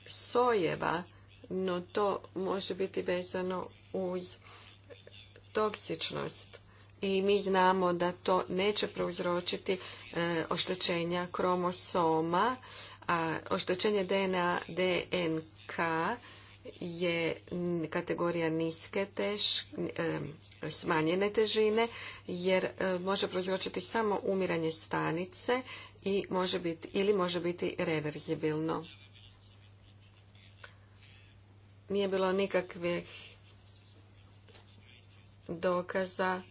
sojeva, no to može biti vezano uz toksičnost i mi znamo da to neće prouzročiti e, oštećenja kromosoma, a oštećenje DNA, DNK je kategorija niske teške, smanjene težine, jer e, može prouzročiti samo umiranje stanice i ili može biti reverzibilno. Nije bilo nikakvih dokaza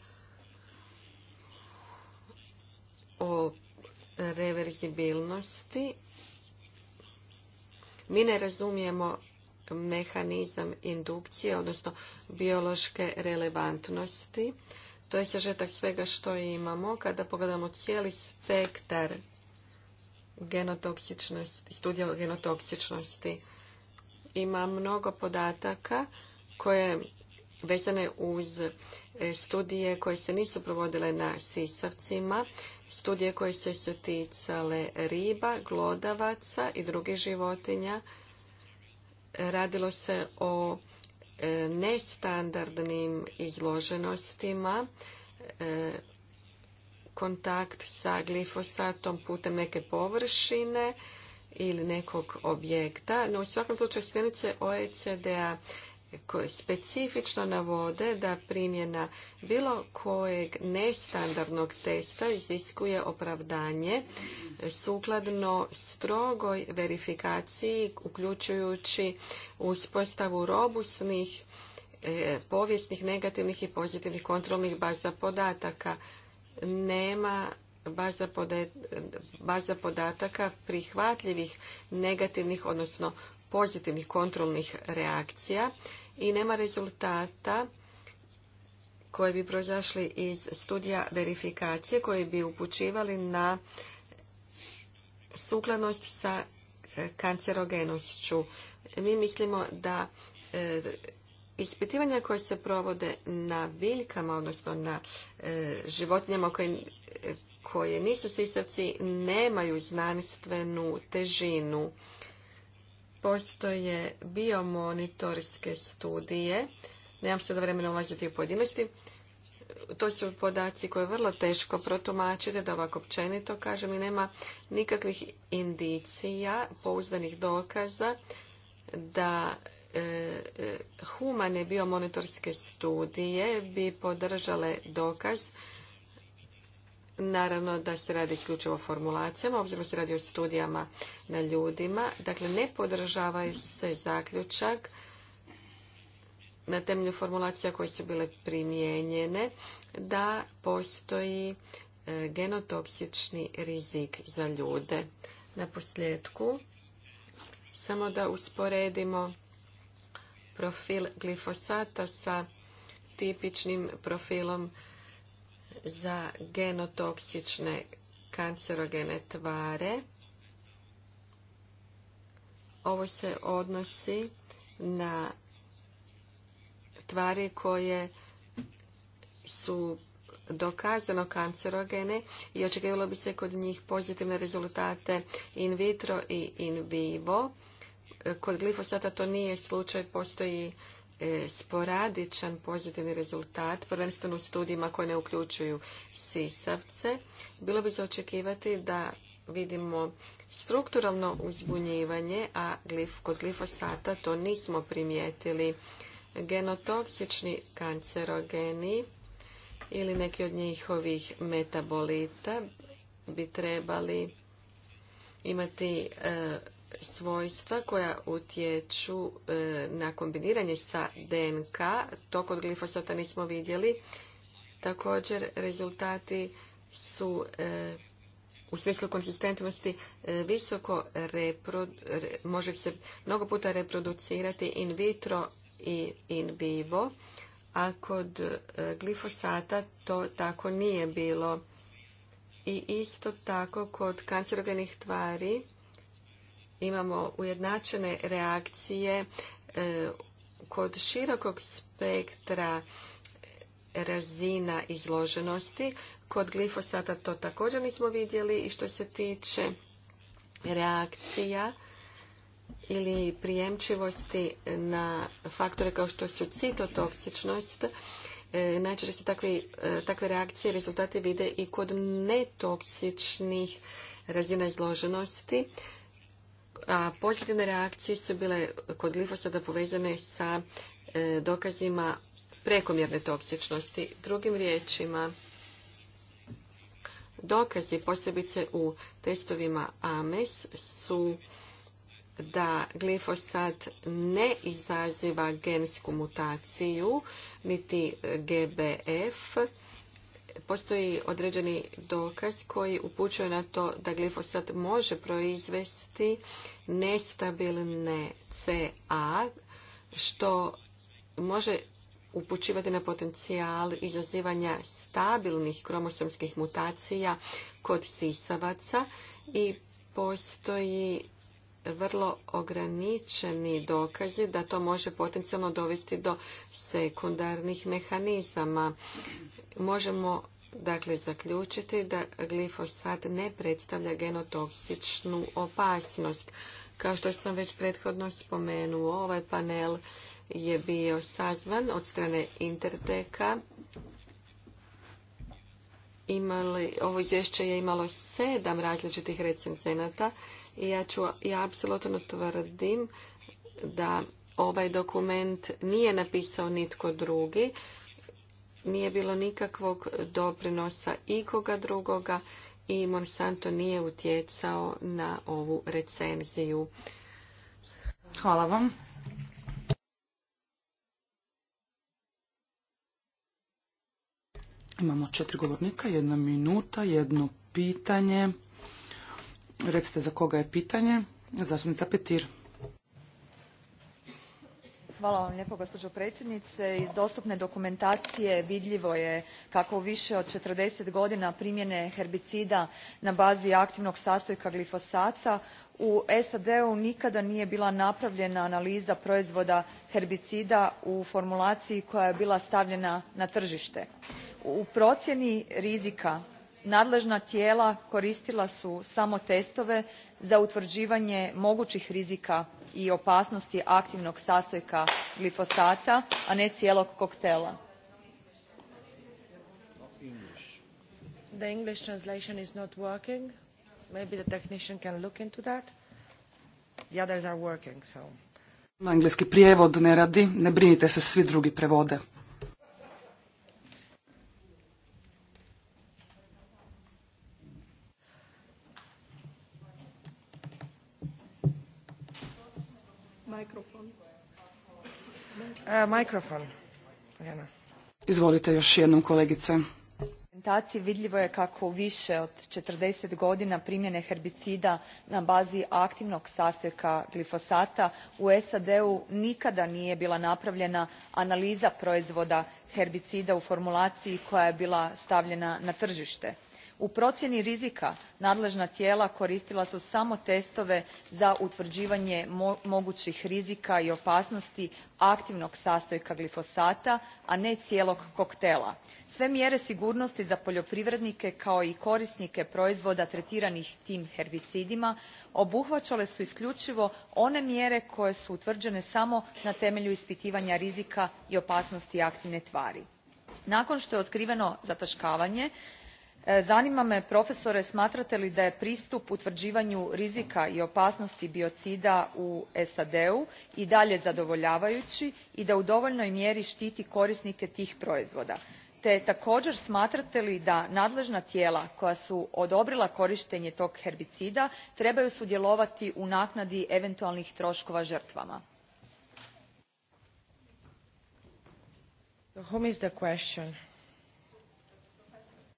o reverzibilnosti. Mi ne razumijemo mehanizam indukcije, odnosno biološke relevantnosti. To je sažetak svega što imamo. Kada pogledamo cijeli spektar genotoksičnosti, studija o genotoksičnosti, ima mnogo podataka koje vezane uz e, studije koje se nisu provodile na sisavcima, studije koje su se ticale riba, glodavaca i drugih životinja. Radilo se o e, nestandardnim izloženostima, e, kontakt sa glifosatom putem neke površine ili nekog objekta. No, u svakom slučaju smjernice OECD-a koje specifično navode da primjena bilo kojeg nestandardnog testa iziskuje opravdanje sukladno strogoj verifikaciji uključujući uspostavu robusnih e, povijesnih negativnih i pozitivnih kontrolnih baza podataka. Nema baza, baza podataka prihvatljivih negativnih, odnosno pozitivnih kontrolnih reakcija i nema rezultata koje bi proizašli iz studija verifikacije koji bi upućivali na sukladnost sa e, kancerogenošću. Mi mislimo da e, ispitivanja koje se provode na biljkama, odnosno na e, životinjama koje, koje nisu sisavci, nemaju znanstvenu težinu. Postoje biomonitorske studije, nemam sada vremena ulaziti u pojedinosti, to su podaci koje je vrlo teško protumačiti, da ovako općenito kažem, i nema nikakvih indicija, pouzdanih dokaza da e, e, humane biomonitorske studije bi podržale dokaz Naravno da se radi isključivo o formulacijama, obzirom se radi o studijama na ljudima. Dakle, ne podržava se zaključak na temelju formulacija koje su bile primijenjene da postoji e, genotoksični rizik za ljude. Na posljedku, samo da usporedimo profil glifosata sa tipičnim profilom za genotoksične kancerogene tvare. Ovo se odnosi na tvari koje su dokazano kancerogene i očekivalo bi se kod njih pozitivne rezultate in vitro i in vivo. Kod glifosata to nije slučaj, postoji E, sporadičan pozitivni rezultat, prvenstveno u studijima koje ne uključuju sisavce, bilo bi za očekivati da vidimo strukturalno uzbunjivanje, a kod glifosata to nismo primijetili. Genotoksični kancerogeni ili neki od njihovih metabolita bi trebali imati e, svojstva koja utječu e, na kombiniranje sa DNK. To kod glifosata nismo vidjeli. Također rezultati su e, u smislu konsistentnosti e, visoko može se mnogo puta reproducirati in vitro i in vivo, a kod glifosata to tako nije bilo. I isto tako kod kancerogenih tvari imamo ujednačene reakcije e, kod širokog spektra razina izloženosti. Kod glifosata to također nismo vidjeli i što se tiče reakcija ili prijemčivosti na faktore kao što su citotoksičnost, e, najčešće se e, takve reakcije rezultati vide i kod netoksičnih razina izloženosti pozitivne reakcije su bile kod glifosata povezane sa e, dokazima prekomjerne toksičnosti. Drugim riječima, dokazi posebice u testovima AMES su da glifosat ne izaziva gensku mutaciju, niti GBF, postoji određeni dokaz koji upućuje na to da glifosat može proizvesti nestabilne CA, što može upućivati na potencijal izazivanja stabilnih kromosomskih mutacija kod sisavaca i postoji vrlo ograničeni dokazi da to može potencijalno dovesti do sekundarnih mehanizama možemo dakle zaključiti da glifosat ne predstavlja genotoksičnu opasnost. Kao što sam već prethodno spomenuo, ovaj panel je bio sazvan od strane Interteka. Imali, ovo izvješće je imalo sedam različitih recenzenata i ja, ću, ja apsolutno tvrdim da ovaj dokument nije napisao nitko drugi, nije bilo nikakvog doprinosa ikoga drugoga i Monsanto nije utjecao na ovu recenziju. Hvala vam. Imamo četiri govornika, jedna minuta, jedno pitanje. Recite za koga je pitanje. Zastupnica Petir gospođo predsjednice iz dostupne dokumentacije vidljivo je kako u više od četrdeset godina primjene herbicida na bazi aktivnog sastojka glifosata u sad u nikada nije bila napravljena analiza proizvoda herbicida u formulaciji koja je bila stavljena na tržište. u procjeni rizika nadležna tijela koristila su samo testove za utvrđivanje mogućih rizika i opasnosti aktivnog sastojka glifosata a ne cijelog koktela. Engleski prijevod ne radi, ne brinite se, svi drugi prevode. E, Izvolite još jednom kolegice vidljivo je kako više od 40 godina primjene herbicida na bazi aktivnog sastojka glifosata u sad u nikada nije bila napravljena analiza proizvoda herbicida u formulaciji koja je bila stavljena na tržište u procjeni rizika nadležna tijela koristila su samo testove za utvrđivanje mogućih rizika i opasnosti aktivnog sastojka glifosata a ne cijelog koktela. sve mjere sigurnosti za poljoprivrednike kao i korisnike proizvoda tretiranih tim herbicidima obuhvaćale su isključivo one mjere koje su utvrđene samo na temelju ispitivanja rizika i opasnosti aktivne tvari. nakon što je otkriveno zataškavanje E, zanima me profesore smatrate li da je pristup utvrđivanju rizika i opasnosti biocida u sad u i dalje zadovoljavajući i da u dovoljnoj mjeri štiti korisnike tih proizvoda te također smatrate li da nadležna tijela koja su odobrila korištenje tog herbicida trebaju sudjelovati u naknadi eventualnih troškova žrtvama?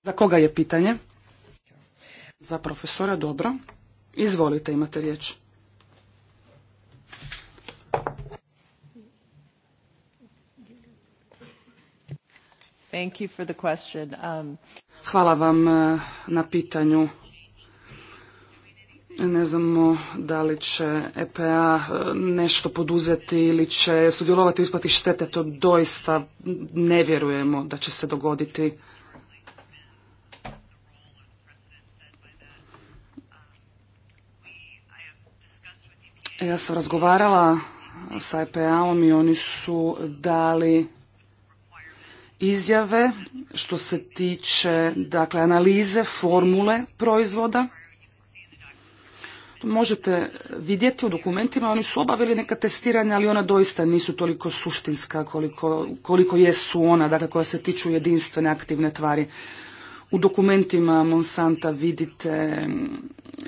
Za koga je pitanje? Za profesora, dobro. Izvolite, imate riječ. Um, Hvala vam uh, na pitanju. Ne znamo da li će EPA uh, nešto poduzeti ili će sudjelovati u isplati štete, to doista ne vjerujemo da će se dogoditi. Ja sam razgovarala sa EPA-om i oni su dali izjave što se tiče dakle, analize formule proizvoda. možete vidjeti u dokumentima, oni su obavili neka testiranja, ali ona doista nisu toliko suštinska koliko, koliko jesu ona, dakle koja se tiču jedinstvene aktivne tvari. U dokumentima Monsanta vidite mm,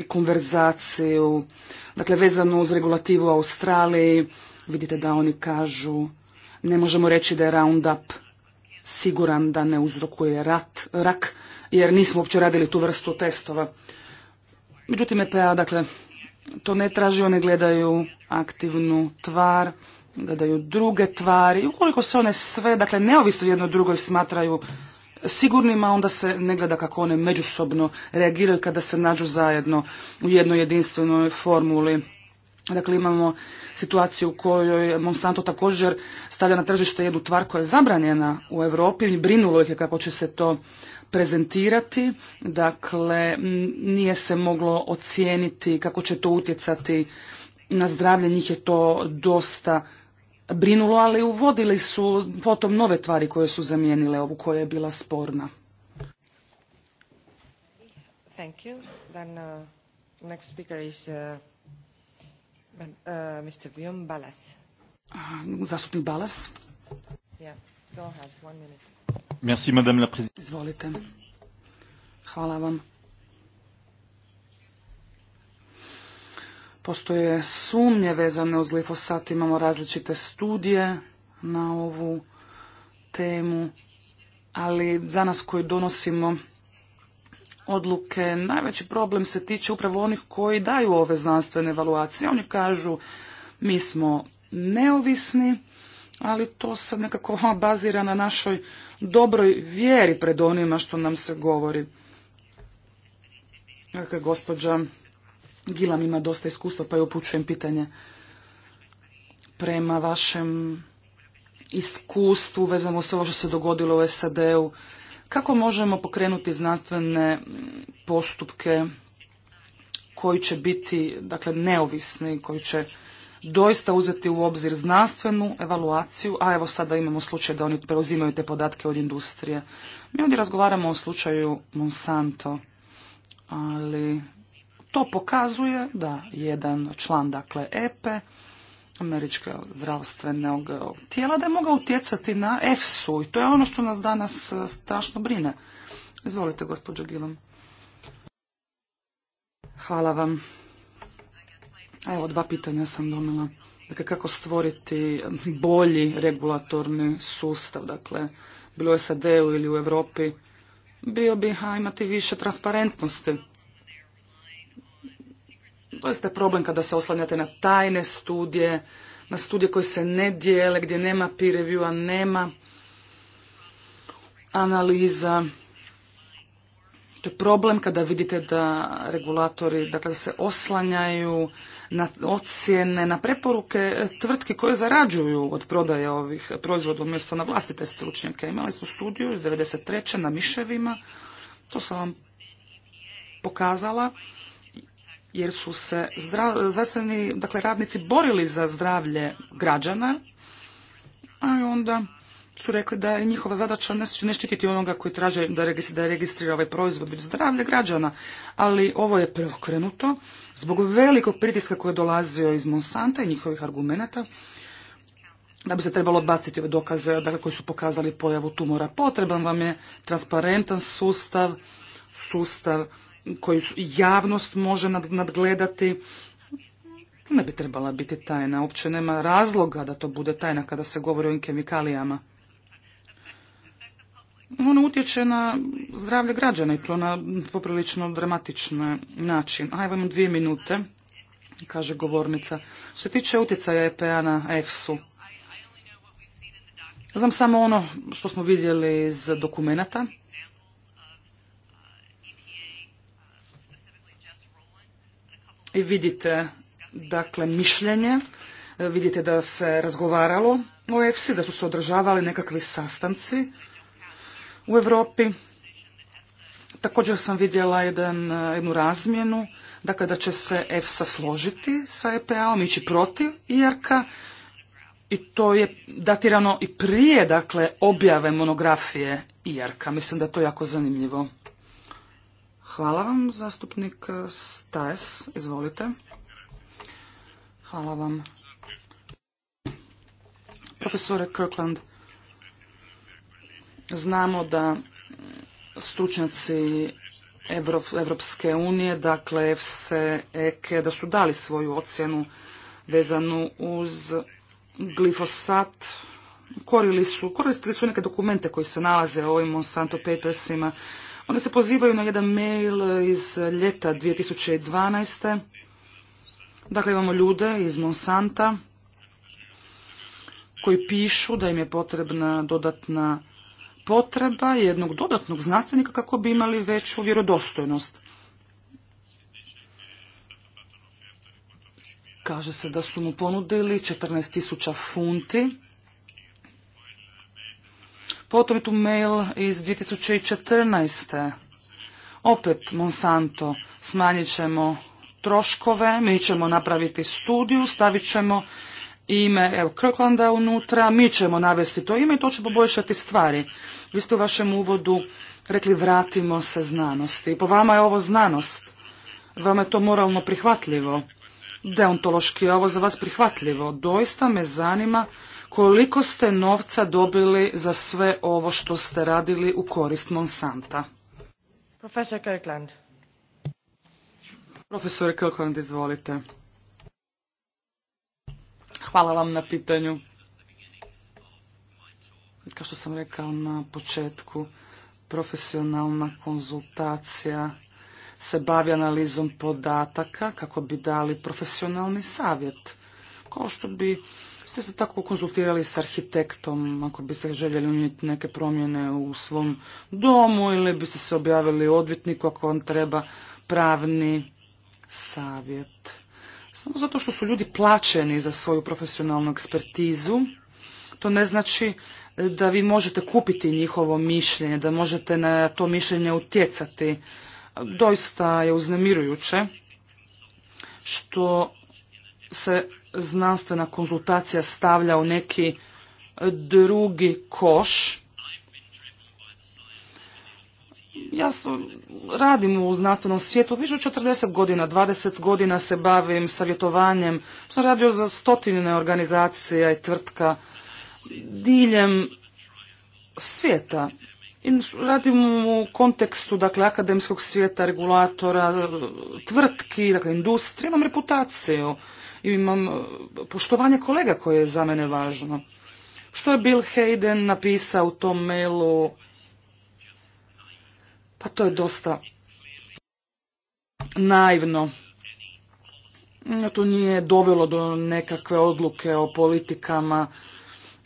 konverzaciju, dakle vezano uz regulativu Australiji, vidite da oni kažu ne možemo reći da je Roundup siguran da ne uzrokuje rak, jer nismo uopće radili tu vrstu testova. Međutim, EPA, dakle, to ne traži, one gledaju aktivnu tvar, gledaju druge tvari. Ukoliko se one sve, dakle, neovisno jedno drugoj smatraju sigurnima, onda se ne gleda kako one međusobno reagiraju kada se nađu zajedno u jednoj jedinstvenoj formuli. Dakle, imamo situaciju u kojoj Monsanto također stavlja na tržište jednu tvar koja je zabranjena u Europi i brinulo ih je kako će se to prezentirati. Dakle, nije se moglo ocijeniti kako će to utjecati na zdravlje. Njih je to dosta brinulo, ali uvodili su potom nove tvari koje su zamijenile ovu koja je bila sporna. Thank you. Then, uh, next speaker is uh, uh Mr. Guillaume Balas. Zastupnik Balas. Yeah, go ahead, one minute. Merci, madame la Izvolite. Hvala vam. Postoje sumnje vezane uz glifosat, imamo različite studije na ovu temu, ali za nas koji donosimo odluke, najveći problem se tiče upravo onih koji daju ove znanstvene evaluacije. Oni kažu mi smo neovisni, ali to se nekako (laughs) bazira na našoj dobroj vjeri pred onima što nam se govori. Dakle, gospođa Gilam ima dosta iskustva pa joj upućujem pitanje prema vašem iskustvu vezano s ovo što se dogodilo u SAD-u. Kako možemo pokrenuti znanstvene postupke koji će biti dakle, neovisni, koji će doista uzeti u obzir znanstvenu evaluaciju, a evo sada imamo slučaj da oni preuzimaju te podatke od industrije. Mi ovdje razgovaramo o slučaju Monsanto, ali to pokazuje da jedan član, dakle EPE, e, američkog zdravstvenog tijela, da je mogao utjecati na EFSU i to je ono što nas danas e, strašno brine. Izvolite, gospođo Gilom. Hvala vam. Evo, dva pitanja sam domila. Dakle, kako stvoriti bolji regulatorni sustav, dakle, bilo u SAD-u ili u Europi, bio bi imati više transparentnosti doista problem kada se oslanjate na tajne studije, na studije koje se ne dijele, gdje nema peer review-a, nema analiza. To je problem kada vidite da regulatori dakle, se oslanjaju na ocjene, na preporuke tvrtki koje zarađuju od prodaje ovih proizvoda umjesto na vlastite stručnjake. Imali smo studiju 93. na miševima, to sam vam pokazala jer su se zdravstveni dakle, radnici borili za zdravlje građana, a onda su rekli da je njihova zadaća ne štititi onoga koji traže da registrira ovaj proizvod, već zdravlje građana. Ali ovo je preokrenuto zbog velikog pritiska koji je dolazio iz Monsanta i njihovih argumenata da bi se trebalo odbaciti ove dokaze dakle, koji su pokazali pojavu tumora. Potreban vam je transparentan sustav, sustav koju javnost može nadgledati. Ne bi trebala biti tajna, uopće nema razloga da to bude tajna kada se govori o ovim kemikalijama. Ono utječe na zdravlje građana i to na poprilično dramatičan način. Ajmo evo dvije minute, kaže govornica. Što se tiče utjecaja EPA na EFSU, znam samo ono što smo vidjeli iz dokumenata. I vidite, dakle, mišljenje, e, vidite da se razgovaralo o EFSI, da su se održavali nekakvi sastanci u Europi. Također sam vidjela jedan, e, jednu razmjenu, dakle da će se EFSA složiti sa EPA-om, ići protiv IRK-a i to je datirano i prije dakle objave monografije IRK-a. Mislim da je to jako zanimljivo. Hvala vam, zastupnik Stajs. Izvolite. Hvala vam. Profesore Kirkland, znamo da stručnjaci Evropske unije, dakle EFSE, EKE, da su dali svoju ocjenu vezanu uz glifosat. Korili su, koristili su neke dokumente koji se nalaze u ovim Monsanto Papersima Onda se pozivaju na jedan mail iz ljeta 2012. Dakle, imamo ljude iz Monsanta koji pišu da im je potrebna dodatna potreba jednog dodatnog znanstvenika kako bi imali veću vjerodostojnost. Kaže se da su mu ponudili 14.000 funti Potom je tu mail iz 2014. Opet Monsanto, smanjit ćemo troškove, mi ćemo napraviti studiju, stavit ćemo ime evo, Kirklanda unutra, mi ćemo navesti to ime i to će poboljšati stvari. Vi ste u vašem uvodu rekli vratimo se znanosti. Po vama je ovo znanost. Vama je to moralno prihvatljivo. Deontološki je ovo za vas prihvatljivo. Doista me zanima koliko ste novca dobili za sve ovo što ste radili u korist Monsanta? Profesor Kirkland. Profesor Kirkland, izvolite. Hvala vam na pitanju. Kao što sam rekao na početku, profesionalna konzultacija se bavi analizom podataka kako bi dali profesionalni savjet. Kao što bi ste se tako konzultirali s arhitektom ako biste željeli unijeti neke promjene u svom domu ili biste se objavili odvjetniku ako vam treba pravni savjet. Samo zato što su ljudi plaćeni za svoju profesionalnu ekspertizu, to ne znači da vi možete kupiti njihovo mišljenje, da možete na to mišljenje utjecati. Doista je uznemirujuće što se znanstvena konzultacija stavlja u neki drugi koš. Ja radim u znanstvenom svijetu više od 40 godina, 20 godina se bavim savjetovanjem, sam radio za stotine organizacija i tvrtka diljem svijeta. I radim u kontekstu dakle, akademskog svijeta, regulatora, tvrtki, dakle, industrije, imam reputaciju imam e, poštovanje kolega koje je za mene važno. Što je Bill Hayden napisao u tom mailu? Pa to je dosta naivno. E, to nije dovelo do nekakve odluke o politikama.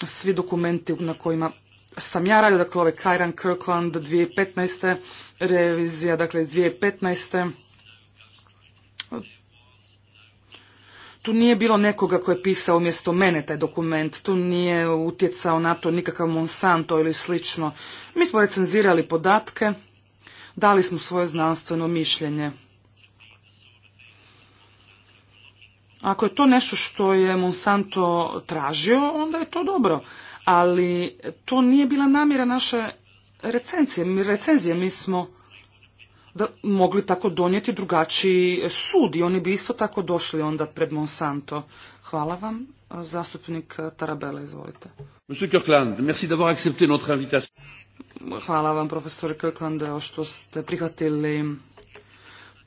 Svi dokumenti na kojima sam ja radio, dakle ove Kajran Kirkland 2015. revizija, dakle iz 2015. tu nije bilo nekoga koji je pisao umjesto mene taj dokument, tu nije utjecao na to nikakav Monsanto ili slično. Mi smo recenzirali podatke, dali smo svoje znanstveno mišljenje. Ako je to nešto što je Monsanto tražio, onda je to dobro. Ali to nije bila namjera naše recenzije. recenzije mi smo da mogli tako donijeti drugačiji sud i oni bi isto tako došli onda pred Monsanto. Hvala vam. Zastupnik Tarabela, izvolite. Hvala vam, profesor Kirkland, što ste prihvatili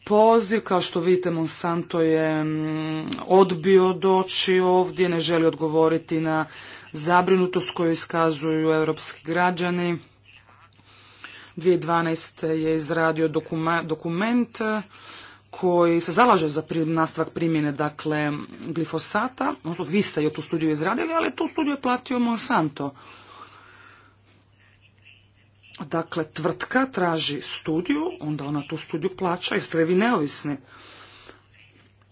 poziv. Kao što vidite, Monsanto je mm, odbio doći ovdje, ne želi odgovoriti na zabrinutost koju iskazuju europski građani. 2012. je izradio dokument koji se zalaže za nastavak primjene dakle glifosata, odnosno vi ste joj tu studiju izradili, ali tu studiju je platio Monsanto. Dakle, tvrtka traži studiju, onda ona tu studiju plaća, i strevi neovisni.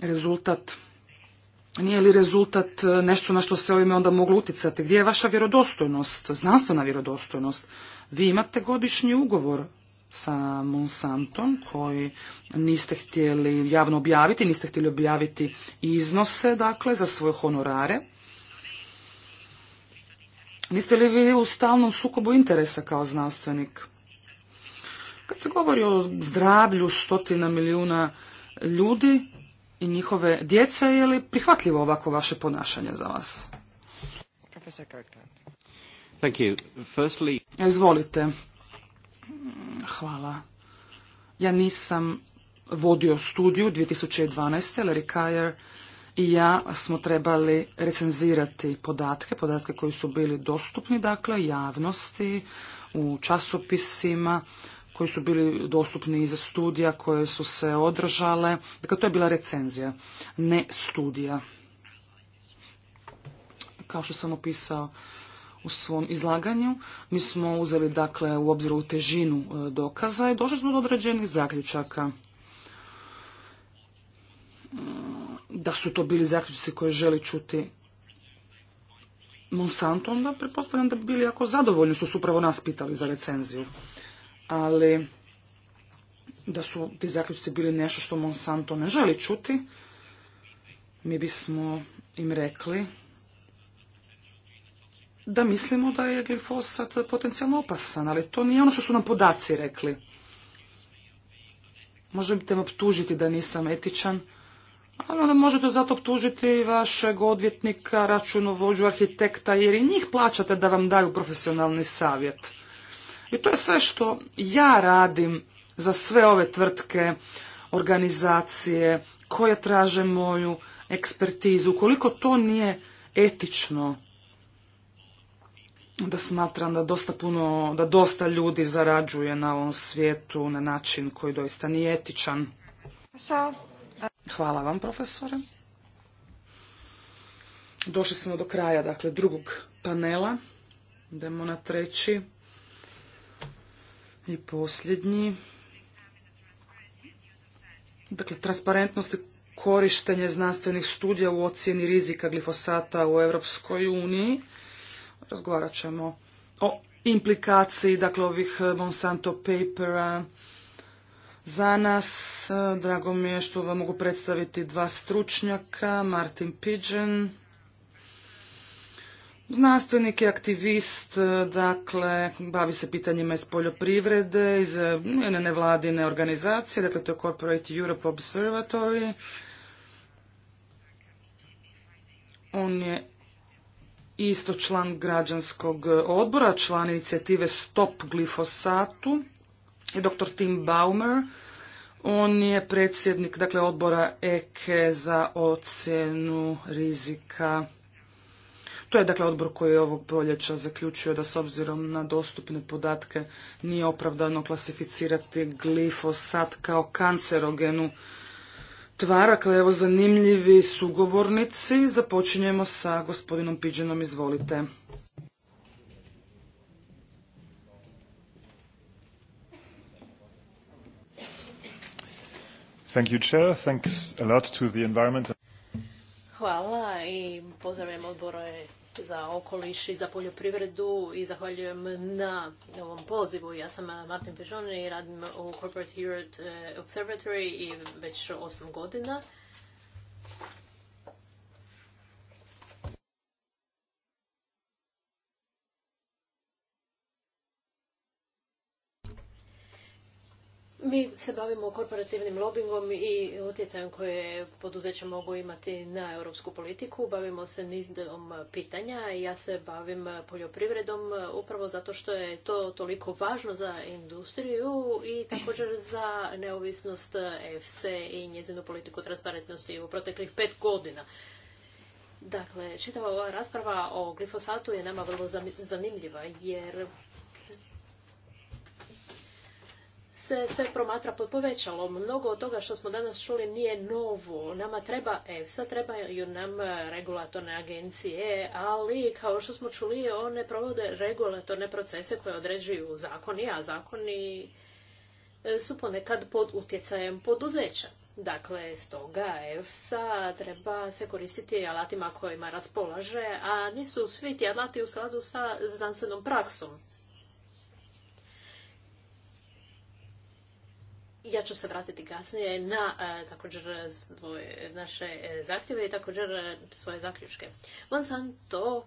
Rezultat nije li rezultat e, nešto na što se ovime onda moglo uticati? Gdje je vaša vjerodostojnost, znanstvena vjerodostojnost? Vi imate godišnji ugovor sa Monsantom koji niste htjeli javno objaviti, niste htjeli objaviti iznose dakle za svoje honorare. Niste li vi u stalnom sukobu interesa kao znanstvenik? Kad se govori o zdravlju stotina milijuna ljudi, i njihove djece, je li prihvatljivo ovako vaše ponašanje za vas? Thank Izvolite. Hvala. Ja nisam vodio studiju 2012. Larry Kajer i ja smo trebali recenzirati podatke, podatke koji su bili dostupni, dakle, javnosti, u časopisima, koji su bili dostupni iza studija koje su se održale. Dakle, to je bila recenzija, ne studija. Kao što sam opisao u svom izlaganju, mi smo uzeli dakle u obzir u težinu e, dokaza i došli smo do određenih zaključaka. Mm, da su to bili zaključci koje želi čuti Monsanto, onda pretpostavljam da bi bili jako zadovoljni što su upravo nas pitali za recenziju ali da su ti zaključci bili nešto što Monsanto ne želi čuti, mi bismo im rekli da mislimo da je glifosat potencijalno opasan, ali to nije ono što su nam podaci rekli. Možete me optužiti da nisam etičan, ali onda možete zato optužiti vašeg odvjetnika, računovođu, arhitekta, jer i njih plaćate da vam daju profesionalni savjet. I to je sve što ja radim za sve ove tvrtke, organizacije koje traže moju ekspertizu. Koliko to nije etično, da smatram da dosta puno, da dosta ljudi zarađuje na ovom svijetu na način koji doista nije etičan. Hvala vam, profesore. Došli smo do kraja, dakle, drugog panela. Idemo na treći. I posljednji. Dakle, transparentnost i korištenje znanstvenih studija u ocjeni rizika glifosata u Europskoj uniji. Razgovarat ćemo o implikaciji dakle, ovih Monsanto papera za nas. Drago mi je što vam mogu predstaviti dva stručnjaka, Martin Pidgeon Znanstvenik je aktivist, e, dakle, bavi se pitanjima iz poljoprivrede, iz e, jedne nevladine organizacije, dakle, to je Corporate Europe Observatory. On je isto član građanskog odbora, član inicijative Stop glifosatu i dr. Tim Baumer. On je predsjednik, dakle, odbora EKE e za ocjenu rizika to je dakle odbor koji je ovog proljeća zaključio da s obzirom na dostupne podatke nije opravdano klasificirati glifosat kao kancerogenu tvar. Dakle, evo zanimljivi sugovornici. Započinjemo sa gospodinom Piđenom. Izvolite. Thank you, Chair. Thanks a lot to the environment. Hvala i pozdravljam odbore za okoliš i za poljoprivredu i zahvaljujem na ovom pozivu. Ja sam Martin Pežon i radim u Corporate Europe eh, Observatory i već osam godina. Mi se bavimo korporativnim lobingom i utjecajem koje poduzeća mogu imati na europsku politiku. Bavimo se nizom pitanja i ja se bavim poljoprivredom upravo zato što je to toliko važno za industriju i također za neovisnost EFSE i njezinu politiku transparentnosti u proteklih pet godina. Dakle, čitava ova rasprava o glifosatu je nama vrlo zanimljiva jer se sve promatra pod povećalom. Mnogo od toga što smo danas čuli nije novo. Nama treba EFSA, trebaju nam regulatorne agencije, ali kao što smo čuli, one provode regulatorne procese koje određuju zakoni, a zakoni e, su ponekad pod utjecajem poduzeća. Dakle, stoga EFSA treba se koristiti alatima kojima raspolaže, a nisu svi ti alati u skladu sa znanstvenom praksom. Ja ću se vratiti kasnije na e, također svoje, naše e, zahtjeve i također e, svoje zaključke. Monsanto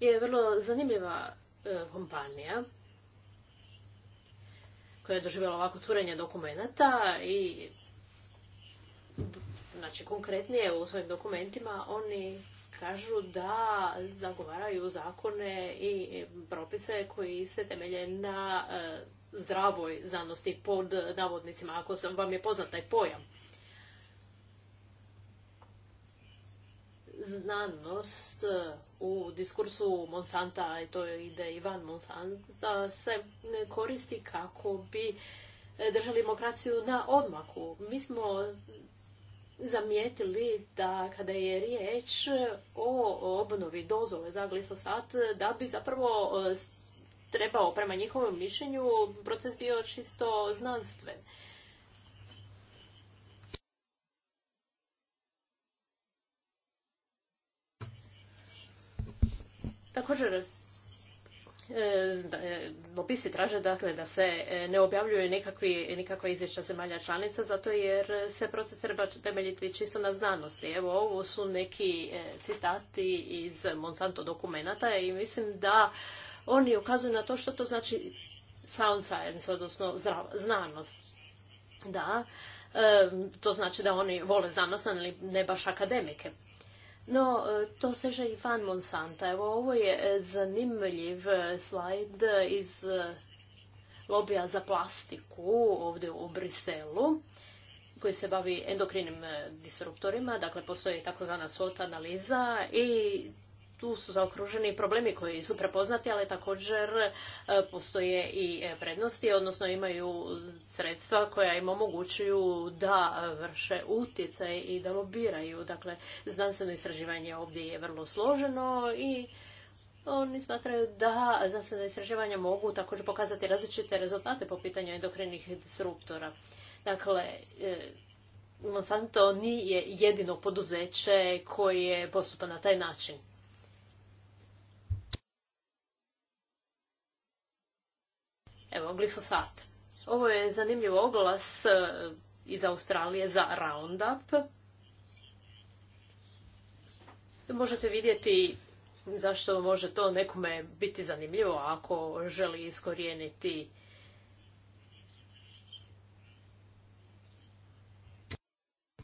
je vrlo zanimljiva kompanija koja je doživjela ovako curenje dokumenata i znači konkretnije u svojim dokumentima oni kažu da zagovaraju zakone i propise koji se temelje na zdravoj znanosti pod navodnicima, ako sam, vam je poznat taj pojam. Znanost e, u diskursu Monsanta, i to ide Ivan Monsanta, se koristi kako bi e, držali demokraciju na odmaku. Mi smo zamijetili da kada je riječ o obnovi dozove za glifosat, da bi zapravo e, trebao, prema njihovom mišljenju, proces bio čisto znanstven. Također, dopisi e, e, traže dakle, da se e, ne objavljuju nikakvi, nikakva izvješća zemalja članica zato jer se proces treba temeljiti čisto na znanosti. Evo ovo su neki citati iz Monsanto dokumenata i mislim da oni ukazuju na to što to znači sound science, odnosno znanost. Da, e, to znači da oni vole znanost, ali ne baš akademike. No, e, to seže i van Monsanta. Evo, ovo je e, zanimljiv slajd iz lobija za plastiku ovdje u Briselu koji se bavi endokrinim disruptorima, dakle postoji takozvana SWOT analiza i tu su zaokruženi problemi koji su prepoznati, ali također e, postoje i e, prednosti, odnosno imaju sredstva koja im omogućuju da vrše utjecaj i da lobiraju. Dakle, znanstveno istraživanje ovdje je vrlo složeno i oni smatraju da znanstvena istraživanja mogu također pokazati različite rezultate po pitanju endokrinih disruptora. Dakle, e, Monsanto nije jedino poduzeće koje postupa na taj način. Evo, glifosat. Ovo je zanimljiv oglas eh, iz Australije za Roundup. Možete vidjeti zašto može to nekome biti zanimljivo ako želi iskorijeniti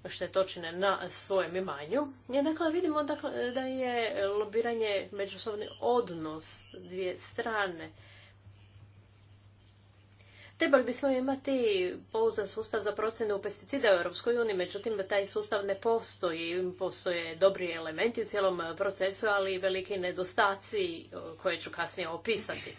štetočine na svojem imanju. dakle, vidimo dakle, da je lobiranje međusobni odnos dvije strane. Trebali bismo imati pouzan sustav za procjenu pesticida u Europskoj uniji, međutim taj sustav ne postoji. Postoje dobri elementi u cijelom procesu, ali i veliki nedostaci koje ću kasnije opisati.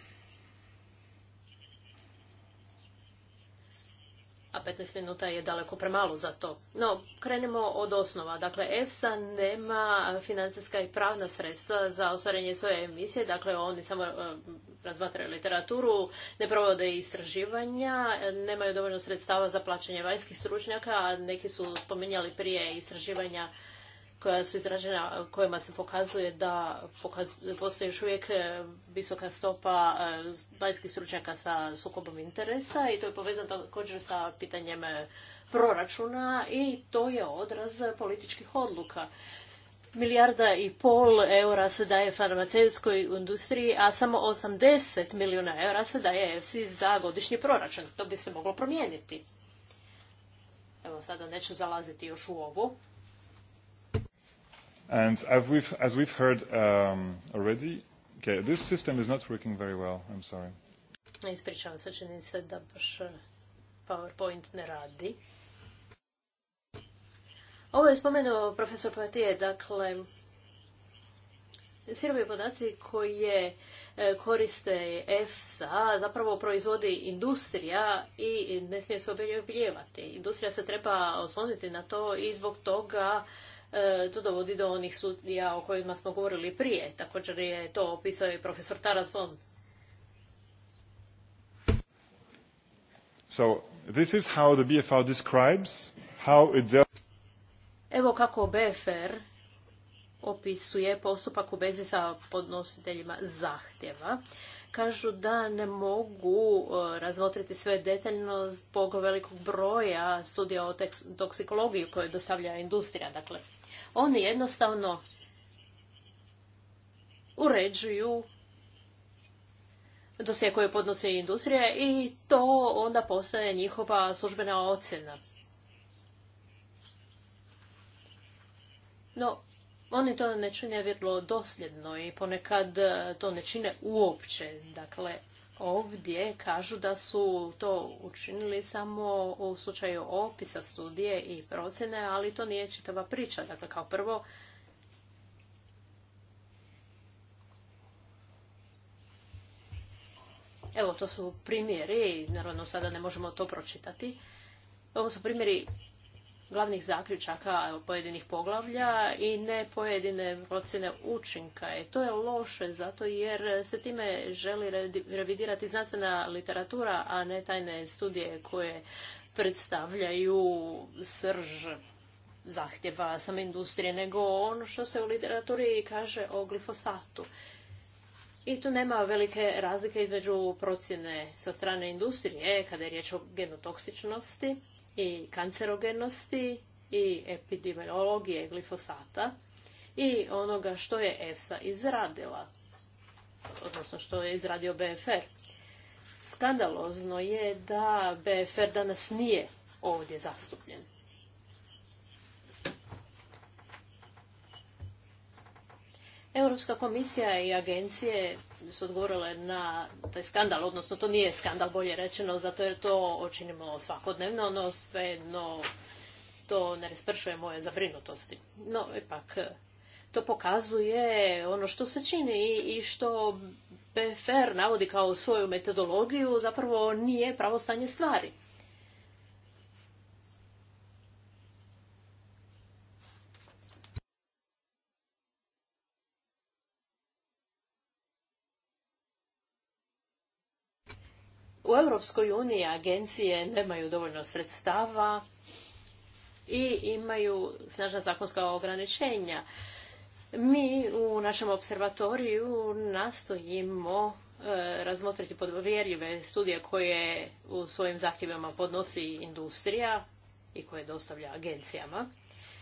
a 15 minuta je daleko premalo za to. No, krenemo od osnova. Dakle, EFSA nema financijska i pravna sredstva za ostvarenje svoje emisije, dakle oni samo e, razmatraju literaturu, ne provode istraživanja, nemaju dovoljno sredstava za plaćanje vanjskih stručnjaka, a neki su spominjali prije istraživanja koja su izražena, kojima se pokazuje da postoji još uvijek e, visoka stopa e, vanjskih stručnjaka sa sukobom interesa i to je povezano također sa pitanjem e, proračuna i to je odraz političkih odluka. Milijarda i pol eura se daje farmaceutskoj industriji, a samo 80 milijuna eura se daje EFSI za godišnji proračun. To bi se moglo promijeniti. Evo sada neću zalaziti još u ovu. And as we've, heard um, already, okay, this system is not working very well. I'm sorry. Ispričavam se, čini se da baš e, PowerPoint ne radi. Ovo je spomenuo profesor Poetije, dakle, sirovi podaci koje e, koriste EFSA zapravo proizvodi industrija i ne smije se objeljevati. Industrija se treba osloniti na to i zbog toga E, to dovodi do onih sudija o kojima smo govorili prije. Također je to opisao i profesor Tarason. Evo kako BFR opisuje postupak u vezi sa podnositeljima zahtjeva. Kažu da ne mogu e, razmotriti sve detaljno zbog velikog broja studija o toksikologiji koje dostavlja industrija. Dakle, oni jednostavno uređuju dosje koje podnose industrije i to onda postaje njihova službena ocjena. No, oni to ne čine vrlo dosljedno i ponekad to ne čine uopće. Dakle, ovdje kažu da su to učinili samo u slučaju opisa studije i procjene, ali to nije čitava priča. Dakle, kao prvo, Evo, to su primjeri, naravno sada ne možemo to pročitati. Ovo su primjeri glavnih zaključaka pojedinih poglavlja i ne pojedine procjene učinka. I e, to je loše zato jer se time želi revidirati znanstvena literatura, a ne tajne studije koje predstavljaju srž zahtjeva same industrije, nego ono što se u literaturi kaže o glifosatu. I tu nema velike razlike između procjene sa strane industrije, kada je riječ o genotoksičnosti, i kancerogenosti i epidemiologije glifosata i onoga što je EFSA izradila, odnosno što je izradio BFR. Skandalozno je da BFR danas nije ovdje zastupljen. Europska komisija i agencije su odgovorile na taj skandal, odnosno to nije skandal bolje rečeno, zato jer to očinimo svakodnevno, no svejedno to ne raspršuje moje zabrinutosti. No, ipak, eh, to pokazuje ono što se čini i što BFR navodi kao svoju metodologiju, zapravo nije pravo stanje stvari. U Europskoj uniji agencije nemaju dovoljno sredstava i imaju snažna zakonska ograničenja. Mi u našem observatoriju nastojimo e, razmotriti podvjerljive studije koje u svojim zahtjevima podnosi industrija i koje dostavlja agencijama.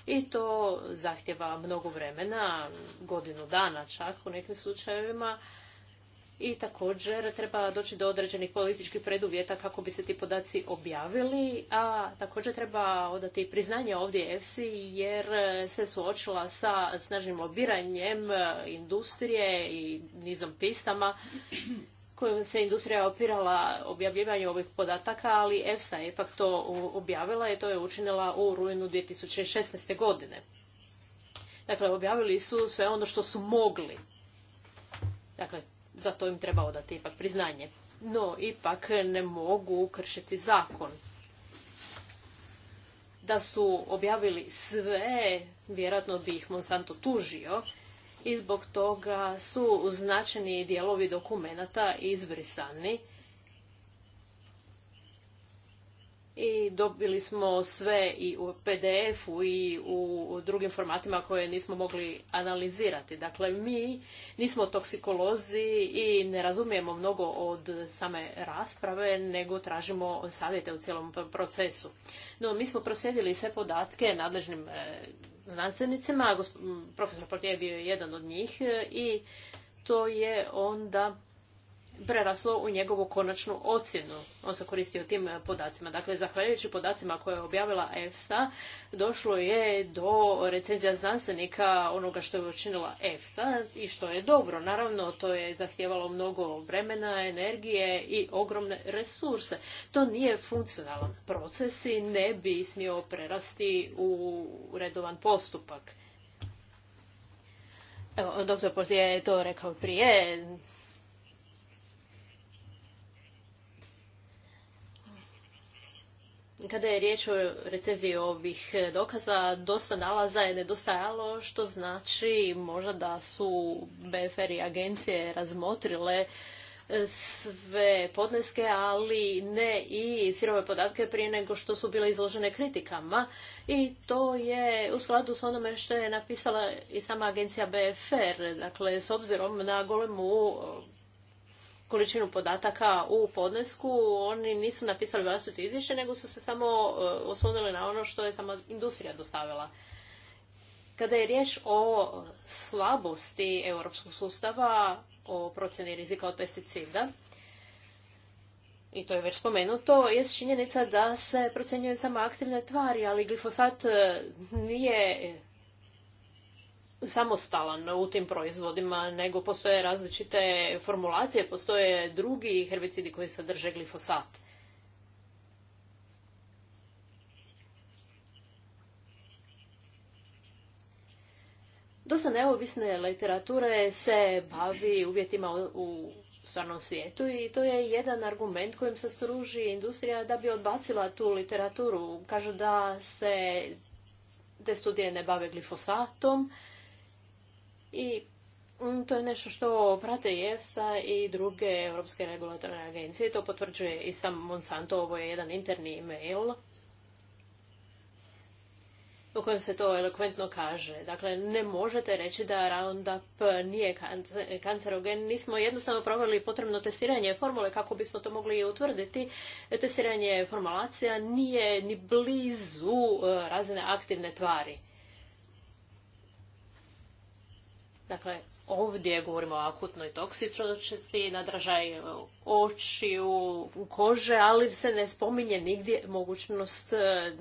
I to zahtjeva mnogo vremena, godinu dana čak u nekim slučajevima i također treba doći do određenih političkih preduvjeta kako bi se ti podaci objavili, a također treba odati priznanje ovdje EFSI jer se suočila sa snažnim lobiranjem industrije i nizom pisama kojim se industrija opirala objavljivanju ovih podataka, ali EFSA je ipak to objavila i to je učinila u rujnu 2016. godine. Dakle, objavili su sve ono što su mogli. Dakle, za to im treba odati ipak priznanje. No, ipak ne mogu kršiti zakon. Da su objavili sve, vjerojatno bi ih Monsanto tužio i zbog toga su značeni dijelovi dokumenata izbrisani i dobili smo sve i u PDF-u i u drugim formatima koje nismo mogli analizirati. Dakle, mi nismo toksikolozi i ne razumijemo mnogo od same rasprave, nego tražimo savjete u cijelom procesu. No, mi smo proslijedili sve podatke nadležnim e, znanstvenicima, profesor Portier je jedan od njih e, i to je onda preraslo u njegovu konačnu ocjenu. On se koristio tim e, podacima. Dakle, zahvaljujući podacima koje je objavila EFSA, došlo je do recenzija znanstvenika onoga što je učinila EFSA i što je dobro. Naravno, to je zahtijevalo mnogo vremena, energije i ogromne resurse. To nije funkcionalan proces i ne bi smio prerasti u redovan postupak. Evo, doktor je to rekao prije, Kada je riječ o recenziji ovih e, dokaza, dosta nalaza je nedostajalo, što znači možda da su BFR i agencije razmotrile e, sve podneske, ali ne i sirove podatke prije nego što su bile izložene kritikama. I to je u skladu s onome što je napisala i sama agencija BFR. Dakle, s obzirom na golemu količinu podataka u podnesku, oni nisu napisali vlastito izvješće, nego su se samo e, oslonili na ono što je sama industrija dostavila. Kada je riječ o slabosti europskog sustava, o procjeni rizika od pesticida, i to je već spomenuto, je činjenica da se procjenjuju samo aktivne tvari, ali glifosat e, nije samostalan u tim proizvodima, nego postoje različite formulacije, postoje drugi herbicidi koji sadrže glifosat. Dosta neovisne literature se bavi uvjetima u stvarnom svijetu i to je jedan argument kojim se struži industrija da bi odbacila tu literaturu. Kažu da se te studije ne bave glifosatom, i mm, to je nešto što prate i EFSA i druge europske regulatorne agencije. To potvrđuje i sam Monsanto. Ovo je jedan interni e-mail u kojem se to elokventno kaže. Dakle, ne možete reći da Roundup nije kancerogen. Nismo jednostavno proveli potrebno testiranje formule kako bismo to mogli utvrditi. Testiranje formulacija nije ni blizu eh, razine aktivne tvari. Dakle, ovdje govorimo o akutnoj toksičnosti, oči u kože, ali se ne spominje nigdje mogućnost e,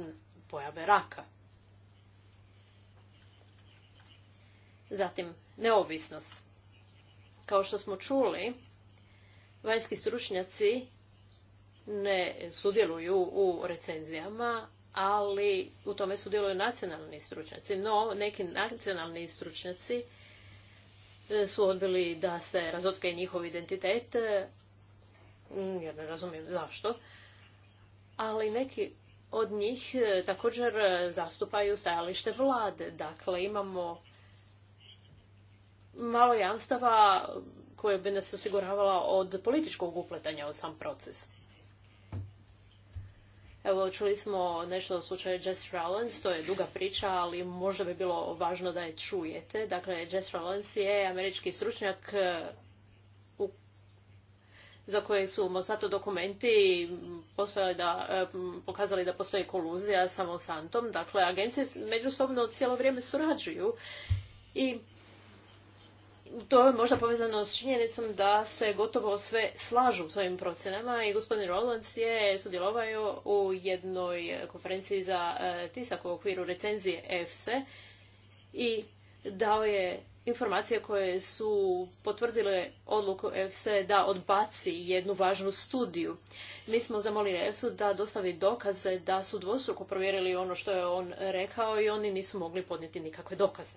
pojave raka. Zatim, neovisnost. Kao što smo čuli, vanjski stručnjaci ne sudjeluju u recenzijama, ali u tome sudjeluju nacionalni stručnjaci. No, neki nacionalni stručnjaci E, su odbili da se razotkrije njihov identitet, e, mm, jer ne razumijem zašto, ali neki od njih e, također zastupaju stajalište vlade. Dakle, imamo malo jamstava koje bi nas osiguravala od političkog upletanja u sam proces. Evo, čuli smo nešto o slučaju Jess Rollins, to je duga priča, ali možda bi bilo važno da je čujete. Dakle, Jess Rollins je američki stručnjak eh, za koje su Mosato dokumenti da, eh, pokazali da postoji koluzija sa Monsantom. Dakle, agencije međusobno cijelo vrijeme surađuju i to je možda povezano s činjenicom da se gotovo sve slažu u svojim procjenama i gospodin Rolands je sudjelovao u jednoj konferenciji za e, tisak u okviru recenzije EFSE i dao je informacije koje su potvrdile odluku EFSE da odbaci jednu važnu studiju. Mi smo zamolili EFSU da dostavi dokaze da su dvostruko provjerili ono što je on rekao i oni nisu mogli podnijeti nikakve dokaze.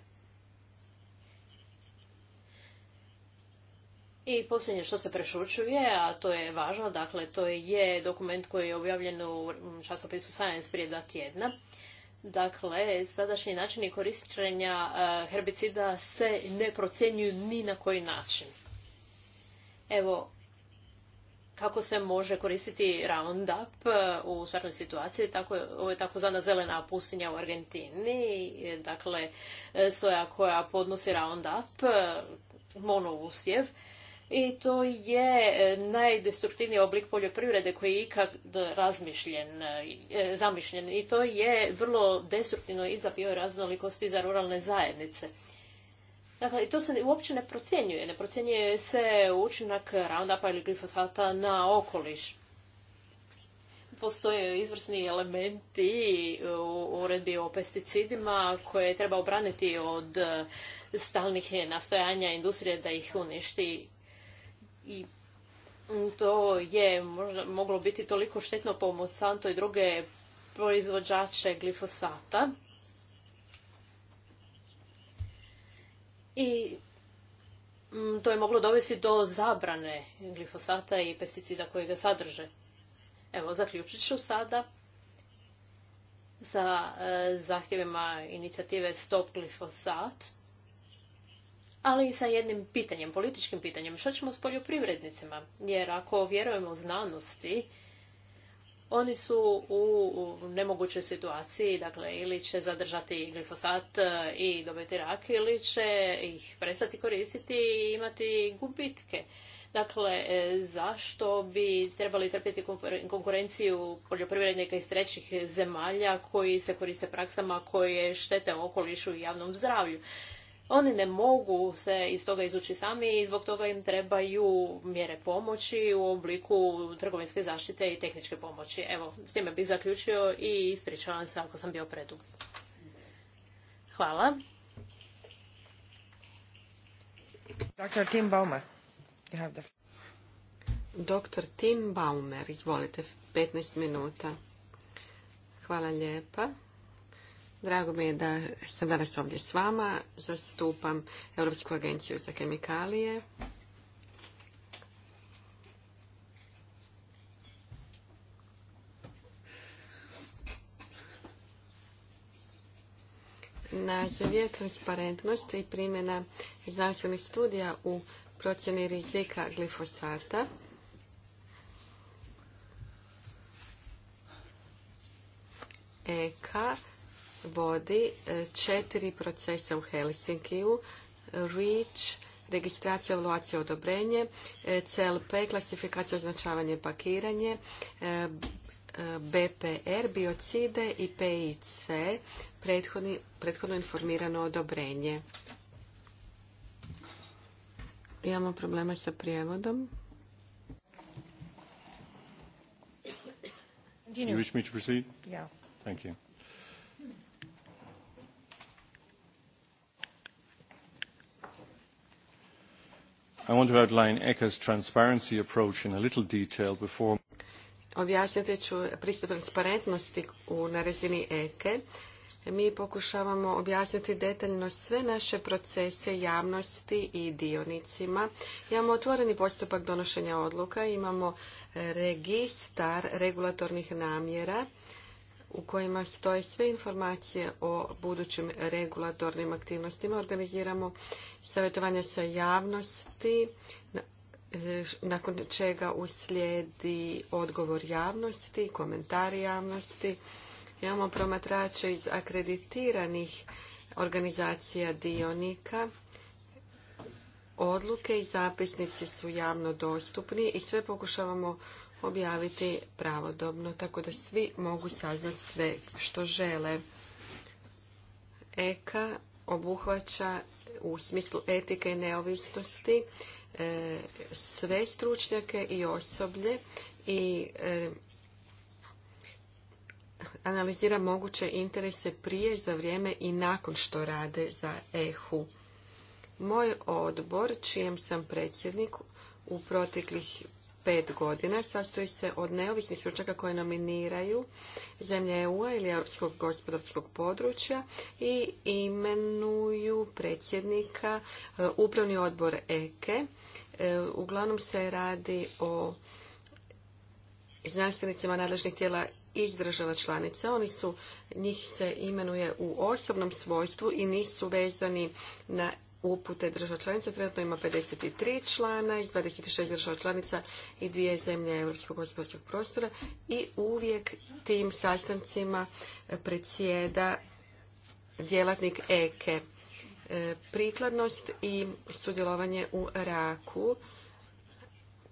I posljednje što se prešućuje, a to je važno, dakle to je dokument koji je objavljen u časopisu Science prije dva tjedna. Dakle, sadašnji načini korištenja e, herbicida se ne procjenjuju ni na koji način. Evo, kako se može koristiti Roundup e, u stvarnoj situaciji, tako, ovo je takozvana zelena pustinja u Argentini, dakle e, soja koja podnosi Roundup, monousjev, i to je e, najdestruktivniji oblik poljoprivrede koji je ikad razmišljen, e, e, zamišljen i to je vrlo destruktivno i za bioraznolikost i za ruralne zajednice. Dakle, to se uopće ne procjenjuje. Ne procjenjuje se učinak pa ili glifosata na okoliš. Postoje izvrsni elementi u uredbi o pesticidima koje treba obraniti od stalnih nastojanja industrije da ih uništi. I to je moglo biti toliko štetno po Monsanto i druge proizvođače glifosata. I mm, to je moglo dovesti do zabrane glifosata i pesticida koji ga sadrže. Evo, zaključit ću sada sa e, zahtjevima inicijative Stop glifosat ali i sa jednim pitanjem, političkim pitanjem. Što ćemo s poljoprivrednicima? Jer ako vjerujemo znanosti, oni su u nemogućoj situaciji, dakle, ili će zadržati glifosat e, i dobiti rak, ili će ih prestati koristiti i imati gubitke. Dakle, e, zašto bi trebali trpjeti konkurenciju poljoprivrednika iz trećih zemalja koji se koriste praksama koje štete okolišu i javnom zdravlju? Oni ne mogu se iz toga izući sami i zbog toga im trebaju mjere pomoći u obliku trgovinske zaštite i tehničke pomoći. Evo, s time bih zaključio i ispričavam se ako sam bio predug. Hvala. Dr. Tim Baumer, you Dr. Tim Baumer, izvolite, 15 minuta. Hvala lijepa. Drago mi je da sam danas ovdje s vama. Zastupam Europsku agenciju za kemikalije. Naziv je transparentnost i primjena znanstvenih studija u procjeni rizika glifosata. EKA vodi e, četiri procesa u Helsinkiju, REACH, registracija, evaluacija, odobrenje, e, CLP, klasifikacija, označavanje, pakiranje, e, BPR, biocide i PIC, prethodno informirano odobrenje. Imamo problema sa prijevodom. Do you wish me to proceed? Yeah. Thank you. I want to outline ECHA's transparency approach in a little detail before... Objasniti ću pristup transparentnosti u, na razini EKE. Mi pokušavamo objasniti detaljno sve naše procese javnosti i dionicima. Imamo otvoreni postupak donošenja odluka, imamo registar regulatornih namjera u kojima stoje sve informacije o budućim regulatornim aktivnostima. Organiziramo savjetovanje sa javnosti, e, nakon čega uslijedi odgovor javnosti, komentari javnosti. Imamo promatrače iz akreditiranih organizacija dionika. Odluke i zapisnici su javno dostupni i sve pokušavamo objaviti pravodobno, tako da svi mogu saznati sve što žele. Eka obuhvaća u smislu etike i neovisnosti e, sve stručnjake i osoblje i e, analizira moguće interese prije, za vrijeme i nakon što rade za EHU. Moj odbor, čijem sam predsjednik, u proteklih pet godina sastoji se od neovisnih stručnjaka koje nominiraju zemlje EU-a ili Europskog gospodarskog područja i imenuju predsjednika e, upravni odbor EKE. E. E, uglavnom se radi o znanstvenicima nadležnih tijela iz država članica. Oni su, njih se imenuje u osobnom svojstvu i nisu vezani na upute država članica. Trenutno ima 53 člana iz 26 država članica i dvije zemlje Europskog gospodarskog prostora i uvijek tim sastancima eh, predsjeda djelatnik EKE. E. Eh, prikladnost i sudjelovanje u raku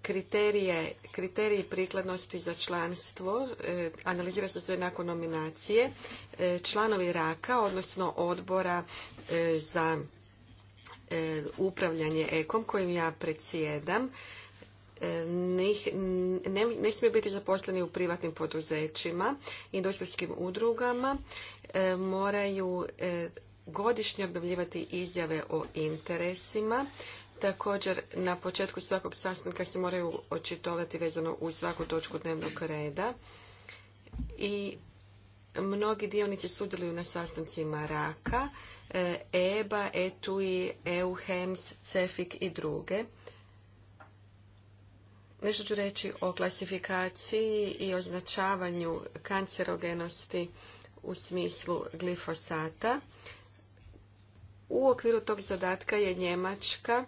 kriterije, kriteriji prikladnosti za članstvo eh, analizira se se nakon nominacije. članovi raka, odnosno odbora za E, upravljanje ekom kojim ja predsjedam e, ne, smije smiju biti zaposleni u privatnim poduzećima, industrijskim udrugama, e, moraju godišnje objavljivati izjave o interesima. Također, na početku svakog sastanka se moraju očitovati vezano u svaku točku dnevnog reda i Mnogi dionici sudjeluju na sastancima raka, e, EBA, ETUI, EUHEMS, CEFIC i druge. Nešto ću reći o klasifikaciji i označavanju kancerogenosti u smislu glifosata. U okviru tog zadatka je Njemačka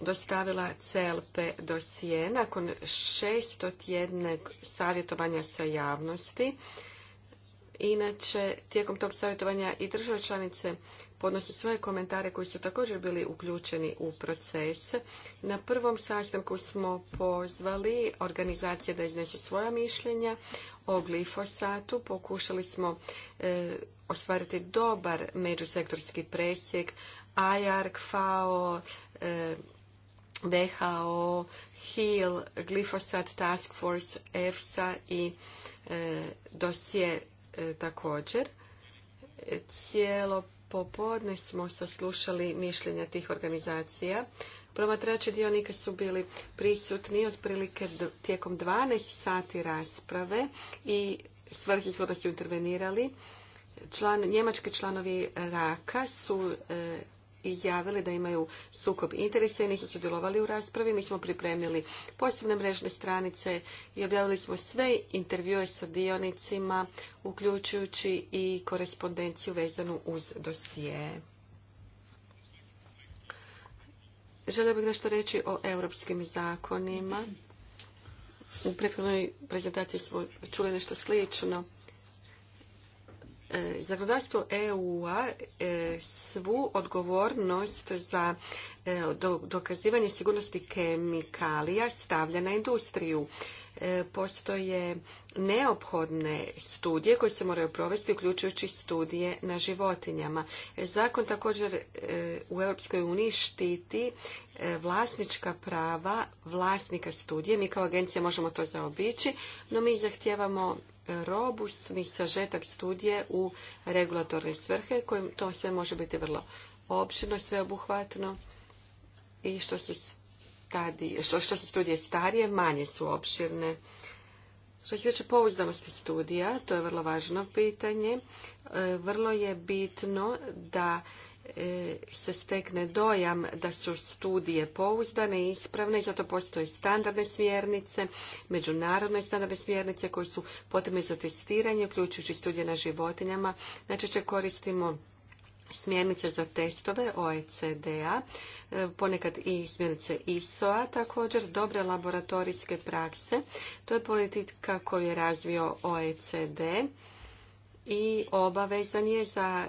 dostavila CLP dosije nakon šestotjednog savjetovanja sa javnosti. Inače, tijekom tog savjetovanja i države članice podnose svoje komentare koji su također bili uključeni u proces. Na prvom sastanku smo pozvali organizacije da iznesu svoja mišljenja o glifosatu. Pokušali smo e, ostvariti dobar međusektorski presjek, IARC, FAO, e, WHO, HIL, Glifosat Task Force, EFSA i e, dosje E, također. Cijelo popodne smo saslušali mišljenja tih organizacija. Promatrači dionike su bili prisutni otprilike tijekom 12 sati rasprave i svrsi su intervenirali. njemački članovi Raka su e, izjavili da imaju sukob interesa i nisu sudjelovali u raspravi. Mi smo pripremili posebne mrežne stranice i objavili smo sve intervjue sa dionicima, uključujući i korespondenciju vezanu uz dosije. Želio bih nešto reći o europskim zakonima. U prethodnoj prezentaciji smo čuli nešto slično. E, zakonodavstvo EU-a e, svu odgovornost za e, dokazivanje sigurnosti kemikalija stavlja na industriju. Postoje neophodne studije koje se moraju provesti, uključujući studije na životinjama. Zakon također u EU štiti vlasnička prava vlasnika studije. Mi kao agencija možemo to zaobići, no mi zahtijevamo robustni sažetak studije u regulatorne svrhe, kojim to sve može biti vrlo opširno, sveobuhvatno i što su, što, što su studije starije, manje su opširne. Što se tiče pouzdanosti studija, to je vrlo važno pitanje. E, vrlo je bitno da E, se stekne dojam da su studije pouzdane i ispravne i zato postoje standardne smjernice, međunarodne standardne smjernice koje su potrebne za testiranje, uključujući studije na životinjama. Najčešće koristimo smjernice za testove OECD-a, e, ponekad i smjernice ISO-a također, dobre laboratorijske prakse. To je politika koju je razvio OECD i obavezan je za,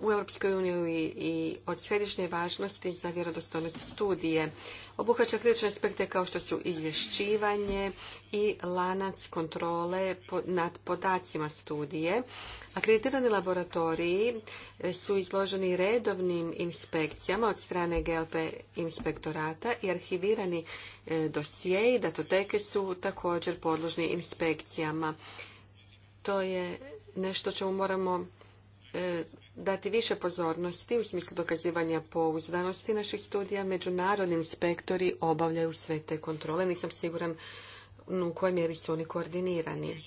u Europskoj uniji i od središnje važnosti za vjerodostojnost studije. Obuhvaća kritične aspekte kao što su izvješćivanje i lanac kontrole nad podacima studije. Akreditirani laboratoriji e, su izloženi redovnim inspekcijama od strane GLP inspektorata i arhivirani e, i datoteke su također podložni inspekcijama. To je nešto čemu moramo e, dati više pozornosti u smislu dokazivanja pouzdanosti naših studija. Međunarodni inspektori obavljaju sve te kontrole. Nisam siguran u kojoj mjeri su oni koordinirani.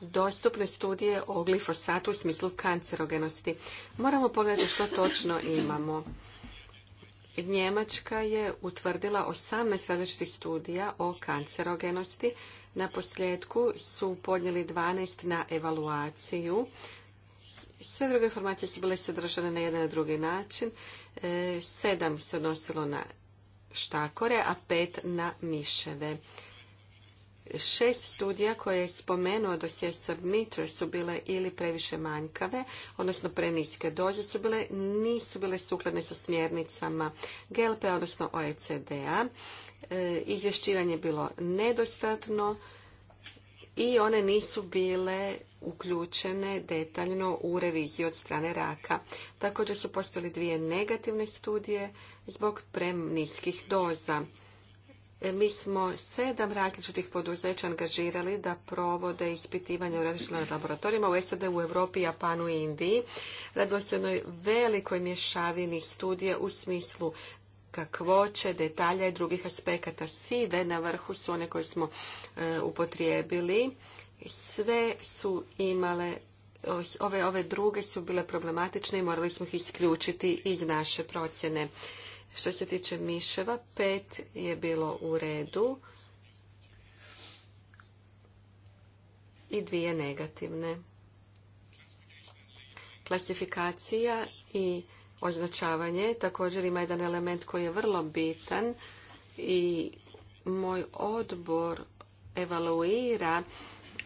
Dostupne studije o glifosatu u smislu kancerogenosti. Moramo pogledati što točno imamo. Njemačka je utvrdila 18 različitih studija o kancerogenosti na posljedku su podnijeli 12 na evaluaciju. Sve druge informacije su bile sadržane na jedan i drugi način. E, sedam se odnosilo na štakore, a pet na miševe. Šest studija koje je spomenuo dosje Submitter su bile ili previše manjkave, odnosno preniske doze su bile, nisu bile sukladne sa smjernicama GLP, odnosno OECD-a. E, izvješćivanje je bilo nedostatno i one nisu bile uključene detaljno u reviziju od strane raka. Također su postojali dvije negativne studije zbog preniskih doza. E, mi smo sedam različitih poduzeća angažirali da provode ispitivanje u različitim laboratorijima u SAD, u Europi, Japanu i Indiji. Radilo se o jednoj velikoj mješavini studije u smislu kakvoće, detalja i drugih aspekata sive. Na vrhu su one koje smo e, upotrijebili. Sve su imale Ove, ove druge su bile problematične i morali smo ih isključiti iz naše procjene. Što se tiče miševa, pet je bilo u redu i dvije negativne. Klasifikacija i označavanje također ima jedan element koji je vrlo bitan i moj odbor evaluira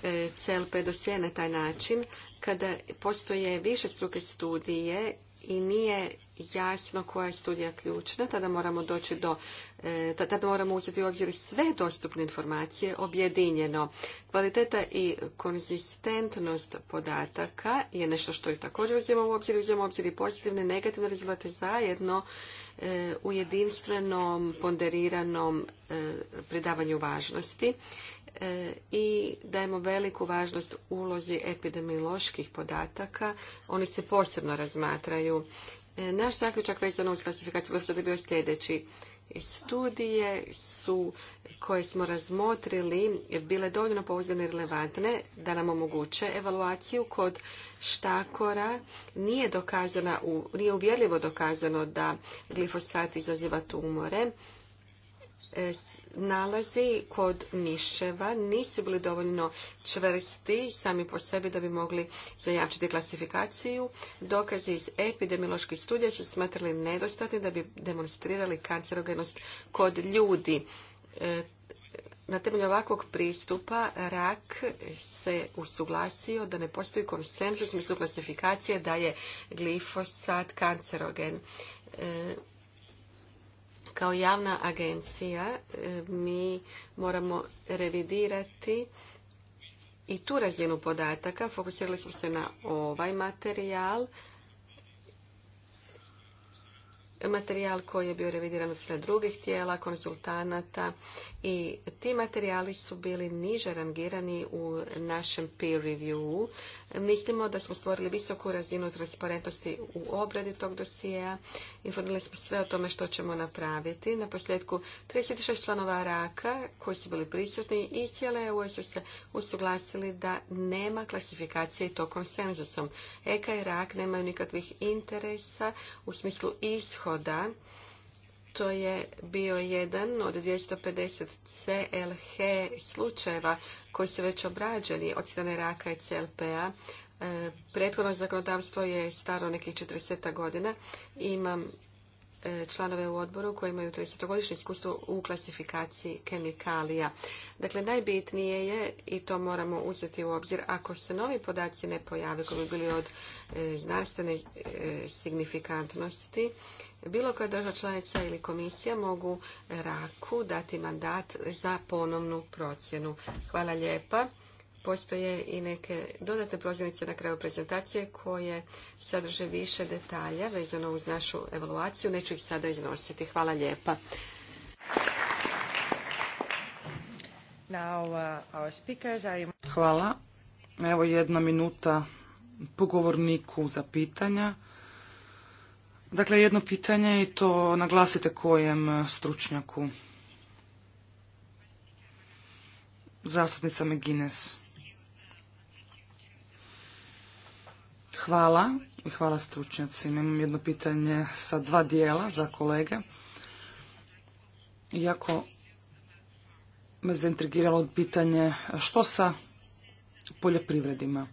e, CLP dosje na taj način kada postoje više struke studije i nije jasno koja je studija ključna, tada moramo doći do, e, tada moramo uzeti u obzir sve dostupne informacije objedinjeno. Kvaliteta i konzistentnost podataka je nešto što i također uzimamo u obzir, uzimamo u obzir i pozitivne i negativne rezultate zajedno e, u jedinstvenom, ponderiranom e, pridavanju važnosti E, i dajemo veliku važnost ulozi epidemioloških podataka. Oni se posebno razmatraju. E, naš zaključak vezano uz klasifikaciju je bio sljedeći. Studije su, koje smo razmotrili, bile dovoljno pouzdane i relevantne da nam omoguće evaluaciju kod štakora. Nije, dokazana, nije uvjerljivo dokazano da glifosat izaziva tumore e, nalazi kod Miševa nisu bili dovoljno čvrsti sami po sebi da bi mogli zajamčiti klasifikaciju. Dokazi iz epidemioloških studija su smatrali nedostatni da bi demonstrirali kancerogenost kod ljudi. E, na temelju ovakvog pristupa rak se usuglasio da ne postoji konsenzus u smislu klasifikacije da je glifosat kancerogen. E, kao javna agencija e, mi moramo revidirati i tu razinu podataka. Fokusirali smo se na ovaj materijal. Materijal koji je bio revidiran od drugih tijela, konsultanata i ti materijali su bili niže rangirani u našem peer review. Mislimo da smo stvorili visoku razinu transparentnosti u obradi tog dosijeja. Informirali smo sve o tome što ćemo napraviti. Na posljedku 36 članova raka koji su bili prisutni iz cijele EU su se usuglasili da nema klasifikacije i to konsenzusom. Eka i rak nemaju nikakvih interesa u smislu ishoda to je bio jedan od 250 CLH slučajeva koji su već obrađeni od strane raka i CLP-a. E, prethodno zakonodavstvo je staro nekih 40 godina. Imam E, članove u odboru koji imaju 30-godišnje iskustvo u klasifikaciji kemikalija. Dakle, najbitnije je, i to moramo uzeti u obzir, ako se novi podaci ne pojave koji bi bili od e, znanstvene e, signifikantnosti, bilo koja država članica ili komisija mogu raku dati mandat za ponovnu procjenu. Hvala lijepa. Postoje i neke dodatne prozirnice na kraju prezentacije koje sadrže više detalja vezano uz našu evaluaciju. Neću ih sada iznositi. Hvala lijepa. Uh, Hvala. Evo jedna minuta pogovorniku za pitanja. Dakle, jedno pitanje i to naglasite kojem stručnjaku. Zastupnica McGuinness. Hvala i hvala stručnjaci. Imam jedno pitanje sa dva dijela za kolege. Iako me zaintrigiralo pitanje što sa poljoprivredima.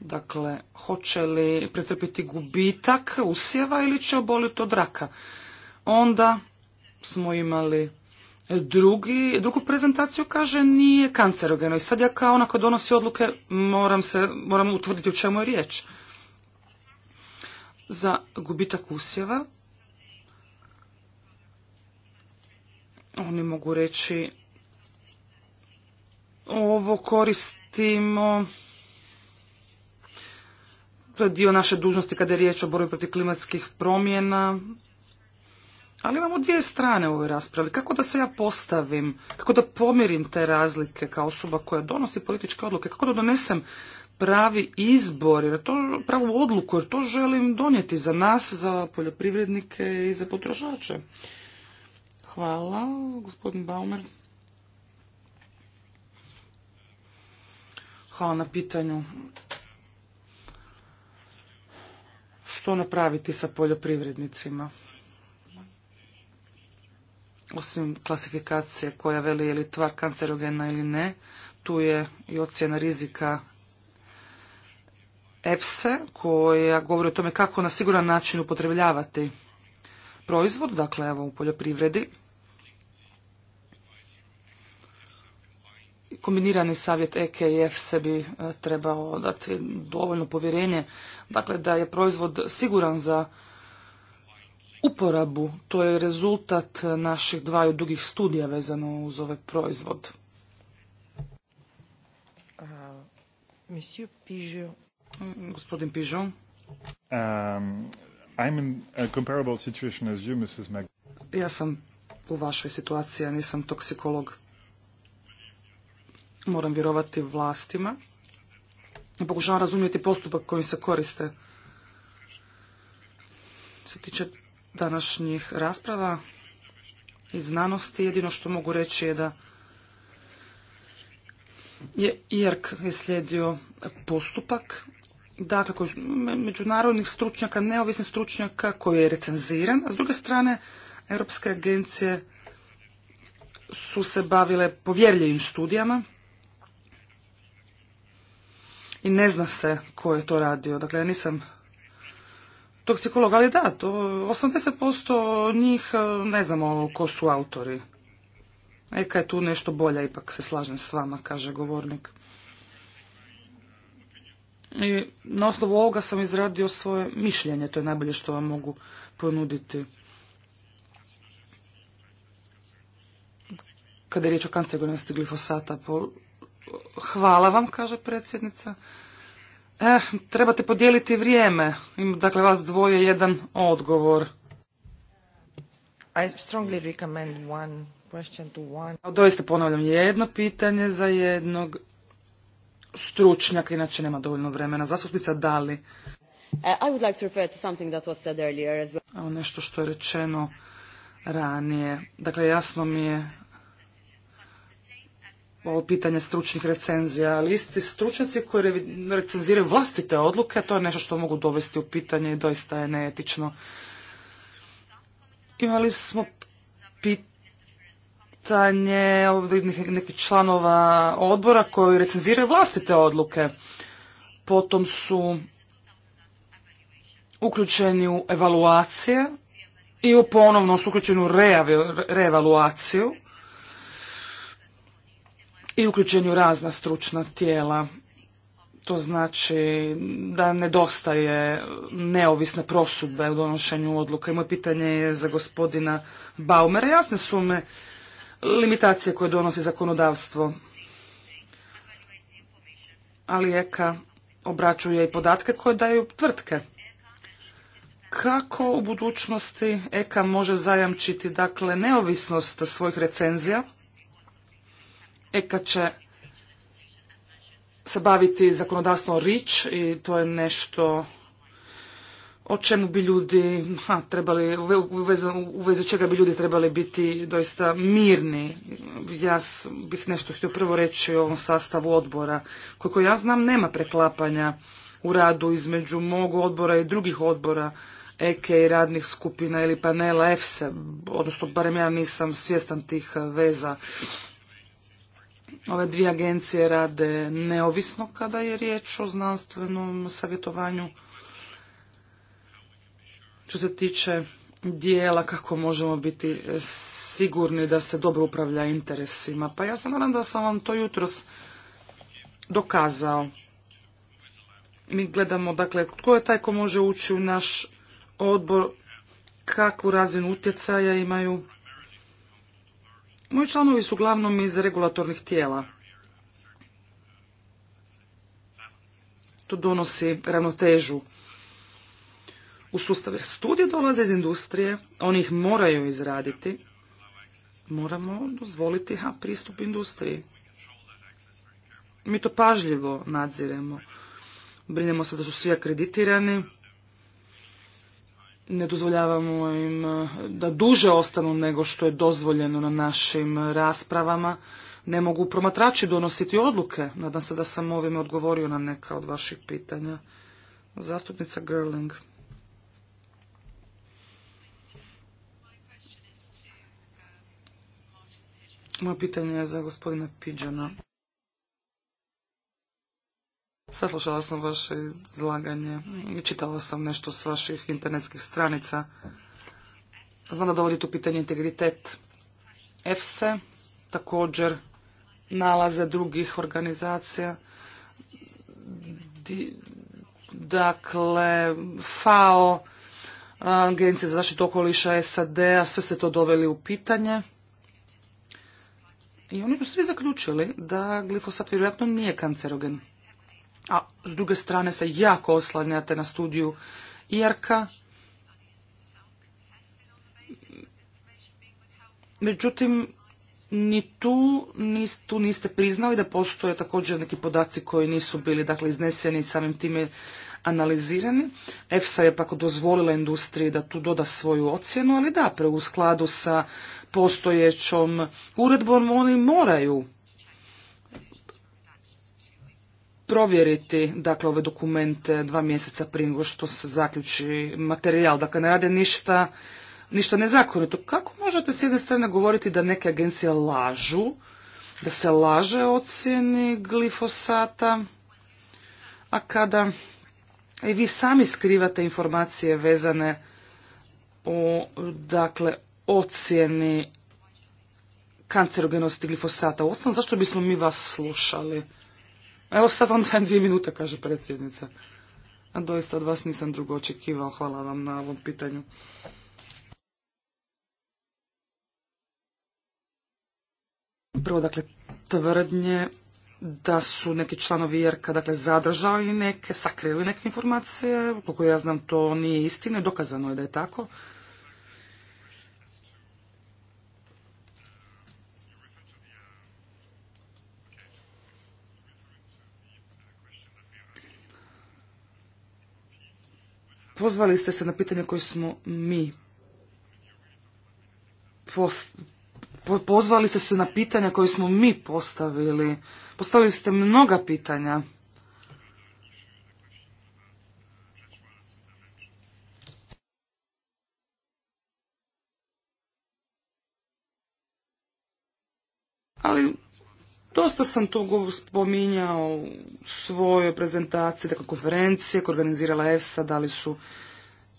Dakle, hoće li pretrpiti gubitak usjeva ili će oboliti od raka? Onda smo imali drugi, drugu prezentaciju, kaže nije kancerogeno. I sad ja kao onako donosi odluke moram, se, moram utvrditi u čemu je riječ za gubitak usjeva. Oni mogu reći ovo koristimo to je dio naše dužnosti kada je riječ o borbi protiv klimatskih promjena. Ali imamo dvije strane u ovoj raspravi. Kako da se ja postavim, kako da pomirim te razlike kao osoba koja donosi političke odluke, kako da donesem pravi izbor, jer to pravu odluku, jer to želim donijeti za nas, za poljoprivrednike i za potrošače. Hvala, gospodin Baumer. Hvala na pitanju. Što napraviti sa poljoprivrednicima? Osim klasifikacije koja veli je li tvar kancerogena ili ne, tu je i ocjena rizika EFSE koja govori o tome kako na siguran način upotrebljavati proizvod, dakle evo u poljoprivredi. Kombinirani savjet EK i EFSE bi e, trebao dati dovoljno povjerenje, dakle da je proizvod siguran za uporabu. To je rezultat naših dvaju dugih studija vezano uz ovaj proizvod. Euh, monsieur Mm, gospodin Pižon. Um, ja sam u vašoj situaciji, ja nisam toksikolog. Moram vjerovati vlastima. Pokušavam razumjeti postupak koji se koriste. Se tiče današnjih rasprava i znanosti, jedino što mogu reći je da je IRK je postupak dakle, koji, međunarodnih stručnjaka, neovisnih stručnjaka koji je recenziran, a s druge strane Europske agencije su se bavile povjerljivim studijama i ne zna se ko je to radio. Dakle, ja nisam toksikolog, ali da, to 80% njih e, ne znamo ko su autori. Eka je tu nešto bolja, ipak se slažem s vama, kaže govornik. I na osnovu ovoga sam izradio svoje mišljenje, to je najbolje što vam mogu ponuditi. Kada je riječ o kancerogenosti glifosata, hvala vam, kaže predsjednica. E, trebate podijeliti vrijeme. dakle, vas dvoje, jedan odgovor. I strongly recommend one question to one. Doista ponavljam jedno pitanje za jednog Stručnjak, inače nema dovoljno vremena. Zastupnica Dali. E, I would nešto što je rečeno ranije. Dakle, jasno mi je ovo pitanje stručnih recenzija, ali isti stručnjaci koji recenziraju vlastite odluke, to je nešto što mogu dovesti u pitanje i doista je neetično. Imali smo pitanje pitanje nekih članova odbora koji recenziraju vlastite odluke. Potom su uključeni u evaluacije i u ponovno su uključeni u reevaluaciju i uključeni u razna stručna tijela. To znači da nedostaje neovisne prosudbe u donošenju odluka. moje pitanje je za gospodina Baumera. Jasne su me limitacije koje donosi zakonodavstvo. Ali EKA obraćuje i podatke koje daju tvrtke. Kako u budućnosti EKA može zajamčiti dakle neovisnost svojih recenzija? EKA će se baviti zakonodavstvom REACH i to je nešto o čemu bi ljudi ha, trebali, u vezi, čega bi ljudi trebali biti doista mirni. Ja bih nešto htio prvo reći o ovom sastavu odbora. Koliko ja znam, nema preklapanja u radu između mog odbora i drugih odbora eke i radnih skupina ili panela EFSE, odnosno barem ja nisam svjestan tih e, veza. Ove dvije agencije rade neovisno kada je riječ o znanstvenom savjetovanju što se tiče dijela kako možemo biti sigurni da se dobro upravlja interesima. Pa ja se nadam da sam vam to jutros dokazao. Mi gledamo, dakle, tko je taj ko može ući u naš odbor, kakvu razinu utjecaja imaju. Moji članovi su uglavnom iz regulatornih tijela. To donosi ravnotežu u sustav. Jer studije dolaze iz industrije, oni ih moraju izraditi. Moramo dozvoliti ha, pristup industriji. Mi to pažljivo nadziremo. Brinemo se da su svi akreditirani. Ne dozvoljavamo im eh, da duže ostanu nego što je dozvoljeno na našim raspravama. Ne mogu promatrači donositi odluke. Nadam se da sam ovime odgovorio na neka od vaših pitanja. Zastupnica Girling. Moje pitanje je za gospodina Pidžana. Saslušala sam vaše izlaganje i čitala sam nešto s vaših internetskih stranica. Znam da dovodite u pitanje integritet EFSE, također nalaze drugih organizacija. Dakle, FAO, Agencija za zaštitu okoliša SAD-a, sve se to doveli u pitanje. I oni su svi zaključili da glifosat vjerojatno nije kancerogen. A s druge strane se jako oslanjate na studiju irka. Međutim, ni tu, tu niste priznali da postoje također neki podaci koji nisu bili dakle, izneseni i samim time analizirani. EFSA je pak dozvolila industriji da tu doda svoju ocjenu, ali da, pre u skladu sa postojećom uredbom oni moraju provjeriti dakle ove dokumente dva mjeseca prije nego što se zaključi materijal, dakle ne rade ništa, ništa nezakonito. Kako možete s jedne strane govoriti da neke agencije lažu, da se laže ocjeni glifosata, a kada i vi sami skrivate informacije vezane o dakle ocjeni kancerogenosti glifosata. Uostalom, zašto bismo mi vas slušali? Evo sad vam dajem dvije minute, kaže predsjednica. A doista od vas nisam drugo očekivao. Hvala vam na ovom pitanju. Prvo, dakle, tvrdnje da su neki članovi Jerka dakle, zadržali neke, sakrili neke informacije. Koliko ja znam, to nije istina. Dokazano je da je tako. Pozvali ste se na pitanje koje smo mi pozvali ste se na pitanja koje smo mi postavili. Postavili ste mnoga pitanja. Ali Dosta sam to spominjao u svojoj prezentaciji, dakle konferencije koje organizirala EFSA, dali su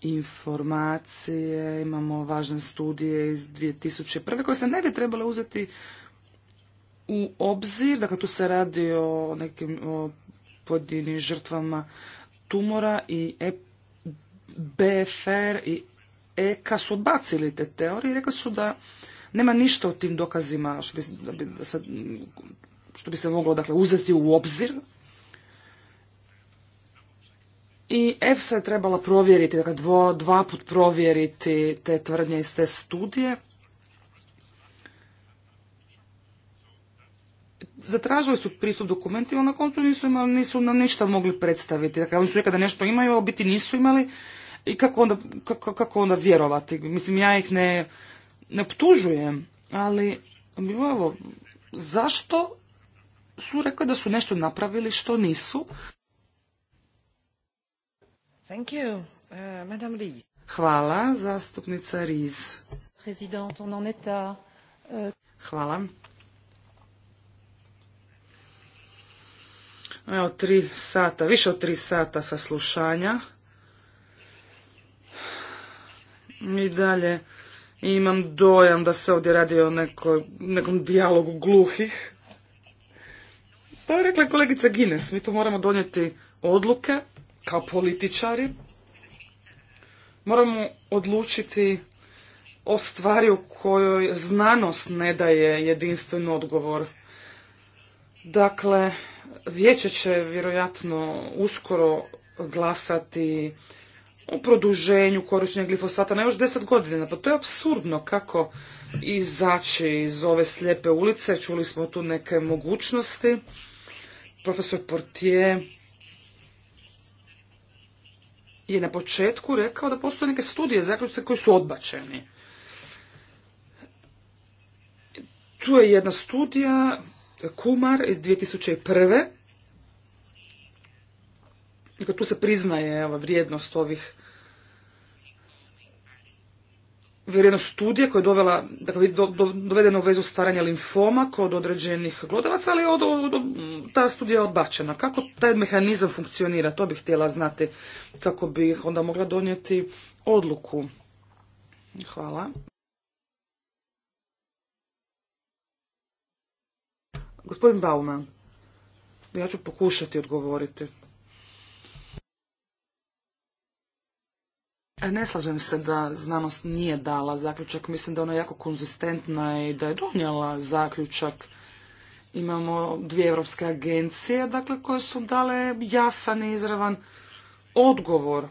informacije, imamo važne studije iz 2001. koje se ne bi trebale uzeti u obzir, dakle tu se radi o nekim o pojedinim žrtvama tumora i e, BFR i EKA su odbacili te teorije i rekli su da nema ništa u tim dokazima što bi, se, što bi se moglo dakle, uzeti u obzir. I EFSA je trebala provjeriti, dakle dva put provjeriti te tvrdnje iz te studije. zatražili su pristup dokumentima, na koncu nisu, imali, nisu nam ništa mogli predstaviti. Dakle, oni su rekli da nešto imaju, a biti nisu imali. I kako onda, kako onda vjerovati? Mislim, ja ih ne ne optužujem, ali evo, zašto su rekli da su nešto napravili što nisu? Thank you. Uh, Hvala, zastupnica Riz. Prezident, on en euh, Hvala. Evo, tri sata, više od tri sata saslušanja. I dalje i imam dojam da se ovdje radi o nekom dijalogu gluhih. Pa je rekla kolegica Gines, mi tu moramo donijeti odluke kao političari. Moramo odlučiti o stvari u kojoj znanost ne daje jedinstven odgovor. Dakle, vijeće će vjerojatno uskoro glasati o produženju korištenja glifosata na još deset godina. Pa to je absurdno kako izaći iz ove slijepe ulice. Čuli smo tu neke mogućnosti. Profesor Portier je na početku rekao da postoje neke studije zaključite koji su odbačeni. Tu je jedna studija Kumar iz 2001. Dakle, tu se priznaje vrijednost ovih vrijednost studije koja je dovela, dakle, do, do, dovedena u vezu stvaranja limfoma kod određenih glodavaca, ali od, ta studija je odbačena. Kako taj mehanizam funkcionira, to bih htjela znati kako bih onda mogla donijeti odluku. Hvala. Gospodin Bauman, ja ću pokušati odgovoriti. E, ne slažem se da znanost nije dala zaključak. Mislim da ona je jako konzistentna i da je donijela zaključak. Imamo dvije evropske agencije, dakle, koje su dale jasan i izravan odgovor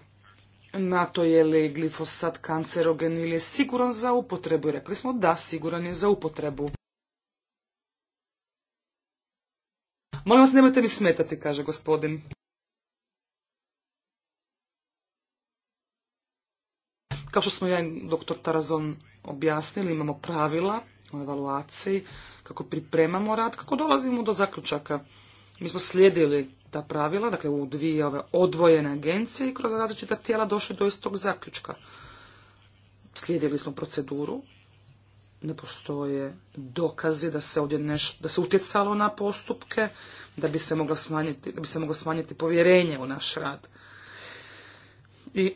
na to je li glifosat kancerogen ili je siguran za upotrebu. I rekli smo da, siguran je za upotrebu. Molim vas, nemojte mi smetati, kaže gospodin. Kao što smo ja i dr. Tarazon objasnili, imamo pravila o evaluaciji, kako pripremamo rad, kako dolazimo do zaključaka. Mi smo slijedili ta pravila, dakle u dvije ove odvojene agencije i kroz različita tijela došli do istog zaključka. Slijedili smo proceduru, ne postoje dokazi da se ovdje nešto, da se utjecalo na postupke, da bi se smanjiti, da bi se moglo smanjiti povjerenje u naš rad. I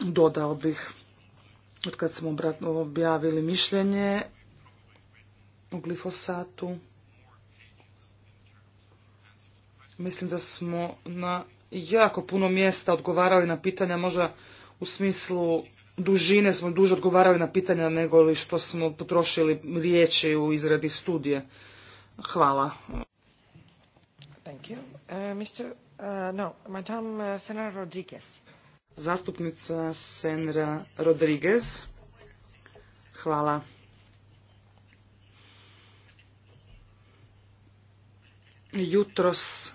Dodao bih, od kad smo objavili mišljenje o glifosatu, mislim da smo na jako puno mjesta odgovarali na pitanja, možda u smislu dužine smo duže odgovarali na pitanja nego li što smo potrošili riječi u izradi studije. Hvala. Thank you. Uh, Mr. Uh, no, Madame uh, Rodriguez. Zastupnica Senra Rodriguez. Hvala. Jutros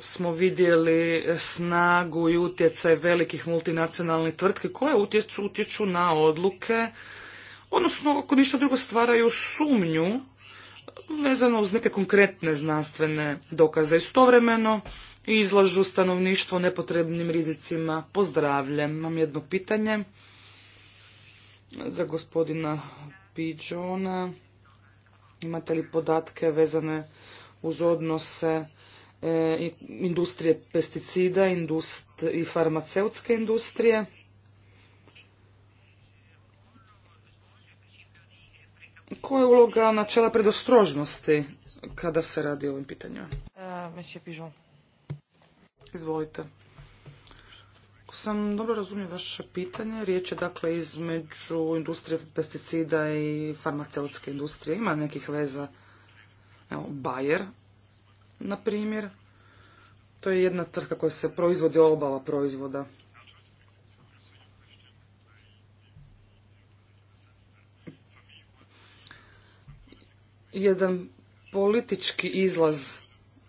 smo vidjeli snagu i utjecaj velikih multinacionalnih tvrtki koje utječu, utječu na odluke, odnosno ako ništa drugo stvaraju sumnju vezano uz neke konkretne znanstvene dokaze. Istovremeno, izlažu stanovništvo nepotrebnim rizicima. Pozdravljam. Imam jedno pitanje za gospodina Pidžona. Imate li podatke vezane uz odnose e, industrije pesticida i farmaceutske industrije? Koja je uloga načela predostrožnosti kada se radi o ovim pitanjima? E, Izvolite. Ako sam dobro razumio vaše pitanje, riječ je dakle između industrije pesticida i farmaceutske industrije. Ima nekih veza, evo, Bayer, na primjer. To je jedna trka koja se proizvodi obala proizvoda. Jedan politički izlaz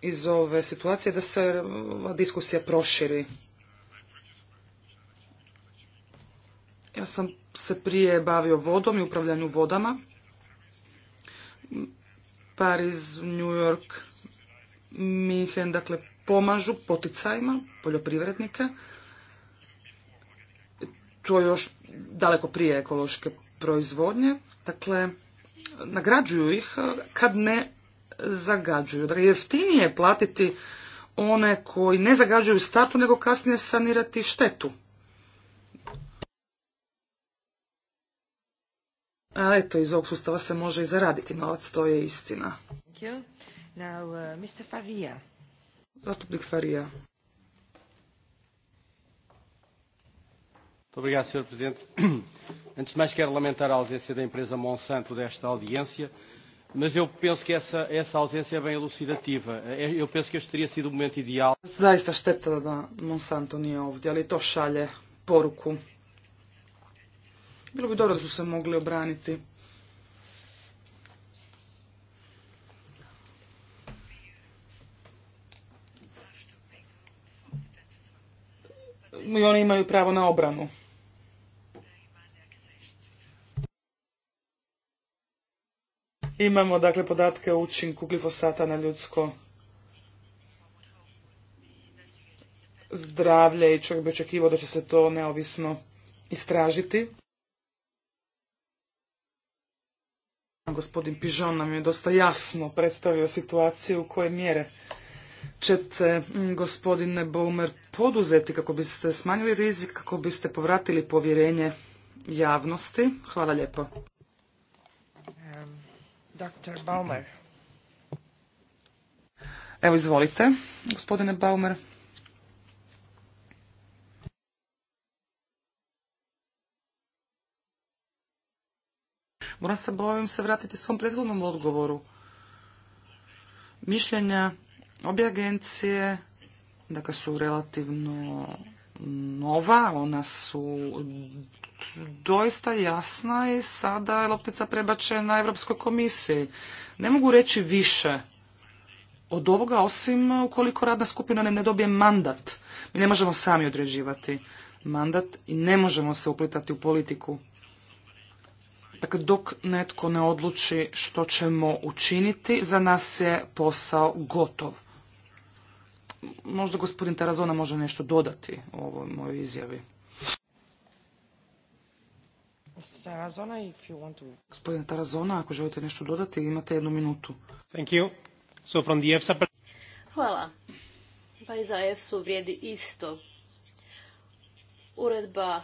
iz ove situacije da se um, diskusija proširi. Ja sam se prije bavio vodom i upravljanju vodama. Pariz, New York, Minhen, dakle, pomažu poticajima poljoprivrednike. To je još daleko prije ekološke proizvodnje. Dakle, nagrađuju ih uh, kad ne zagađuju. Dakle, jeftinije je platiti one koji ne zagađuju startu, nego kasnije sanirati štetu. A eto, iz ovog sustava se može i zaraditi novac, to je istina. Thank you. Now, uh, Mr. Faria. Zastupnik Faria. Muito obrigado, Sr. Presidente. (clears throat) Antes de mais, quero lamentar a ausência da empresa Monsanto desta audiência. Mas eu penso que essa, essa ausência é bem elucidativa. Eu penso que este teria sido o momento ideal. Zaista šteta da Monsanto nije ovdje, ali to šalje poruku. Bilo bi dobro da su se mogli obraniti. I oni imaju pravo na obranu. Imamo dakle podatke o učinku glifosata na ljudsko zdravlje i čovjek bi očekivao da će se to neovisno istražiti. Gospodin Pižon nam je dosta jasno predstavio situaciju u koje mjere ćete, mm, gospodine Bomer poduzeti kako biste smanjili rizik, kako biste povratili povjerenje javnosti. Hvala lijepo. Dr. Baumer. Evo izvolite, gospodine Baumer. Moram se bojim se vratiti svom prethodnom odgovoru. Mišljenja obje agencije dakle, su relativno nova, ona su doista jasna i sada je loptica prebačena Europskoj komisiji. Ne mogu reći više od ovoga osim ukoliko radna skupina ne dobije mandat. Mi ne možemo sami određivati mandat i ne možemo se uplitati u politiku. Dakle, dok netko ne odluči što ćemo učiniti, za nas je posao gotov. Možda gospodin Tarazona može nešto dodati u ovoj mojoj izjavi. Gospodine Tarazona, ako želite nešto dodati, imate jednu minutu. Hvala. Pa i za EFSU vrijedi isto. Uredba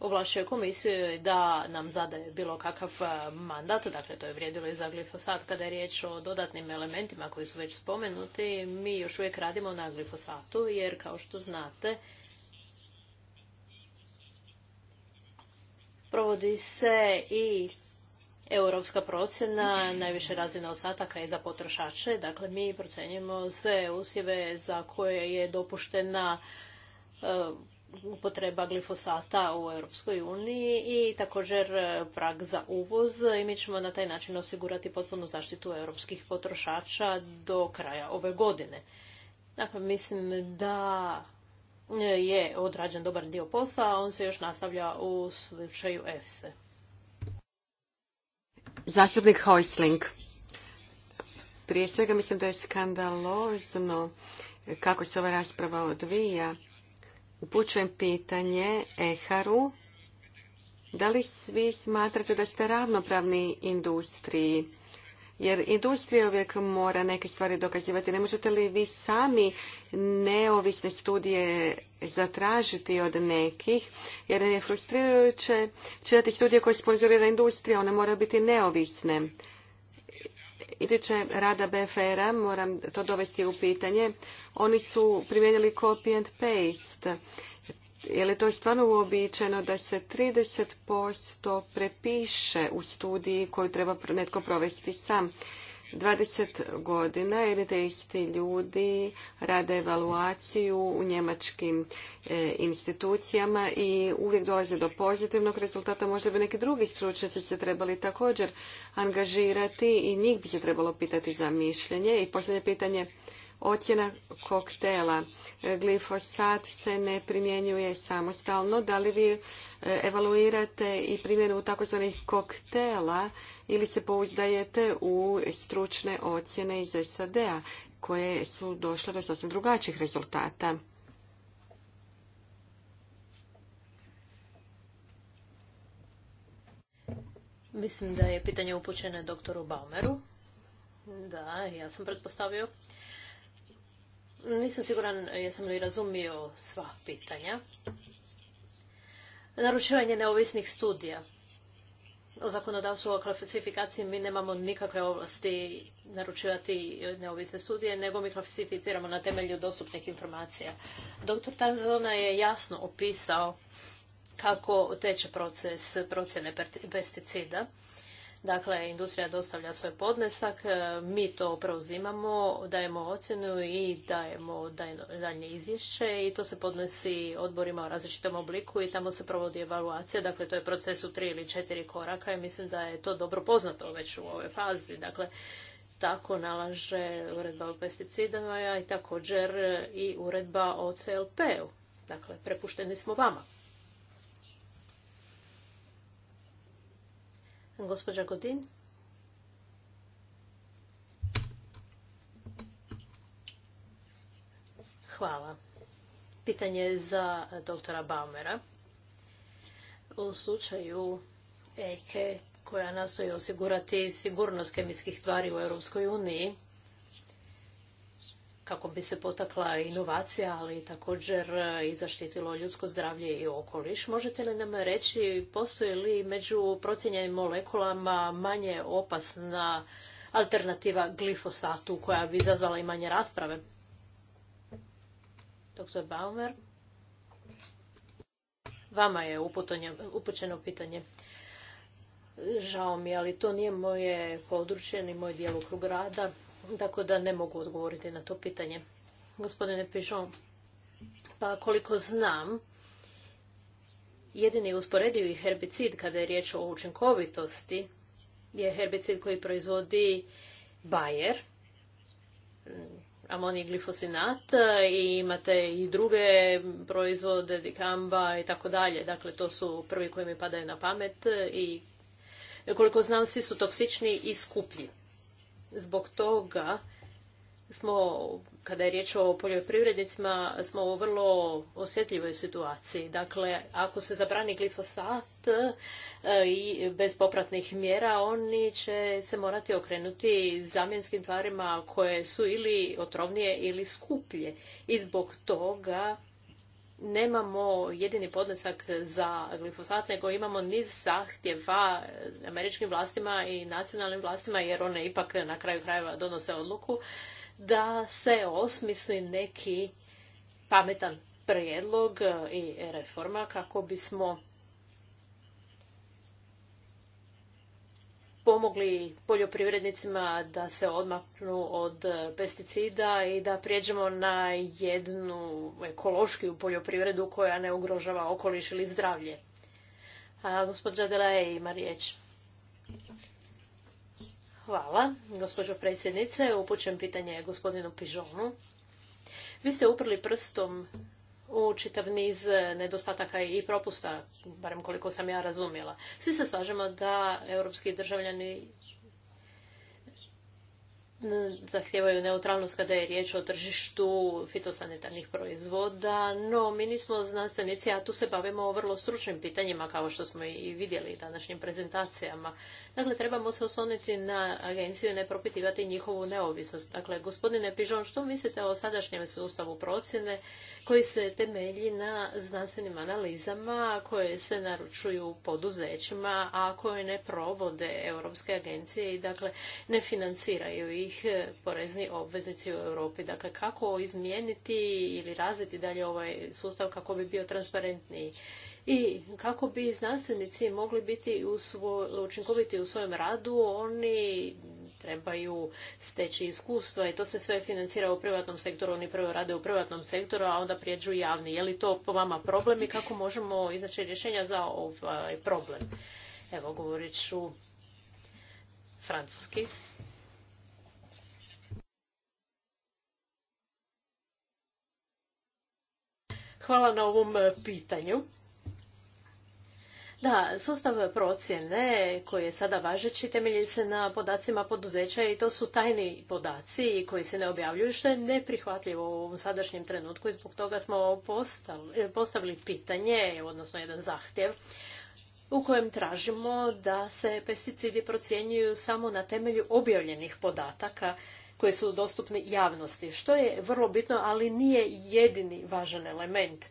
ovlašuje komisiju da nam zadaje bilo kakav e, mandat, dakle to je vrijedilo i za glifosat. Kada je riječ o dodatnim elementima koji su već spomenuti, mi još uvijek radimo na glifosatu jer kao što znate Provodi se i europska procjena, najviše razina ostataka je za potrošače. Dakle, mi procjenjujemo sve usjeve za koje je dopuštena e, upotreba glifosata u Europskoj uniji i također e, prag za uvoz i mi ćemo na taj način osigurati potpunu zaštitu europskih potrošača do kraja ove godine. Dakle, mislim da je odrađen dobar dio posla, a on se još nastavlja u slučaju EFSE. Zastupnik Hojsling. Prije svega mislim da je skandalozno kako se ova rasprava odvija. Upućujem pitanje Eharu. Da li svi smatrate da ste ravnopravni industriji? jer industrija uvijek mora neke stvari dokazivati. Ne možete li vi sami neovisne studije zatražiti od nekih, jer je frustrirajuće čitati studije koje sponzorira industrija, one moraju biti neovisne. I rada BFR-a, moram to dovesti u pitanje, oni su primijenili copy and paste je li to stvarno uobičajeno da se 30% prepiše u studiji koju treba netko provesti sam? 20 godina jer te isti ljudi rade evaluaciju u njemačkim e, institucijama i uvijek dolaze do pozitivnog rezultata. Možda bi neki drugi stručnjaci se trebali također angažirati i njih bi se trebalo pitati za mišljenje. I posljednje pitanje, Ocjena koktela. Glifosat se ne primjenjuje samostalno. Da li vi e, evaluirate i primjenu takozvanih koktela ili se pouzdajete u stručne ocjene iz SAD-a koje su došle do sasvim drugačijih rezultata? Mislim da je pitanje upućeno doktoru Baumeru. Da, ja sam pretpostavio. Nisam siguran jesam li razumio sva pitanja. Naručivanje neovisnih studija. U zakonodavstvu o klasifikaciji mi nemamo nikakve ovlasti naručivati neovisne studije, nego mi klasificiramo na temelju dostupnih informacija. Doktor Tanzona je jasno opisao kako teče proces procjene pesticida Dakle, industrija dostavlja svoj podnesak, e, mi to preuzimamo, dajemo ocjenu i dajemo daljnje izvješće i to se podnosi odborima u različitom obliku i tamo se provodi evaluacija. Dakle, to je proces u tri ili četiri koraka i mislim da je to dobro poznato već u ovoj fazi. Dakle, tako nalaže uredba o pesticidama i također i uredba o CLP-u. Dakle, prepušteni smo vama. Gospođa Godin. Hvala. Pitanje za doktora Baumera. U slučaju EKE koja nastoji osigurati sigurnost kemijskih tvari u Europskoj uniji, kako bi se potakla inovacija, ali također e, i zaštitilo ljudsko zdravlje i okoliš. Možete li nam reći postoji li među procjenjenim molekulama manje opasna alternativa glifosatu koja bi izazvala i manje rasprave? Dr. Baumer, vama je upućeno pitanje. Žao mi, ali to nije moje područje ni moj djelokrug rada tako da ne mogu odgovoriti na to pitanje. Gospodine Pižon, pa koliko znam, jedini usporedivi herbicid kada je riječ o učinkovitosti je herbicid koji proizvodi Bayer, amoni glifosinat i imate i druge proizvode, dikamba i tako dalje. Dakle, to su prvi koji mi padaju na pamet i koliko znam, svi su toksični i skuplji zbog toga smo, kada je riječ o poljoprivrednicima, smo u vrlo osjetljivoj situaciji. Dakle, ako se zabrani glifosat e, i bez popratnih mjera, oni će se morati okrenuti zamjenskim tvarima koje su ili otrovnije ili skuplje. I zbog toga nemamo jedini podnesak za glifosat, nego imamo niz zahtjeva američkim vlastima i nacionalnim vlastima, jer one ipak na kraju krajeva donose odluku, da se osmisli neki pametan prijedlog i reforma kako bismo pomogli poljoprivrednicima da se odmaknu od pesticida i da prijeđemo na jednu ekološkiju poljoprivredu koja ne ugrožava okoliš ili zdravlje. A gospođa Delaje ima riječ. Hvala, gospođo predsjednice. Upućujem pitanje gospodinu Pižonu. Vi ste uprli prstom u čitav niz e, nedostataka i propusta, barem koliko sam ja razumjela. Svi se slažemo da europski državljani zahtijevaju neutralnost kada je riječ o tržištu fitosanitarnih proizvoda, no mi nismo znanstvenici, a tu se bavimo o vrlo stručnim pitanjima, kao što smo i vidjeli današnjim prezentacijama. Dakle, trebamo se osloniti na agenciju i ne propitivati njihovu neovisnost. Dakle, gospodine Pižon, što mislite o sadašnjem sustavu procjene koji se temelji na znanstvenim analizama koje se naručuju poduzećima, a koje ne provode europske agencije i dakle ne financiraju ih E, porezni obveznici u Europi. Dakle, kako izmijeniti ili razviti dalje ovaj sustav kako bi bio transparentniji i kako bi znanstvenici mogli biti učinkoviti u svojem radu, oni trebaju steći iskustva i to se sve financira u privatnom sektoru, oni prvo rade u privatnom sektoru, a onda prijeđu javni. Je li to po vama problem i kako možemo iznaći rješenja za ovaj problem? Evo, govorit ću francuski. Hvala na ovom e, pitanju. Da, sustav procjene koji je sada važeći temelji se na podacima poduzeća i to su tajni podaci koji se ne objavljuju što je neprihvatljivo u ovom sadašnjem trenutku i zbog toga smo postavili, e, postavili pitanje, odnosno jedan zahtjev u kojem tražimo da se pesticidi procjenjuju samo na temelju objavljenih podataka koje su dostupne javnosti, što je vrlo bitno, ali nije jedini važan element.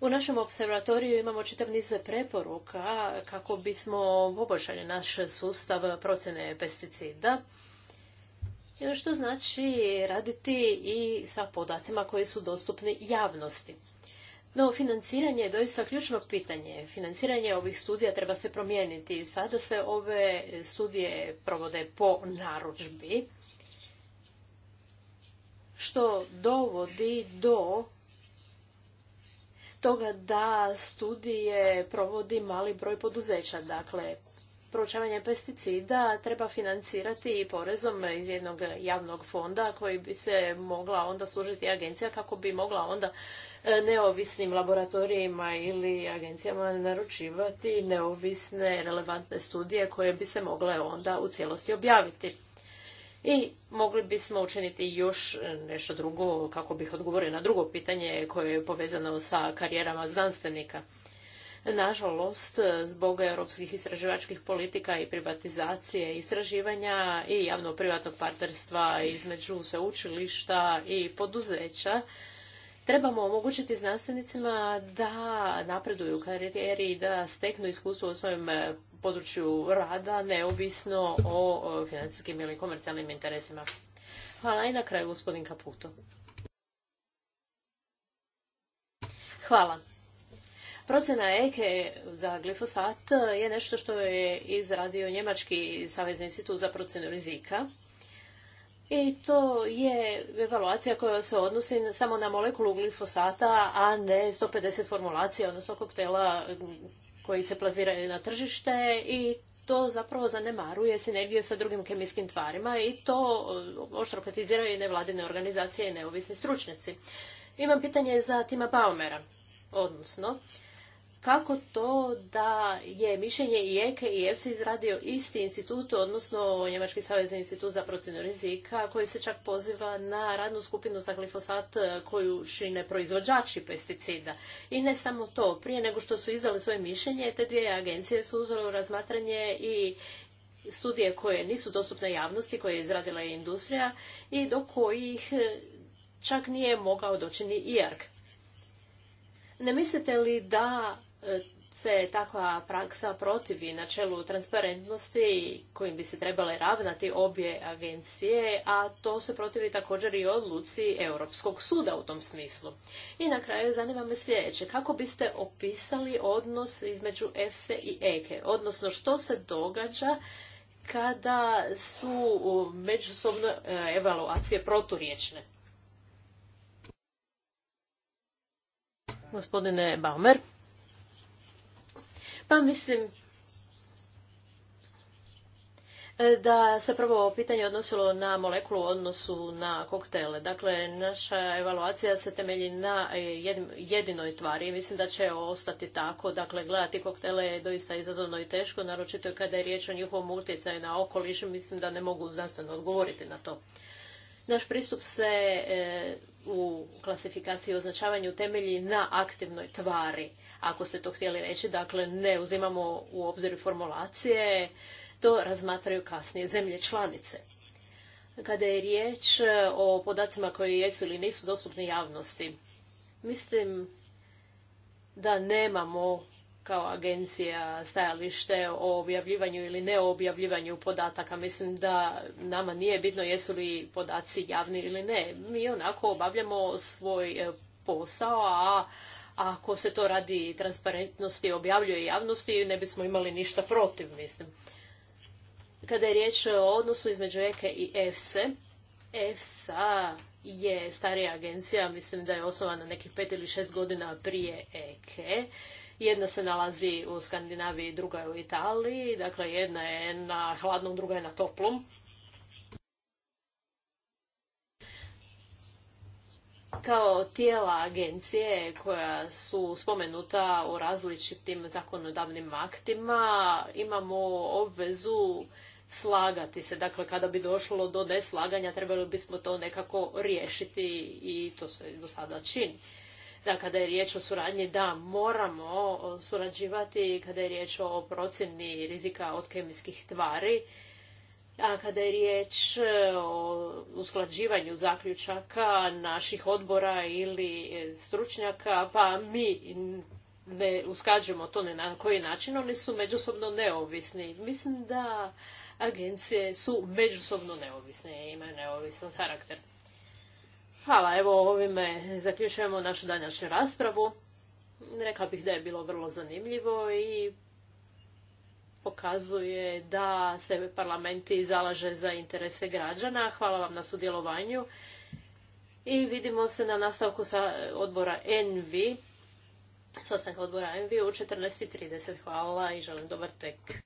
U našem observatoriju imamo čitav niz preporuka kako bismo poboljšali naš sustav procjene pesticida, što znači raditi i sa podacima koji su dostupni javnosti. No, financiranje je doista ključno pitanje. Financiranje ovih studija treba se promijeniti. Sada se ove studije provode po narudžbi, što dovodi do toga da studije provodi mali broj poduzeća. Dakle, proučavanje pesticida treba financirati i porezom iz jednog javnog fonda koji bi se mogla onda služiti agencija kako bi mogla onda e, neovisnim laboratorijima ili agencijama naručivati neovisne relevantne studije koje bi se mogle onda u cijelosti objaviti. I mogli bismo učiniti još nešto drugo kako bih odgovorila na drugo pitanje koje je povezano sa karijerama znanstvenika. Nažalost, zbog europskih istraživačkih politika i privatizacije istraživanja i javno-privatnog partnerstva između sveučilišta i poduzeća, trebamo omogućiti znanstvenicima da napreduju u karijeri i da steknu iskustvo u svojem području rada neovisno o financijskim ili komercijalnim interesima. Hvala i na kraju gospodin Kaputo. Hvala. Procjena EKE za glifosat je nešto što je izradio Njemački savezni institut za procjenu rizika. I to je evaluacija koja se odnosi samo na molekulu glifosata, a ne 150 formulacija, odnosno koktela koji se plaziraju na tržište i to zapravo zanemaruje sinergiju sa drugim kemijskim tvarima i to e, oštro kritiziraju nevladine organizacije i neovisni stručnjaci. Imam pitanje za Tima Baumera, odnosno kako to da je mišljenje i e i EFSA izradio isti institut, odnosno Njemački savezni institut za procjenu rizika, koji se čak poziva na radnu skupinu za glifosat koju šine proizvođači pesticida. I ne samo to, prije nego što su izdali svoje mišljenje, te dvije agencije su uzele u razmatranje i studije koje nisu dostupne javnosti, koje je izradila industrija i do kojih čak nije mogao doći ni IARC. E ne mislite li da se takva praksa protivi načelu transparentnosti kojim bi se trebale ravnati obje agencije, a to se protivi također i odluci Europskog suda u tom smislu. I na kraju zanima me sljedeće, kako biste opisali odnos između EFSE i EKE, e? odnosno što se događa kada su međusobno e, evaluacije proturječne? Gospodine Baumer. Pa mislim e, da se prvo pitanje odnosilo na molekulu u odnosu na koktele. Dakle, naša evaluacija se temelji na e, jedinoj tvari i mislim da će ostati tako. Dakle, gledati koktele je doista izazovno i teško, naročito kada je riječ o njihovom utjecaju na okoliš. Mislim da ne mogu znanstveno odgovoriti na to. Naš pristup se e, u klasifikaciji i označavanju temelji na aktivnoj tvari ako ste to htjeli reći, dakle ne uzimamo u obzir formulacije, to razmatraju kasnije zemlje članice. Kada je riječ e, o podacima koji jesu ili nisu dostupni javnosti, mislim da nemamo kao agencija stajalište o objavljivanju ili neobjavljivanju podataka. Mislim da nama nije bitno jesu li podaci javni ili ne. Mi onako obavljamo svoj e, posao, a ako se to radi transparentnosti, objavljuje javnosti, ne bismo imali ništa protiv, mislim. Kada je riječ o odnosu između EKE e i EFSE, EFSA je starija agencija, mislim da je osnovana nekih pet ili šest godina prije EKE. E. Jedna se nalazi u Skandinaviji, druga je u Italiji, dakle jedna je na hladnom, druga je na toplom. kao tijela agencije koja su spomenuta u različitim zakonodavnim aktima imamo obvezu slagati se. Dakle, kada bi došlo do neslaganja, trebali bismo to nekako riješiti i to se do sada čini. Da, kada je riječ o suradnji, da, moramo surađivati. Kada je riječ o procjeni rizika od kemijskih tvari, a kada je riječ e, o usklađivanju zaključaka naših odbora ili e, stručnjaka, pa mi ne uskađemo to na koji način, oni su međusobno neovisni. Mislim da agencije su međusobno neovisne i imaju neovisan karakter. Hvala, evo ovime zaključujemo našu današnju raspravu. Rekla bih da je bilo vrlo zanimljivo i pokazuje da se parlamenti zalaže za interese građana. Hvala vam na sudjelovanju i vidimo se na nastavku sa odbora ENVI, sastanka odbora ENVI u 14.30. Hvala i želim dobar tek.